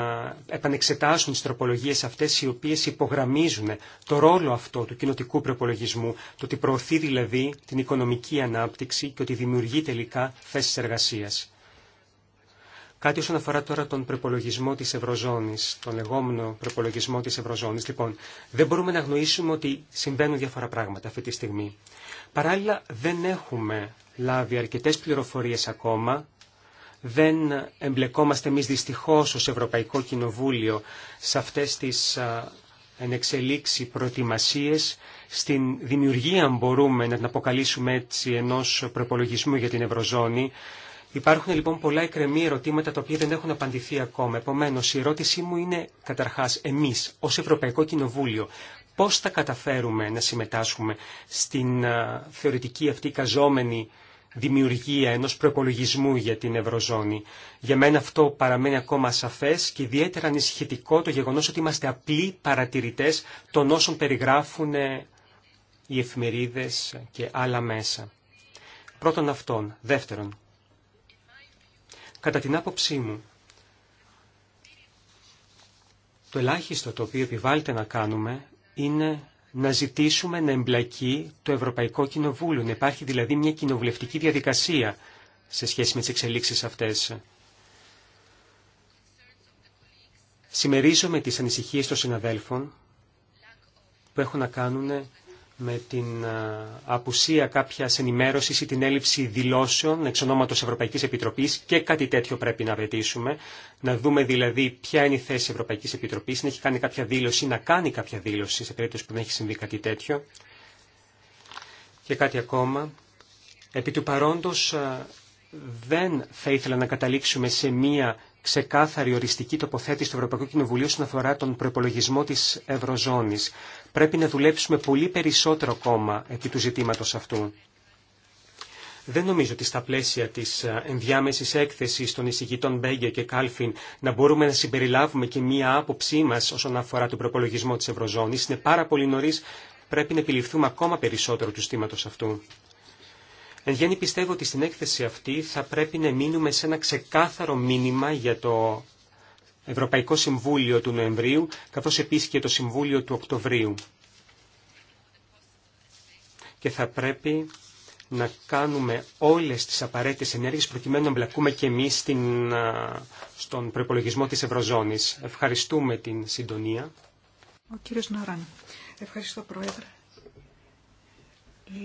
επανεξετάσουν τις τροπολογίες αυτές οι οποίες υπογραμμίζουν το ρόλο αυτό του κοινοτικού προπολογισμού, το ότι προωθεί δηλαδή την οικονομική ανάπτυξη και ότι δημιουργεί τελικά θέσεις εργασίας. Κάτι όσον αφορά τώρα τον προπολογισμό της Ευρωζώνης, τον λεγόμενο προπολογισμό της Ευρωζώνης. Λοιπόν, δεν μπορούμε να γνωρίσουμε ότι συμβαίνουν διάφορα πράγματα αυτή τη στιγμή. Παράλληλα, δεν έχουμε λάβει αρκετές πληροφορίες ακόμα δεν εμπλεκόμαστε εμείς δυστυχώς ως Ευρωπαϊκό Κοινοβούλιο σε αυτές τις ενεξελίξει προετοιμασίες στην δημιουργία, αν μπορούμε να την αποκαλύσουμε έτσι, ενός προπολογισμού για την Ευρωζώνη. Υπάρχουν λοιπόν πολλά εκκρεμή ερωτήματα τα οποία δεν έχουν απαντηθεί ακόμα. Επομένω, η ερώτησή μου είναι καταρχάς, εμεί ω Ευρωπαϊκό Κοινοβούλιο πώ θα καταφέρουμε να συμμετάσχουμε στην θεωρητική αυτή καζόμενη δημιουργία ενός προπολογισμού για την Ευρωζώνη. Για μένα αυτό παραμένει ακόμα σαφές και ιδιαίτερα ανησυχητικό το γεγονός ότι είμαστε απλοί παρατηρητές των όσων περιγράφουν ε, οι εφημερίδες και άλλα μέσα. Πρώτον αυτόν. Δεύτερον, κατά την άποψή μου, το ελάχιστο το οποίο επιβάλλεται να κάνουμε είναι να ζητήσουμε να εμπλακεί το Ευρωπαϊκό Κοινοβούλιο, να υπάρχει δηλαδή μια κοινοβουλευτική διαδικασία σε σχέση με τις εξελίξεις αυτές. Συμμερίζομαι τις ανησυχίες των συναδέλφων που έχουν να κάνουν με την απουσία κάποια ενημέρωση ή την έλλειψη δηλώσεων εξ ονόματο Ευρωπαϊκή Επιτροπή και κάτι τέτοιο πρέπει να απαιτήσουμε. Να δούμε δηλαδή ποια είναι η θέση Ευρωπαϊκή Επιτροπή, να έχει κάνει κάποια δήλωση, να κάνει κάποια δήλωση η σε περίπτωση που δεν έχει συμβεί κάτι τέτοιο. Και κάτι ακόμα. Επί του παρόντος δεν θα ήθελα να καταλήξουμε σε μία ξεκάθαρη οριστική τοποθέτηση του Ευρωπαϊκού Κοινοβουλίου όσον αφορά τον προπολογισμό της Ευρωζώνης. Πρέπει να δουλέψουμε πολύ περισσότερο ακόμα επί του ζητήματος αυτού. Δεν νομίζω ότι στα πλαίσια της ε, ενδιάμεσης έκθεσης των εισηγητών Μπέγκε και Κάλφιν να μπορούμε να συμπεριλάβουμε και μία άποψή μας όσον αφορά τον προπολογισμό της Ευρωζώνης. Είναι πάρα πολύ νωρίς, πρέπει να επιληφθούμε ακόμα περισσότερο του στήματος αυτού. Εν γέννη πιστεύω ότι στην έκθεση αυτή θα πρέπει να μείνουμε σε ένα ξεκάθαρο μήνυμα για το Ευρωπαϊκό Συμβούλιο του Νοεμβρίου, καθώς επίσης και το Συμβούλιο του Οκτωβρίου. Και θα πρέπει να κάνουμε όλες τις απαραίτητες ενέργειες προκειμένου να μπλακούμε και εμείς στην, στον προπολογισμό της Ευρωζώνης. Ευχαριστούμε την συντονία. Ο κύριος Ναράν. Ευχαριστώ Πρόεδρε.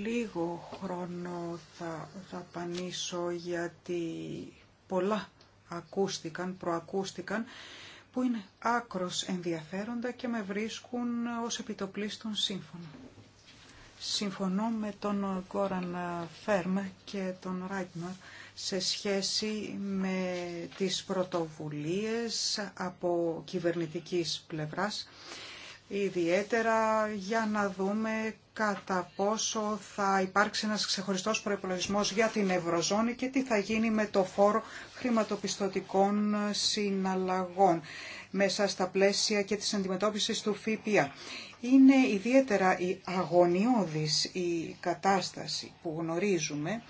Λίγο χρόνο θα πανίσω γιατί πολλά ακούστηκαν, προακούστηκαν που είναι άκρος ενδιαφέροντα και με βρίσκουν ως επιτοπλίστων σύμφωνο. Συμφωνώ με τον Γκόραν Φέρμα και τον Ράιτμαρ σε σχέση με τις πρωτοβουλίες από κυβερνητικής πλευράς ιδιαίτερα για να δούμε κατά πόσο θα υπάρξει ένας ξεχωριστός προϋπολογισμός για την Ευρωζώνη και τι θα γίνει με το φόρο χρηματοπιστωτικών συναλλαγών μέσα στα πλαίσια και της αντιμετώπισης του ΦΠΑ. Είναι ιδιαίτερα η αγωνιώδης η κατάσταση που γνωρίζουμε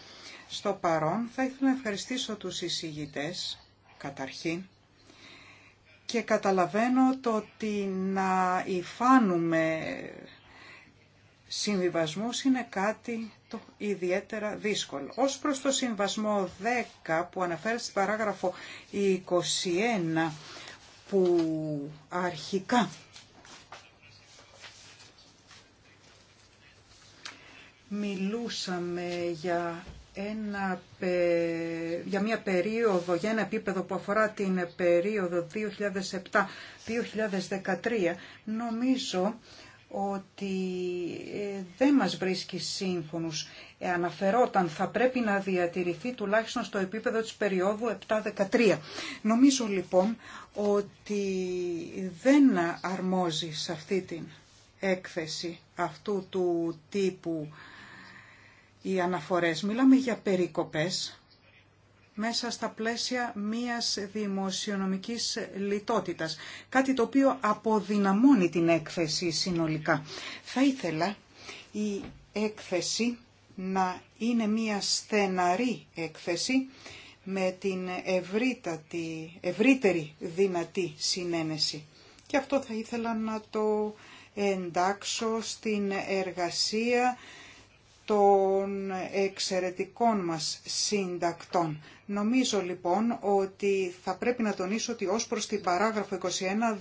στο παρόν. Θα ήθελα να ευχαριστήσω τους εισηγητές καταρχήν και καταλαβαίνω το ότι να υφάνουμε συμβιβασμούς είναι κάτι το ιδιαίτερα δύσκολο. Ως προς το συμβασμό 10 που αναφέρεται στην παράγραφο 21 που αρχικά μιλούσαμε για για μια περίοδο, για ένα επίπεδο που αφορά την περίοδο 2007-2013, νομίζω ότι ε, δεν μας βρίσκει σύμφωνους. Ε, αναφερόταν θα πρέπει να διατηρηθεί τουλάχιστον στο επίπεδο της περίοδου 7-13. Νομίζω λοιπόν ότι δεν αρμόζει σε αυτή την έκθεση αυτού του τύπου οι αναφορές. Μιλάμε για περικοπές μέσα στα πλαίσια μίας δημοσιονομικής λιτότητας, κάτι το οποίο αποδυναμώνει την έκθεση συνολικά. Θα ήθελα η έκθεση να είναι μία στεναρή έκθεση με την ευρύτατη, ευρύτερη δυνατή συνένεση. Και αυτό θα ήθελα να το εντάξω στην εργασία των εξαιρετικών μας συντακτών. Νομίζω λοιπόν ότι θα πρέπει να τονίσω ότι ως προς την παράγραφο 21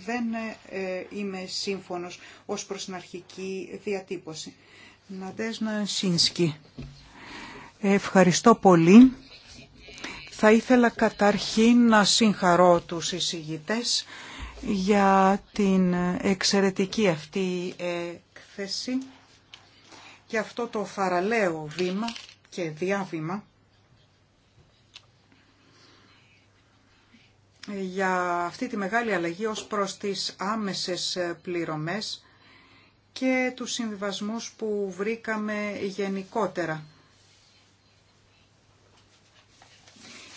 δεν ε, ε, είμαι σύμφωνος ως προς την αρχική διατύπωση. Ναντέσνα Σίνσκι. Ευχαριστώ πολύ. Θα ήθελα καταρχήν να συγχαρώ τους εισηγητές για την εξαιρετική αυτή έκθεση ε, και αυτό το θαραλέο βήμα και διάβημα για αυτή τη μεγάλη αλλαγή ως προς τις άμεσες πληρωμές και τους συμβιβασμούς που βρήκαμε γενικότερα.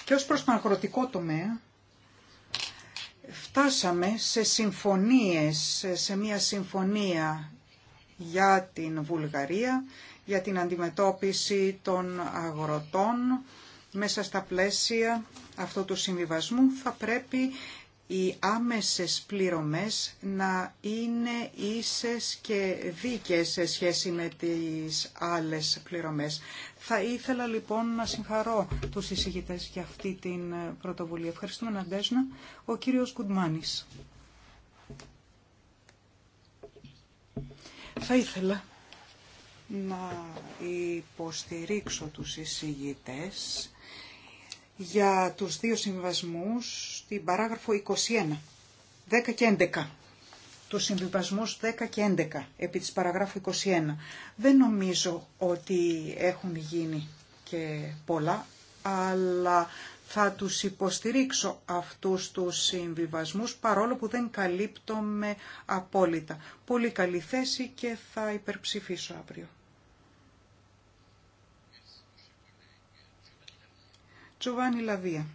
Και ως προς τον αγροτικό τομέα, φτάσαμε σε συμφωνίες, σε μια συμφωνία για την Βουλγαρία, για την αντιμετώπιση των αγροτών μέσα στα πλαίσια αυτού του συμβιβασμού θα πρέπει οι άμεσες πληρωμές να είναι ίσες και δίκαιες σε σχέση με τις άλλες πληρωμές. Θα ήθελα λοιπόν να συγχαρώ τους εισηγητές για αυτή την πρωτοβουλία. Ευχαριστούμε Ναντέζνα. Ο κύριος Κουντμάνης. Θα ήθελα να υποστηρίξω τους εισηγητές για τους δύο συμβασμούς στην παράγραφο 21, 10 και 11. Τους συμβιβασμούς 10 και 11, επί της παραγράφου 21. Δεν νομίζω ότι έχουν γίνει και πολλά, αλλά θα τους υποστηρίξω αυτούς τους συμβιβασμούς παρόλο που δεν καλύπτομαι απόλυτα. Πολύ καλή θέση και θα υπερψηφίσω αύριο. Τζοβάνι Λαβία.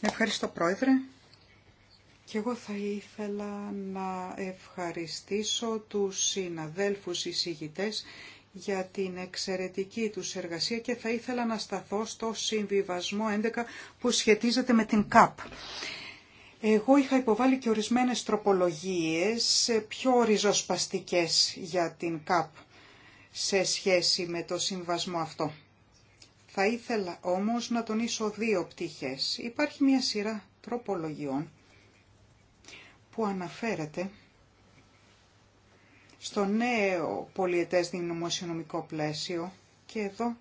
Ευχαριστώ πρόεδρε. Και εγώ θα ήθελα να ευχαριστήσω τους συναδέλφους εισηγητές για την εξαιρετική τους εργασία και θα ήθελα να σταθώ στο συμβιβασμό 11 που σχετίζεται με την ΚΑΠ. Εγώ είχα υποβάλει και ορισμένες τροπολογίες πιο ριζοσπαστικές για την ΚΑΠ σε σχέση με το συμβασμό αυτό. Θα ήθελα όμως να τονίσω δύο πτυχές. Υπάρχει μια σειρά τροπολογιών που αναφέρεται στο νέο πολιετές δημοσιονομικό πλαίσιο και εδώ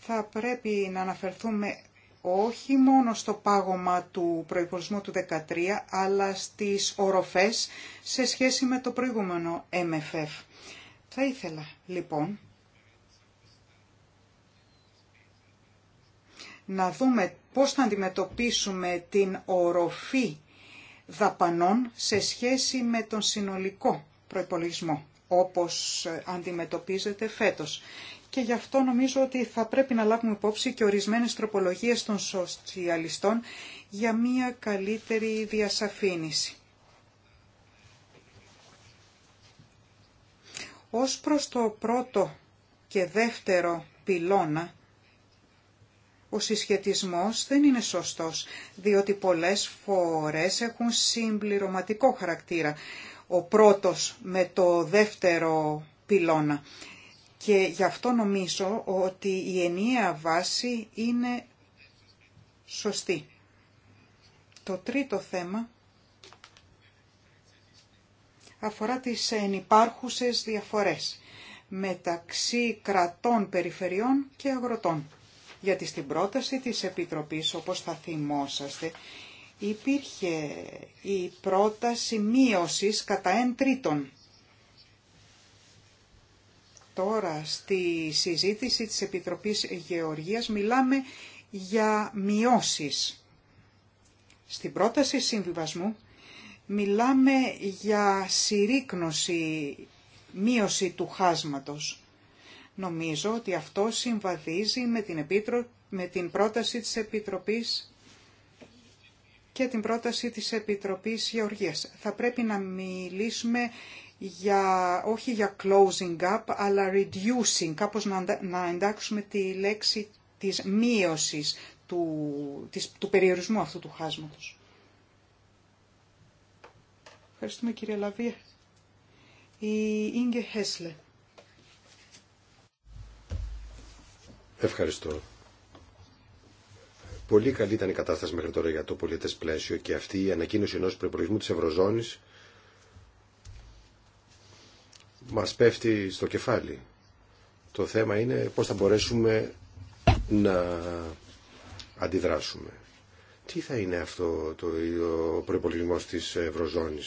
θα πρέπει να αναφερθούμε όχι μόνο στο πάγωμα του προϋπολισμού του 2013, αλλά στις οροφές σε σχέση με το προηγούμενο MFF. Θα ήθελα, λοιπόν, να δούμε πώς θα αντιμετωπίσουμε την οροφή δαπανών σε σχέση με τον συνολικό προϋπολογισμό, όπως αντιμετωπίζεται φέτος. Και γι' αυτό νομίζω ότι θα πρέπει να λάβουμε υπόψη και ορισμένες τροπολογίες των σοσιαλιστών για μια καλύτερη διασαφήνιση. Ως προς το πρώτο και δεύτερο πυλώνα, ο συσχετισμός δεν είναι σωστός, διότι πολλές φορές έχουν συμπληρωματικό χαρακτήρα ο πρώτος με το δεύτερο πυλώνα. Και γι' αυτό νομίζω ότι η ενιαία βάση είναι σωστή. Το τρίτο θέμα αφορά τις ενυπάρχουσες διαφορές μεταξύ κρατών, περιφερειών και αγροτών. Γιατί στην πρόταση της Επιτροπής, όπως θα θυμόσαστε, υπήρχε η πρόταση μείωσης κατά εν τρίτον. Τώρα στη συζήτηση της Επιτροπής Γεωργίας μιλάμε για μειώσεις. Στην πρόταση συμβιβασμού μιλάμε για συρρήκνωση, μείωση του χάσματος. Νομίζω ότι αυτό συμβαδίζει με την, επίτρο... με την πρόταση της Επιτροπής και την πρόταση της Επιτροπής Γεωργίας. Θα πρέπει να μιλήσουμε για, όχι για closing up, αλλά reducing, κάπως να, να εντάξουμε τη λέξη της μείωσης του, του περιορισμού αυτού του χάσματος. Ευχαριστούμε κύριε Λαβία. Η Ίγκε Χέσλε. Ευχαριστώ. Πολύ καλή ήταν η κατάσταση μέχρι τώρα για το πολιτέ πλαίσιο και αυτή η ανακοίνωση ενό προπολογισμού τη Ευρωζώνη μα πέφτει στο κεφάλι. Το θέμα είναι πώ θα μπορέσουμε να αντιδράσουμε. Τι θα είναι αυτό το προπολογισμό τη Ευρωζώνη.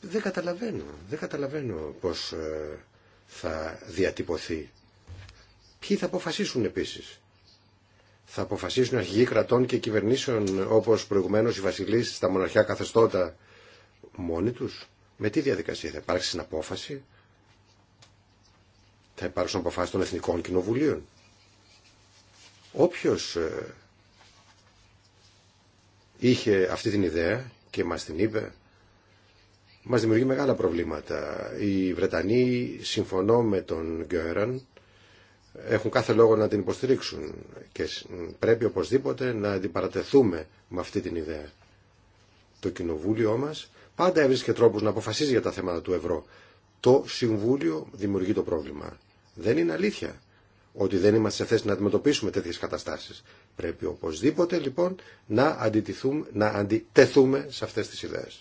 Δεν καταλαβαίνω, δεν καταλαβαίνω πώς ε, θα διατυπωθεί Ποιοι θα αποφασίσουν επίσης. Θα αποφασίσουν αρχηγοί κρατών και κυβερνήσεων όπως προηγουμένως οι βασιλείς στα μοναρχιά καθεστώτα μόνοι τους. Με τι διαδικασία θα υπάρξει απόφαση. Θα υπάρξουν αποφάσεις των εθνικών κοινοβουλίων. Όποιος ε, είχε αυτή την ιδέα και μας την είπε, μας δημιουργεί μεγάλα προβλήματα. Οι Βρετανοί, συμφωνώ με τον Γκέραν, έχουν κάθε λόγο να την υποστηρίξουν και πρέπει οπωσδήποτε να αντιπαρατεθούμε με αυτή την ιδέα. Το κοινοβούλιο μας πάντα έβρισκε τρόπους να αποφασίζει για τα θέματα του ευρώ. Το Συμβούλιο δημιουργεί το πρόβλημα. Δεν είναι αλήθεια ότι δεν είμαστε σε θέση να αντιμετωπίσουμε τέτοιες καταστάσεις. Πρέπει οπωσδήποτε λοιπόν να, να αντιτεθούμε σε αυτές τις ιδέες.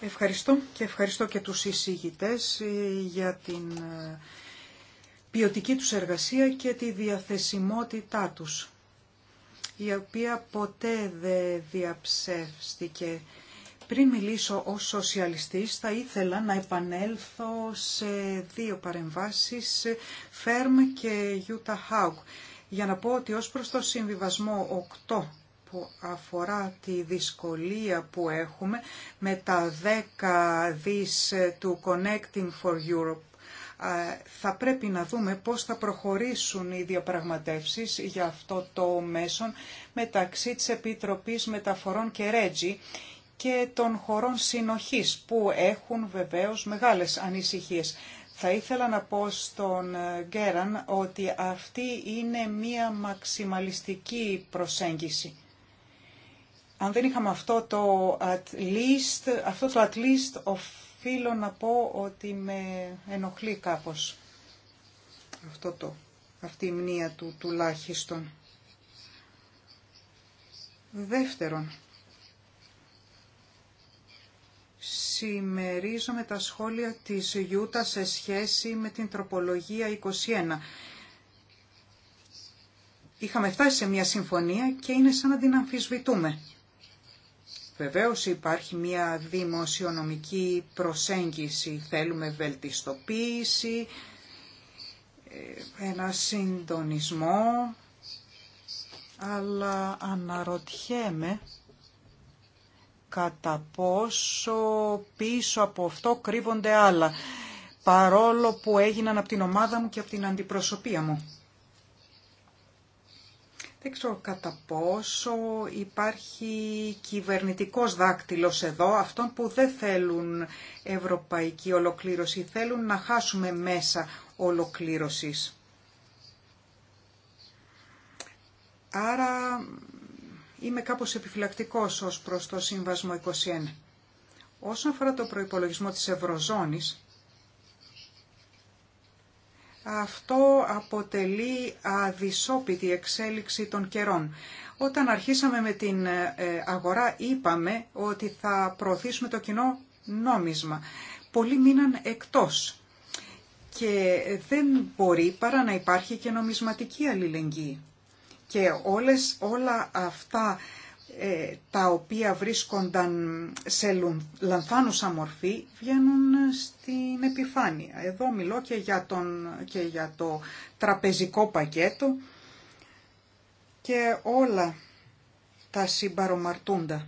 Ευχαριστώ και ευχαριστώ και τους εισηγητές ε, για την ε, ποιοτική τους εργασία και τη διαθεσιμότητά τους, η οποία ποτέ δεν διαψεύστηκε. Πριν μιλήσω ως σοσιαλιστής θα ήθελα να επανέλθω σε δύο παρεμβάσεις, ε, Φέρμ και Γιούτα Χάουκ, για να πω ότι ως προς το συμβιβασμό 8 που αφορά τη δυσκολία που έχουμε με τα 10 δις του Connecting for Europe. Θα πρέπει να δούμε πώς θα προχωρήσουν οι διαπραγματεύσεις για αυτό το μέσον μεταξύ της Επιτροπής Μεταφορών και Ρέτζι και των χωρών συνοχής που έχουν βεβαίως μεγάλες ανησυχίες. Θα ήθελα να πω στον ε, Γκέραν ότι αυτή είναι μία μαξιμαλιστική προσέγγιση αν δεν είχαμε αυτό το at least, αυτό το at least οφείλω να πω ότι με ενοχλεί κάπως αυτό το, αυτή η μνήα του τουλάχιστον. Δεύτερον, συμμερίζομαι τα σχόλια της Γιούτα σε σχέση με την τροπολογία 21. Είχαμε φτάσει σε μια συμφωνία και είναι σαν να την αμφισβητούμε. Βεβαίως υπάρχει μια δημοσιονομική προσέγγιση, θέλουμε βελτιστοποίηση, ε, ένα συντονισμό, αλλά αναρωτιέμαι κατά πόσο πίσω από αυτό κρύβονται άλλα, παρόλο που έγιναν από την ομάδα μου και από την αντιπροσωπεία μου. Δεν ξέρω κατά πόσο υπάρχει κυβερνητικός δάκτυλος εδώ, αυτών που δεν θέλουν ευρωπαϊκή ολοκλήρωση, θέλουν να χάσουμε μέσα ολοκλήρωσης. Άρα είμαι κάπως επιφυλακτικός ως προς το Σύμβασμο 21. Όσον αφορά το προϋπολογισμό της Ευρωζώνης, αυτό αποτελεί αδυσόπιτη εξέλιξη των καιρών. Όταν αρχίσαμε με την ε, αγορά είπαμε ότι θα προωθήσουμε το κοινό νόμισμα. Πολλοί μείναν εκτός και δεν μπορεί παρά να υπάρχει και νομισματική αλληλεγγύη. Και όλες, όλα αυτά ε, τα οποία βρίσκονταν σε λανθάνουσα μορφή βγαίνουν στην επιφάνεια. Εδώ μιλώ και για, τον, και για το τραπεζικό πακέτο και όλα τα συμπαρομαρτούντα.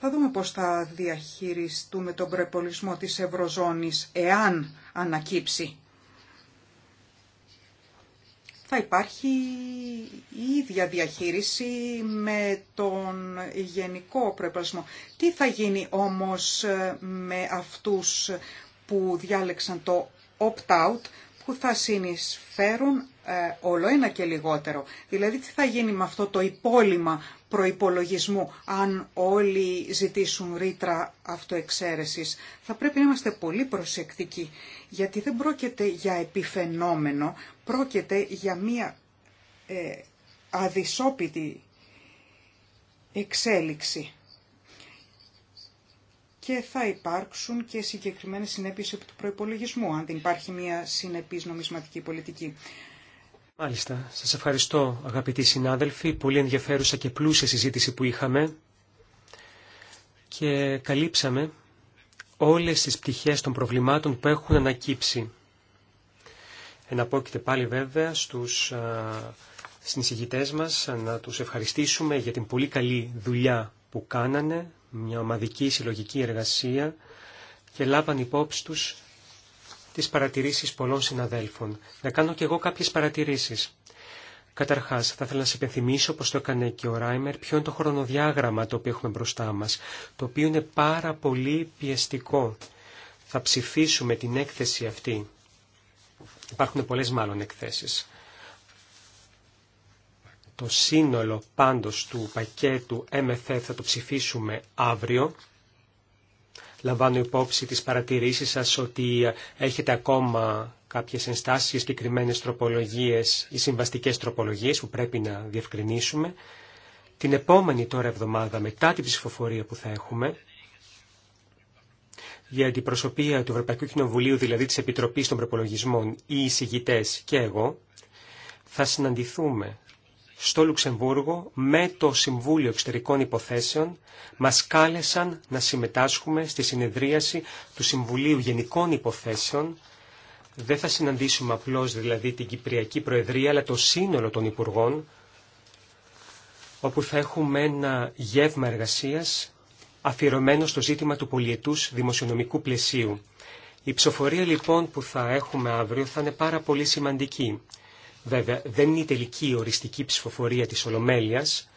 Θα δούμε πώς θα διαχειριστούμε τον προεπολισμό της Ευρωζώνης εάν ανακύψει θα υπάρχει η ίδια διαχείριση με τον γενικό προεπλασμό. Τι θα γίνει όμως ε, με αυτούς που διάλεξαν το opt-out που θα συνεισφέρουν ε, όλο ένα και λιγότερο. Δηλαδή τι θα γίνει με αυτό το υπόλοιμα προϋπολογισμού αν όλοι ζητήσουν ρήτρα αυτοεξαίρεσης. Θα πρέπει να είμαστε πολύ προσεκτικοί γιατί δεν πρόκειται για επιφαινόμενο, πρόκειται για μία ε, αδυσόπιτη εξέλιξη και θα υπάρξουν και συγκεκριμένες συνέπειες του προϋπολογισμού αν δεν υπάρχει μια συνεπής νομισματική πολιτική. Μάλιστα. Σας ευχαριστώ αγαπητοί συνάδελφοι. Πολύ ενδιαφέρουσα και πλούσια συζήτηση που είχαμε και καλύψαμε όλες τις πτυχές των προβλημάτων που έχουν ανακύψει. Εναπόκειται πάλι βέβαια στους συνεισηγητές μας να τους ευχαριστήσουμε για την πολύ καλή δουλειά που κάνανε, μια ομαδική συλλογική εργασία και λάβαν υπόψη τους τι παρατηρήσει πολλών συναδέλφων. Να κάνω κι εγώ κάποιες παρατηρήσεις. Καταρχά, θα ήθελα να σα υπενθυμίσω, όπω το έκανε και ο Ράιμερ, ποιο είναι το χρονοδιάγραμμα το οποίο έχουμε μπροστά μα, το οποίο είναι πάρα πολύ πιεστικό. Θα ψηφίσουμε την έκθεση αυτή. Υπάρχουν πολλέ μάλλον εκθέσει. Το σύνολο πάντως του πακέτου MFF θα το ψηφίσουμε αύριο λαμβάνω υπόψη τις παρατηρήσεις σας ότι έχετε ακόμα κάποιες ενστάσεις και συγκεκριμένε τροπολογίες ή συμβαστικές τροπολογίες που πρέπει να διευκρινίσουμε. Την επόμενη τώρα εβδομάδα μετά την ψηφοφορία που θα έχουμε, για την προσωπία του Ευρωπαϊκού Κοινοβουλίου, δηλαδή της Επιτροπής των Προπολογισμών, οι εισηγητές και εγώ, θα συναντηθούμε στο Λουξεμβούργο με το Συμβούλιο Εξωτερικών Υποθέσεων μας κάλεσαν να συμμετάσχουμε στη συνεδρίαση του Συμβουλίου Γενικών Υποθέσεων δεν θα συναντήσουμε απλώς δηλαδή την Κυπριακή Προεδρία αλλά το σύνολο των Υπουργών όπου θα έχουμε ένα γεύμα εργασίας αφιερωμένο στο ζήτημα του πολιετούς δημοσιονομικού πλαισίου. Η ψηφοφορία λοιπόν που θα έχουμε αύριο θα είναι πάρα πολύ σημαντική. Βέβαια, δεν είναι η τελική οριστική ψηφοφορία της Ολομέλειας,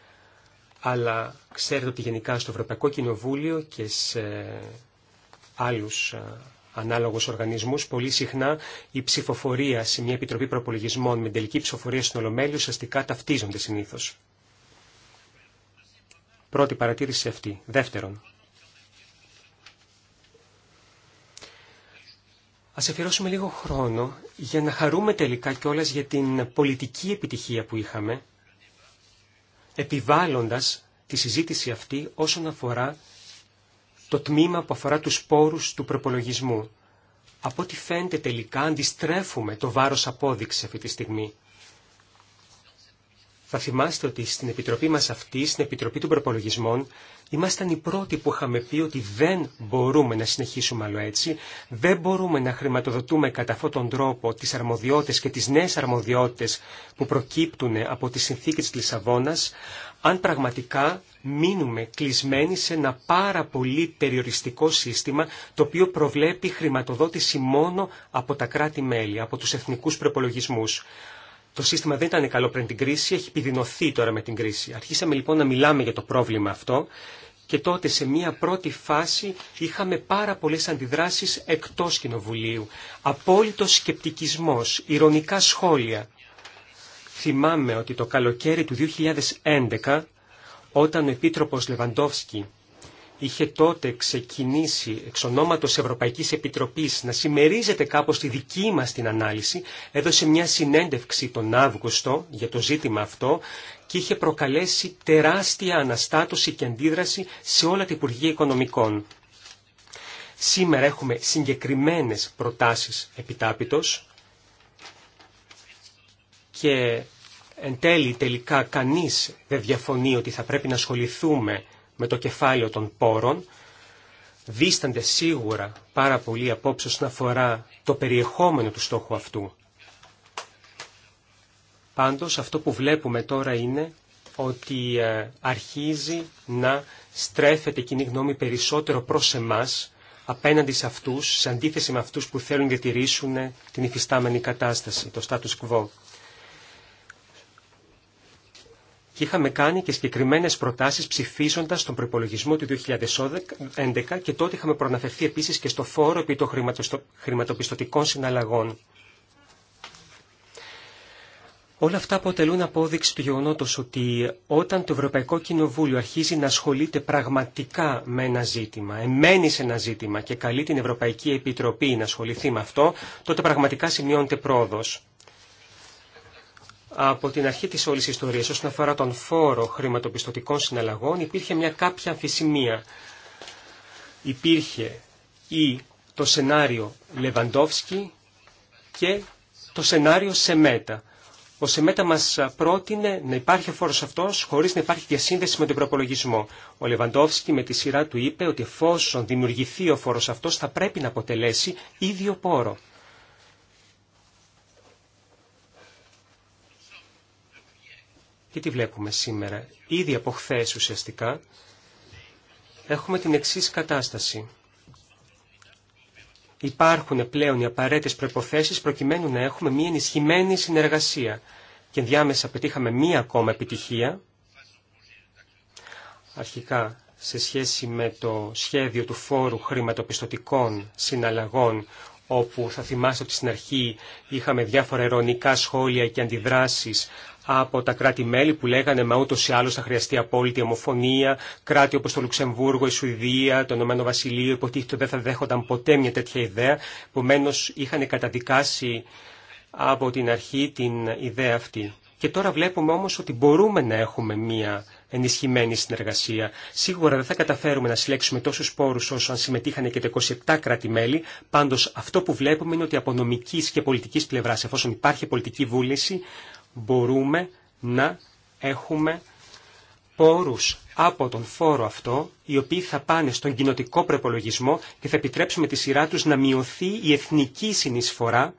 αλλά ξέρετε ότι γενικά στο Ευρωπαϊκό Κοινοβούλιο και σε άλλους ε, ανάλογους οργανισμούς, πολύ συχνά η ψηφοφορία σε μια Επιτροπή Προπολογισμών με τελική ψηφοφορία στην Ολομέλεια ουσιαστικά ταυτίζονται συνήθως. Πρώτη παρατήρηση αυτή. Δεύτερον, Ας αφιερώσουμε λίγο χρόνο για να χαρούμε τελικά κιόλας για την πολιτική επιτυχία που είχαμε, επιβάλλοντας τη συζήτηση αυτή όσον αφορά το τμήμα που αφορά τους πόρους του προπολογισμού. Από ό,τι φαίνεται τελικά αντιστρέφουμε το βάρος απόδειξης αυτή τη στιγμή. Θα θυμάστε ότι στην Επιτροπή μας αυτή, στην Επιτροπή των Προπολογισμών, ήμασταν οι πρώτοι που είχαμε πει ότι δεν μπορούμε να συνεχίσουμε άλλο έτσι, δεν μπορούμε να χρηματοδοτούμε κατά αυτόν τον τρόπο τις αρμοδιότητες και τις νέες αρμοδιότητες που προκύπτουν από τη συνθήκες της Λισαβόνας, αν πραγματικά μείνουμε κλεισμένοι σε ένα πάρα πολύ περιοριστικό σύστημα το οποίο προβλέπει χρηματοδότηση μόνο από τα κράτη-μέλη, από τους εθνικούς προπολογισμούς το σύστημα δεν ήταν καλό πριν την κρίση, έχει επιδεινωθεί τώρα με την κρίση. Αρχίσαμε λοιπόν να μιλάμε για το πρόβλημα αυτό και τότε σε μία πρώτη φάση είχαμε πάρα πολλές αντιδράσεις εκτός Κοινοβουλίου. Απόλυτο σκεπτικισμός, ηρωνικά σχόλια. Θυμάμαι ότι το καλοκαίρι του 2011, όταν ο Επίτροπος Λεβαντόφσκι είχε τότε ξεκινήσει εξ ονόματος Ευρωπαϊκής Επιτροπής να συμμερίζεται κάπως τη δική μας την ανάλυση, έδωσε μια συνέντευξη τον Αύγουστο για το ζήτημα αυτό και είχε προκαλέσει τεράστια αναστάτωση και αντίδραση σε όλα τα Υπουργεία Οικονομικών. Σήμερα έχουμε συγκεκριμένες προτάσεις επιτάπητος και εν τέλει τελικά κανείς δεν διαφωνεί ότι θα πρέπει να ασχοληθούμε με το κεφάλαιο των πόρων. Δίστανται σίγουρα πάρα πολύ απόψε όσον αφορά το περιεχόμενο του στόχου αυτού. Πάντως αυτό που βλέπουμε τώρα είναι ότι ε, αρχίζει να στρέφεται η κοινή γνώμη περισσότερο προς εμάς, απέναντι σε αυτούς, σε αντίθεση με αυτούς που θέλουν να διατηρήσουν την υφιστάμενη κατάσταση, το status quo. και είχαμε κάνει και συγκεκριμένε προτάσει ψηφίζοντα τον προπολογισμό του 2011 και τότε είχαμε προναφερθεί επίση και στο φόρο επί των χρηματοπιστωτικών συναλλαγών. Όλα αυτά αποτελούν απόδειξη του γεγονότο ότι όταν το Ευρωπαϊκό Κοινοβούλιο αρχίζει να ασχολείται πραγματικά με ένα ζήτημα, εμένει σε ένα ζήτημα και καλεί την Ευρωπαϊκή Επιτροπή να ασχοληθεί με αυτό, τότε πραγματικά σημειώνεται πρόοδος από την αρχή της όλης ιστορίας όσον αφορά τον φόρο χρηματοπιστωτικών συναλλαγών υπήρχε μια κάποια αμφισημία. Υπήρχε ή το σενάριο Λεβαντόφσκι και το σενάριο Σεμέτα. Ο Σεμέτα μας πρότεινε να υπάρχει ο φόρος αυτός χωρίς να υπάρχει διασύνδεση με τον προπολογισμό. Ο Λεβαντόφσκι με τη σειρά του είπε ότι εφόσον δημιουργηθεί ο φόρος αυτός θα πρέπει να αποτελέσει ίδιο πόρο. Και τι βλέπουμε σήμερα. Ήδη από χθε ουσιαστικά έχουμε την εξή κατάσταση. Υπάρχουν πλέον οι απαραίτητες προϋποθέσεις προκειμένου να έχουμε μια ενισχυμένη συνεργασία. Και διάμεσα πετύχαμε μία ακόμα επιτυχία, αρχικά σε σχέση με το σχέδιο του φόρου χρηματοπιστωτικών συναλλαγών, όπου θα θυμάστε ότι στην αρχή είχαμε διάφορα ερωνικά σχόλια και αντιδράσεις από τα κράτη-μέλη που λέγανε μα ούτως ή άλλως θα χρειαστεί απόλυτη ομοφωνία, κράτη όπως το Λουξεμβούργο, η Σουηδία, το Ηνωμένο Βασιλείο, υποτίθεται δεν θα δέχονταν ποτέ μια τέτοια ιδέα, επομένω είχαν καταδικάσει από την αρχή την ιδέα αυτή. Και τώρα βλέπουμε όμως ότι μπορούμε να έχουμε μία ενισχυμένη συνεργασία. Σίγουρα δεν θα καταφέρουμε να συλλέξουμε τόσους πόρους όσο αν συμμετείχαν και τα 27 κράτη-μέλη, πάντως αυτό που βλέπουμε είναι ότι από νομικής και πολιτικής πλευράς, εφόσον υπάρχει πολιτική βούληση, μπορούμε να έχουμε πόρους από τον φόρο αυτό, οι οποίοι θα πάνε στον κοινοτικό προπολογισμό και θα επιτρέψουμε τη σειρά τους να μειωθεί η εθνική συνεισφορά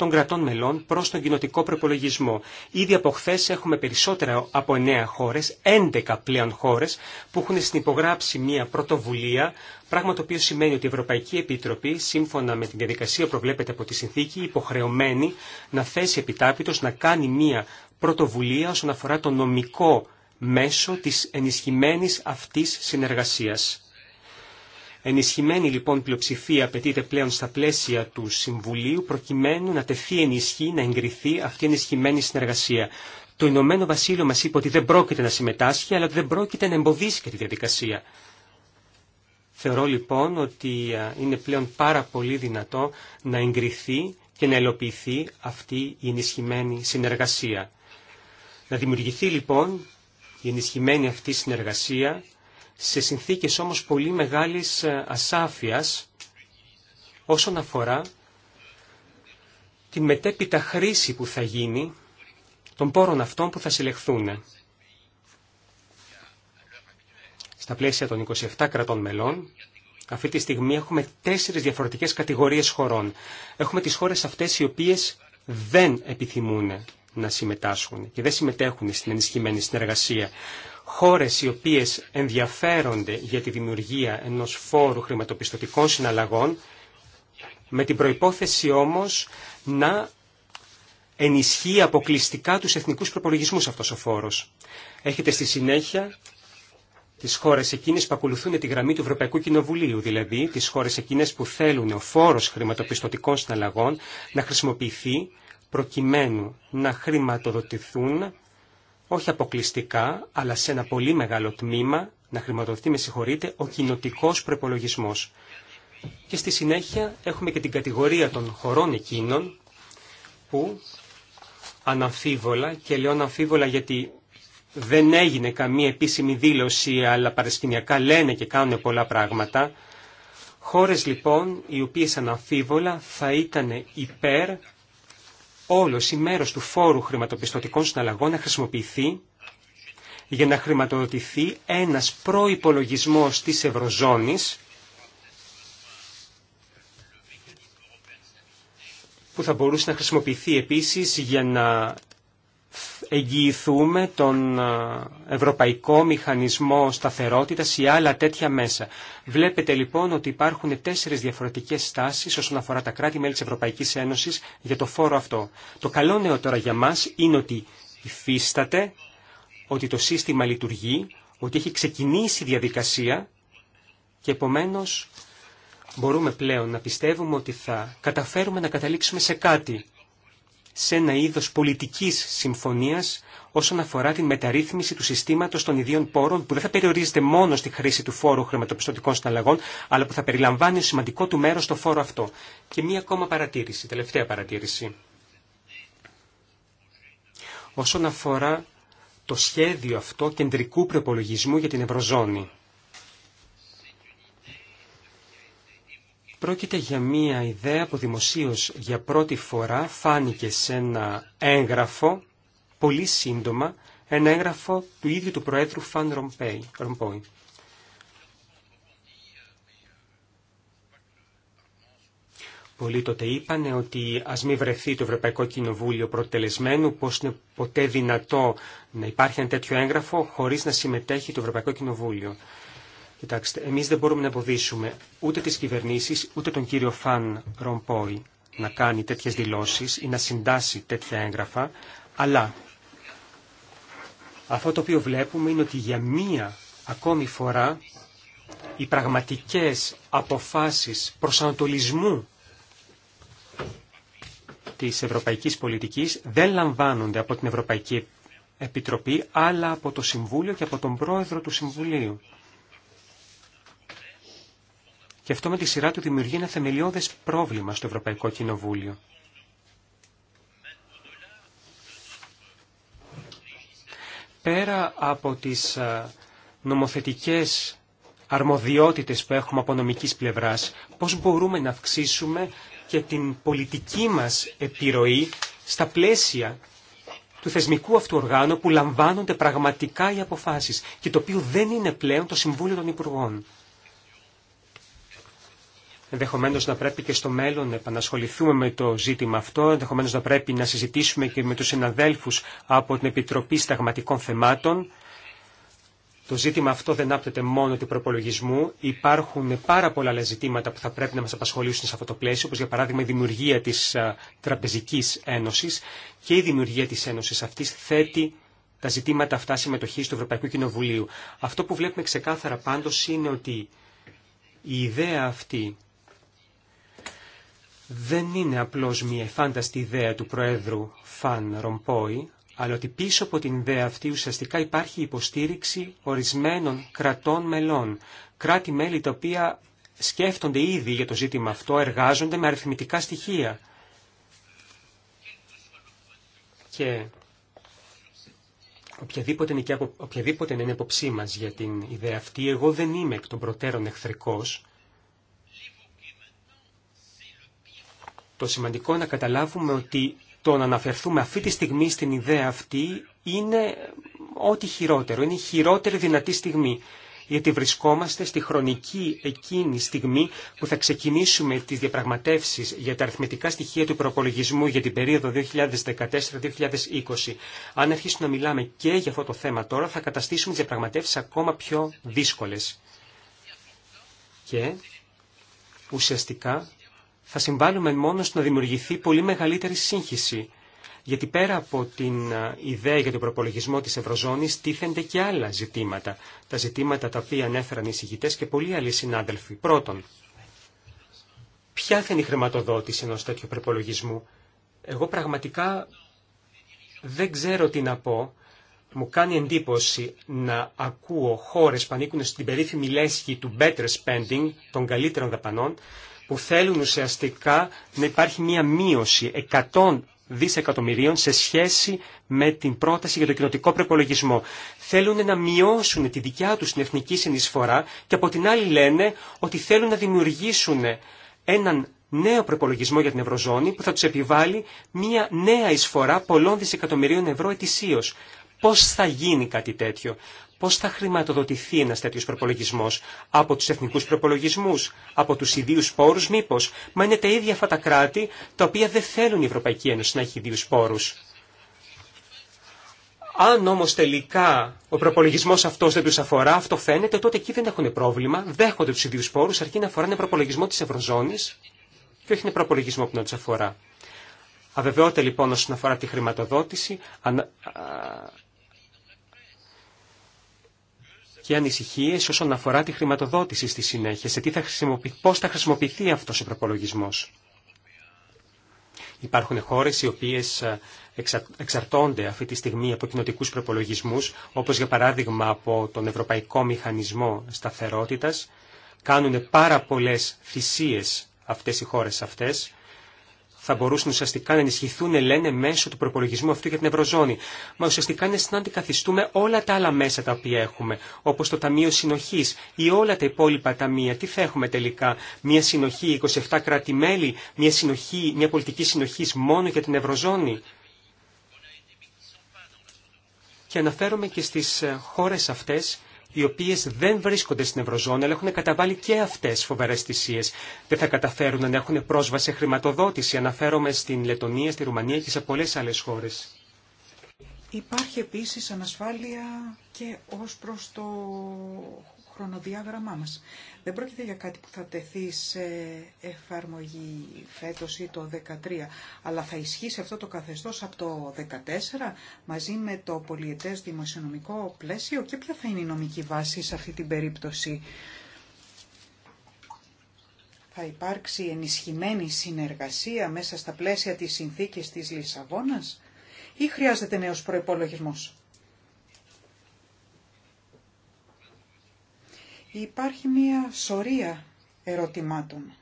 των κρατών μελών προς τον κοινοτικό προπολογισμό. Ήδη από χθε έχουμε περισσότερα από 9 χώρες, 11 πλέον χώρες, που έχουν συνυπογράψει μια πρωτοβουλία, πράγμα το οποίο σημαίνει ότι η Ευρωπαϊκή Επιτροπή, σύμφωνα με την διαδικασία που προβλέπεται από τη συνθήκη, υποχρεωμένη να θέσει επιτάπητος να κάνει μια πρωτοβουλία όσον αφορά το νομικό μέσο της ενισχυμένης αυτής συνεργασίας. Ενισχυμένη λοιπόν πλειοψηφία απαιτείται πλέον στα πλαίσια του Συμβουλίου προκειμένου να τεθεί ενισχύ, να εγκριθεί αυτή η ενισχυμένη συνεργασία. Το Ηνωμένο Βασίλειο μας είπε ότι δεν πρόκειται να συμμετάσχει, αλλά ότι δεν πρόκειται να εμποδίσει και τη διαδικασία. Θεωρώ λοιπόν ότι είναι πλέον πάρα πολύ δυνατό να εγκριθεί και να ελοποιηθεί αυτή η ενισχυμένη συνεργασία. Να δημιουργηθεί λοιπόν η ενισχυμένη αυτή συνεργασία σε συνθήκες όμως πολύ μεγάλης ε, ασάφειας όσον αφορά τη μετέπειτα χρήση που θα γίνει των πόρων αυτών που θα συλλεχθούν. Στα πλαίσια των 27 κρατών μελών, αυτή τη στιγμή έχουμε τέσσερις διαφορετικές κατηγορίες χωρών. Έχουμε τις χώρες αυτές οι οποίες δεν επιθυμούν να συμμετάσχουν και δεν συμμετέχουν στην ενισχυμένη συνεργασία χώρες οι οποίες ενδιαφέρονται για τη δημιουργία ενός φόρου χρηματοπιστωτικών συναλλαγών, με την προϋπόθεση όμως να ενισχύει αποκλειστικά τους εθνικούς προπολογισμούς αυτός ο φόρος. Έχετε στη συνέχεια τις χώρες εκείνες που ακολουθούν τη γραμμή του Ευρωπαϊκού Κοινοβουλίου, δηλαδή τις χώρες εκείνες που θέλουν ο φόρος χρηματοπιστωτικών συναλλαγών να χρησιμοποιηθεί προκειμένου να χρηματοδοτηθούν όχι αποκλειστικά, αλλά σε ένα πολύ μεγάλο τμήμα, να χρηματοδοτηθεί, με συγχωρείτε, ο κοινοτικό προπολογισμό. Και στη συνέχεια έχουμε και την κατηγορία των χωρών εκείνων που αναμφίβολα, και λέω αναμφίβολα γιατί δεν έγινε καμία επίσημη δήλωση, αλλά παρασκηνιακά λένε και κάνουν πολλά πράγματα. Χώρες λοιπόν οι οποίες αναμφίβολα θα ήταν υπέρ όλο ή μέρο του φόρου χρηματοπιστωτικών συναλλαγών να χρησιμοποιηθεί για να χρηματοδοτηθεί ένας προϋπολογισμός της Ευρωζώνης που θα μπορούσε να χρησιμοποιηθεί επίσης για να εγγυηθούμε τον ε, Ευρωπαϊκό Μηχανισμό Σταθερότητας ή άλλα τέτοια μέσα. Βλέπετε λοιπόν ότι υπάρχουν τέσσερις διαφορετικές στάσεις όσον αφορά τα κράτη-μέλη της Ευρωπαϊκής Ένωσης για το φόρο αυτό. Το καλό νέο τώρα για μας είναι ότι υφίσταται, ότι το σύστημα λειτουργεί, ότι έχει ξεκινήσει η διαδικασία και επομένως μπορούμε πλέον να πιστεύουμε ότι θα καταφέρουμε να καταλήξουμε σε κάτι σε ένα είδος πολιτικής συμφωνίας όσον αφορά την μεταρρύθμιση του συστήματος των ιδίων πόρων που δεν θα περιορίζεται μόνο στη χρήση του φόρου χρηματοπιστωτικών συναλλαγών αλλά που θα περιλαμβάνει σημαντικό του μέρος το φόρο αυτό. Και μία ακόμα παρατήρηση, τελευταία παρατήρηση. Όσον αφορά το σχέδιο αυτό κεντρικού προπολογισμού για την Ευρωζώνη. Πρόκειται για μία ιδέα που δημοσίως για πρώτη φορά φάνηκε σε ένα έγγραφο, πολύ σύντομα, ένα έγγραφο του ίδιου του Προέδρου Φαν Ρομπόι. Πολλοί τότε είπαν ότι ας μην βρεθεί το Ευρωπαϊκό Κοινοβούλιο προτελεσμένου, πώς είναι ποτέ δυνατό να υπάρχει ένα τέτοιο έγγραφο χωρίς να συμμετέχει το Ευρωπαϊκό Κοινοβούλιο. Κοιτάξτε, εμείς δεν μπορούμε να εμποδίσουμε ούτε τις κυβερνήσεις, ούτε τον κύριο Φαν Ρομπόη να κάνει τέτοιες δηλώσεις ή να συντάσει τέτοια έγγραφα, αλλά αυτό το οποίο βλέπουμε είναι ότι για μία ακόμη φορά οι πραγματικές αποφάσεις προσανατολισμού της ευρωπαϊκής πολιτικής δεν λαμβάνονται από την Ευρωπαϊκή Επιτροπή, αλλά από το Συμβούλιο και από τον Πρόεδρο του Συμβουλίου και αυτό με τη σειρά του δημιουργεί ένα θεμελιώδες πρόβλημα στο Ευρωπαϊκό Κοινοβούλιο. Πέρα από τις νομοθετικές αρμοδιότητες που έχουμε από νομικής πλευράς, πώς μπορούμε να αυξήσουμε και την πολιτική μας επιρροή στα πλαίσια του θεσμικού αυτού οργάνου που λαμβάνονται πραγματικά οι αποφάσεις και το οποίο δεν είναι πλέον το Συμβούλιο των Υπουργών. Ενδεχομένω να πρέπει και στο μέλλον να επανασχοληθούμε με το ζήτημα αυτό. Ενδεχομένω να πρέπει να συζητήσουμε και με του συναδέλφου από την Επιτροπή Σταγματικών Θεμάτων. Το ζήτημα αυτό δεν άπτεται μόνο του προπολογισμού. Υπάρχουν πάρα πολλά άλλα ζητήματα που θα πρέπει να μα απασχολήσουν σε αυτό το πλαίσιο, όπω για παράδειγμα η δημιουργία τη Τραπεζική Ένωση. Και η δημιουργία τη Ένωση αυτή θέτει τα ζητήματα αυτά συμμετοχή του Ευρωπαϊκού Κοινοβουλίου. Αυτό που βλέπουμε ξεκάθαρα πάντω είναι ότι η ιδέα αυτή δεν είναι απλώς μια φάνταστη ιδέα του Προέδρου Φαν Ρομπόη, αλλά ότι πίσω από την ιδέα αυτή ουσιαστικά υπάρχει υποστήριξη ορισμένων κρατών μελών. Κράτη-μέλη τα οποία σκέφτονται ήδη για το ζήτημα αυτό, εργάζονται με αριθμητικά στοιχεία. Και οποιαδήποτε είναι, και είναι η απόψή μα για την ιδέα αυτή, εγώ δεν είμαι εκ των προτέρων εχθρικός, Το σημαντικό είναι να καταλάβουμε ότι το να αναφερθούμε αυτή τη στιγμή στην ιδέα αυτή είναι ό,τι χειρότερο, είναι η χειρότερη δυνατή στιγμή. Γιατί βρισκόμαστε στη χρονική εκείνη στιγμή που θα ξεκινήσουμε τις διαπραγματεύσεις για τα αριθμητικά στοιχεία του προπολογισμού για την περίοδο 2014-2020. Αν αρχίσουμε να μιλάμε και για αυτό το θέμα τώρα, θα καταστήσουμε τις διαπραγματεύσεις ακόμα πιο δύσκολες. Και ουσιαστικά θα συμβάλλουμε μόνο στο να δημιουργηθεί πολύ μεγαλύτερη σύγχυση. Γιατί πέρα από την ε, ιδέα για τον προπολογισμό της Ευρωζώνης τίθενται και άλλα ζητήματα. Τα ζητήματα τα οποία ανέφεραν οι συγητές και πολλοί άλλοι συνάδελφοι. Πρώτον, ποια θα είναι η χρηματοδότηση ενός τέτοιου προπολογισμού. Εγώ πραγματικά δεν ξέρω τι να πω. Μου κάνει εντύπωση να ακούω χώρες που ανήκουν στην περίφημη λέσχη του better spending, των καλύτερων δαπανών, που θέλουν ουσιαστικά να υπάρχει μία μείωση 100 δισεκατομμυρίων σε σχέση με την πρόταση για το κοινοτικό προπολογισμό. Θέλουν να μειώσουν τη δικιά τους την εθνική συνεισφορά και από την άλλη λένε ότι θέλουν να δημιουργήσουν έναν νέο προπολογισμό για την Ευρωζώνη που θα τους επιβάλλει μια νέα εισφορά πολλών δισεκατομμυρίων ευρώ ετησίως πώς θα γίνει κάτι τέτοιο. Πώς θα χρηματοδοτηθεί ένας τέτοιος προπολογισμός, από τους εθνικούς προπολογισμούς, από τους ιδίους πόρους μήπως. Μα είναι τα ίδια αυτά τα κράτη τα οποία δεν θέλουν η Ευρωπαϊκή Ένωση να έχει ιδίους πόρους. Αν όμω τελικά ο προπολογισμό αυτό δεν του αφορά, αυτό φαίνεται, τότε εκεί δεν έχουν πρόβλημα, δέχονται του ίδιου πόρου, αρκεί να αφορά ένα προπολογισμό τη Ευρωζώνη και όχι ένα προπολογισμό που να του αφορά. Αβεβαιότητα λοιπόν όσον αφορά τη χρηματοδότηση, και ανησυχίε όσον αφορά τη χρηματοδότηση στη συνέχεια, σε τι θα πώς θα χρησιμοποιηθεί αυτός ο προπολογισμός. Υπάρχουν χώρες οι οποίες ε, εξαρτώνται αυτή τη στιγμή από κοινοτικού προπολογισμούς, όπως για παράδειγμα από τον Ευρωπαϊκό Μηχανισμό Σταθερότητας. Κάνουν πάρα πολλές θυσίες αυτές οι χώρες αυτές θα μπορούσαν ουσιαστικά να ενισχυθούν, λένε, μέσω του προπολογισμού αυτού για την Ευρωζώνη. Μα ουσιαστικά είναι σαν να αντικαθιστούμε όλα τα άλλα μέσα τα οποία έχουμε, όπω το Ταμείο Συνοχή ή όλα τα υπόλοιπα ταμεία. Τι θα έχουμε τελικά, μια συνοχή 27 κράτη-μέλη, μια, συνοχή, μια πολιτική συνοχή μόνο για την Ευρωζώνη. Και αναφέρομαι και στις ε, χώρες αυτές οι οποίε δεν βρίσκονται στην Ευρωζώνη, αλλά έχουν καταβάλει και αυτέ φοβερέ θυσίε. Δεν θα καταφέρουν να έχουν πρόσβαση σε χρηματοδότηση. Αναφέρομαι στην Λετωνία, στη Ρουμανία και σε πολλέ άλλε χώρε. Υπάρχει επίσης ανασφάλεια και ως προς το χρονοδιάγραμμά μας. Δεν πρόκειται για κάτι που θα τεθεί σε εφαρμογή φέτος ή το 2013, αλλά θα ισχύσει αυτό το καθεστώς από το 2014 μαζί με το πολιετές δημοσιονομικό πλαίσιο και ποια θα είναι η νομική βάση σε αυτή την περίπτωση. Θα υπάρξει ενισχυμένη συνεργασία μέσα στα πλαίσια της συνθήκης της Λισαβόνας ή χρειάζεται νέος προϋπολογισμός. Υπάρχει μία σωρία ερωτημάτων.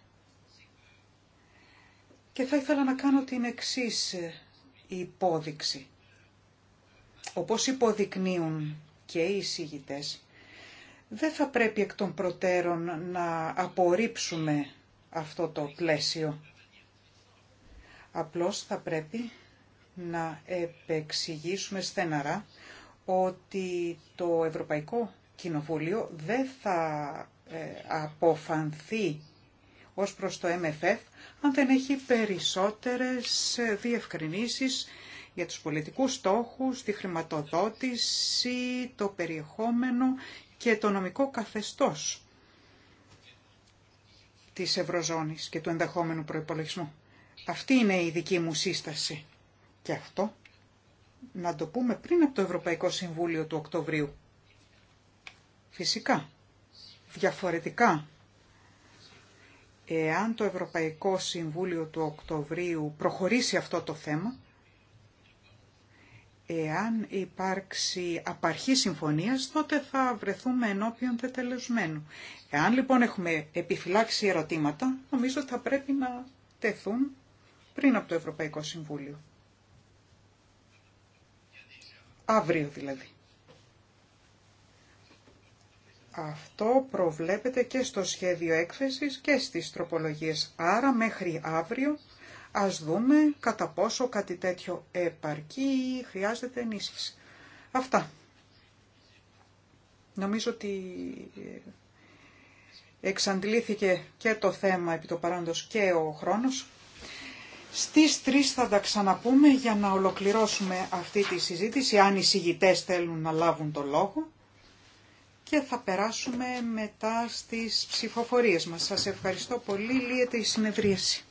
Και θα ήθελα να κάνω την εξής ε, υπόδειξη. Όπως υποδεικνύουν και οι εισηγητές, δεν θα πρέπει εκ των προτέρων να απορρίψουμε αυτό το πλαίσιο. Απλώς θα πρέπει να επεξηγήσουμε στεναρά ότι το Ευρωπαϊκό Κοινοβούλιο δεν θα ε, αποφανθεί ως προς το MFF αν δεν έχει περισσότερες ε, διευκρινήσεις για τους πολιτικούς στόχους, τη χρηματοδότηση, το περιεχόμενο και το νομικό καθεστώς της Ευρωζώνης και του ενδεχόμενου προϋπολογισμού. Αυτή είναι η δική μου σύσταση. Και αυτό να το πούμε πριν από το Ευρωπαϊκό Συμβούλιο του Οκτωβρίου. Φυσικά, διαφορετικά. Εάν το Ευρωπαϊκό Συμβούλιο του Οκτωβρίου προχωρήσει αυτό το θέμα, εάν υπάρξει απαρχή συμφωνίας, τότε θα βρεθούμε ενώπιον τετελεσμένου. Εάν λοιπόν έχουμε επιφυλάξει ερωτήματα, νομίζω θα πρέπει να τεθούν πριν από το Ευρωπαϊκό Συμβούλιο. Αύριο δηλαδή αυτό προβλέπεται και στο σχέδιο έκθεσης και στις τροπολογίες. Άρα μέχρι αύριο ας δούμε κατά πόσο κάτι τέτοιο επαρκεί χρειάζεται ενίσχυση. Αυτά. Νομίζω ότι ε, εξαντλήθηκε και το θέμα επί το παράντος και ο χρόνος. Στις τρεις θα τα ξαναπούμε για να ολοκληρώσουμε αυτή τη συζήτηση, αν οι συγητές θέλουν να λάβουν το λόγο και θα περάσουμε μετά στις ψηφοφορίες μας. Σας ευχαριστώ πολύ. Λύεται η συνεδρίαση.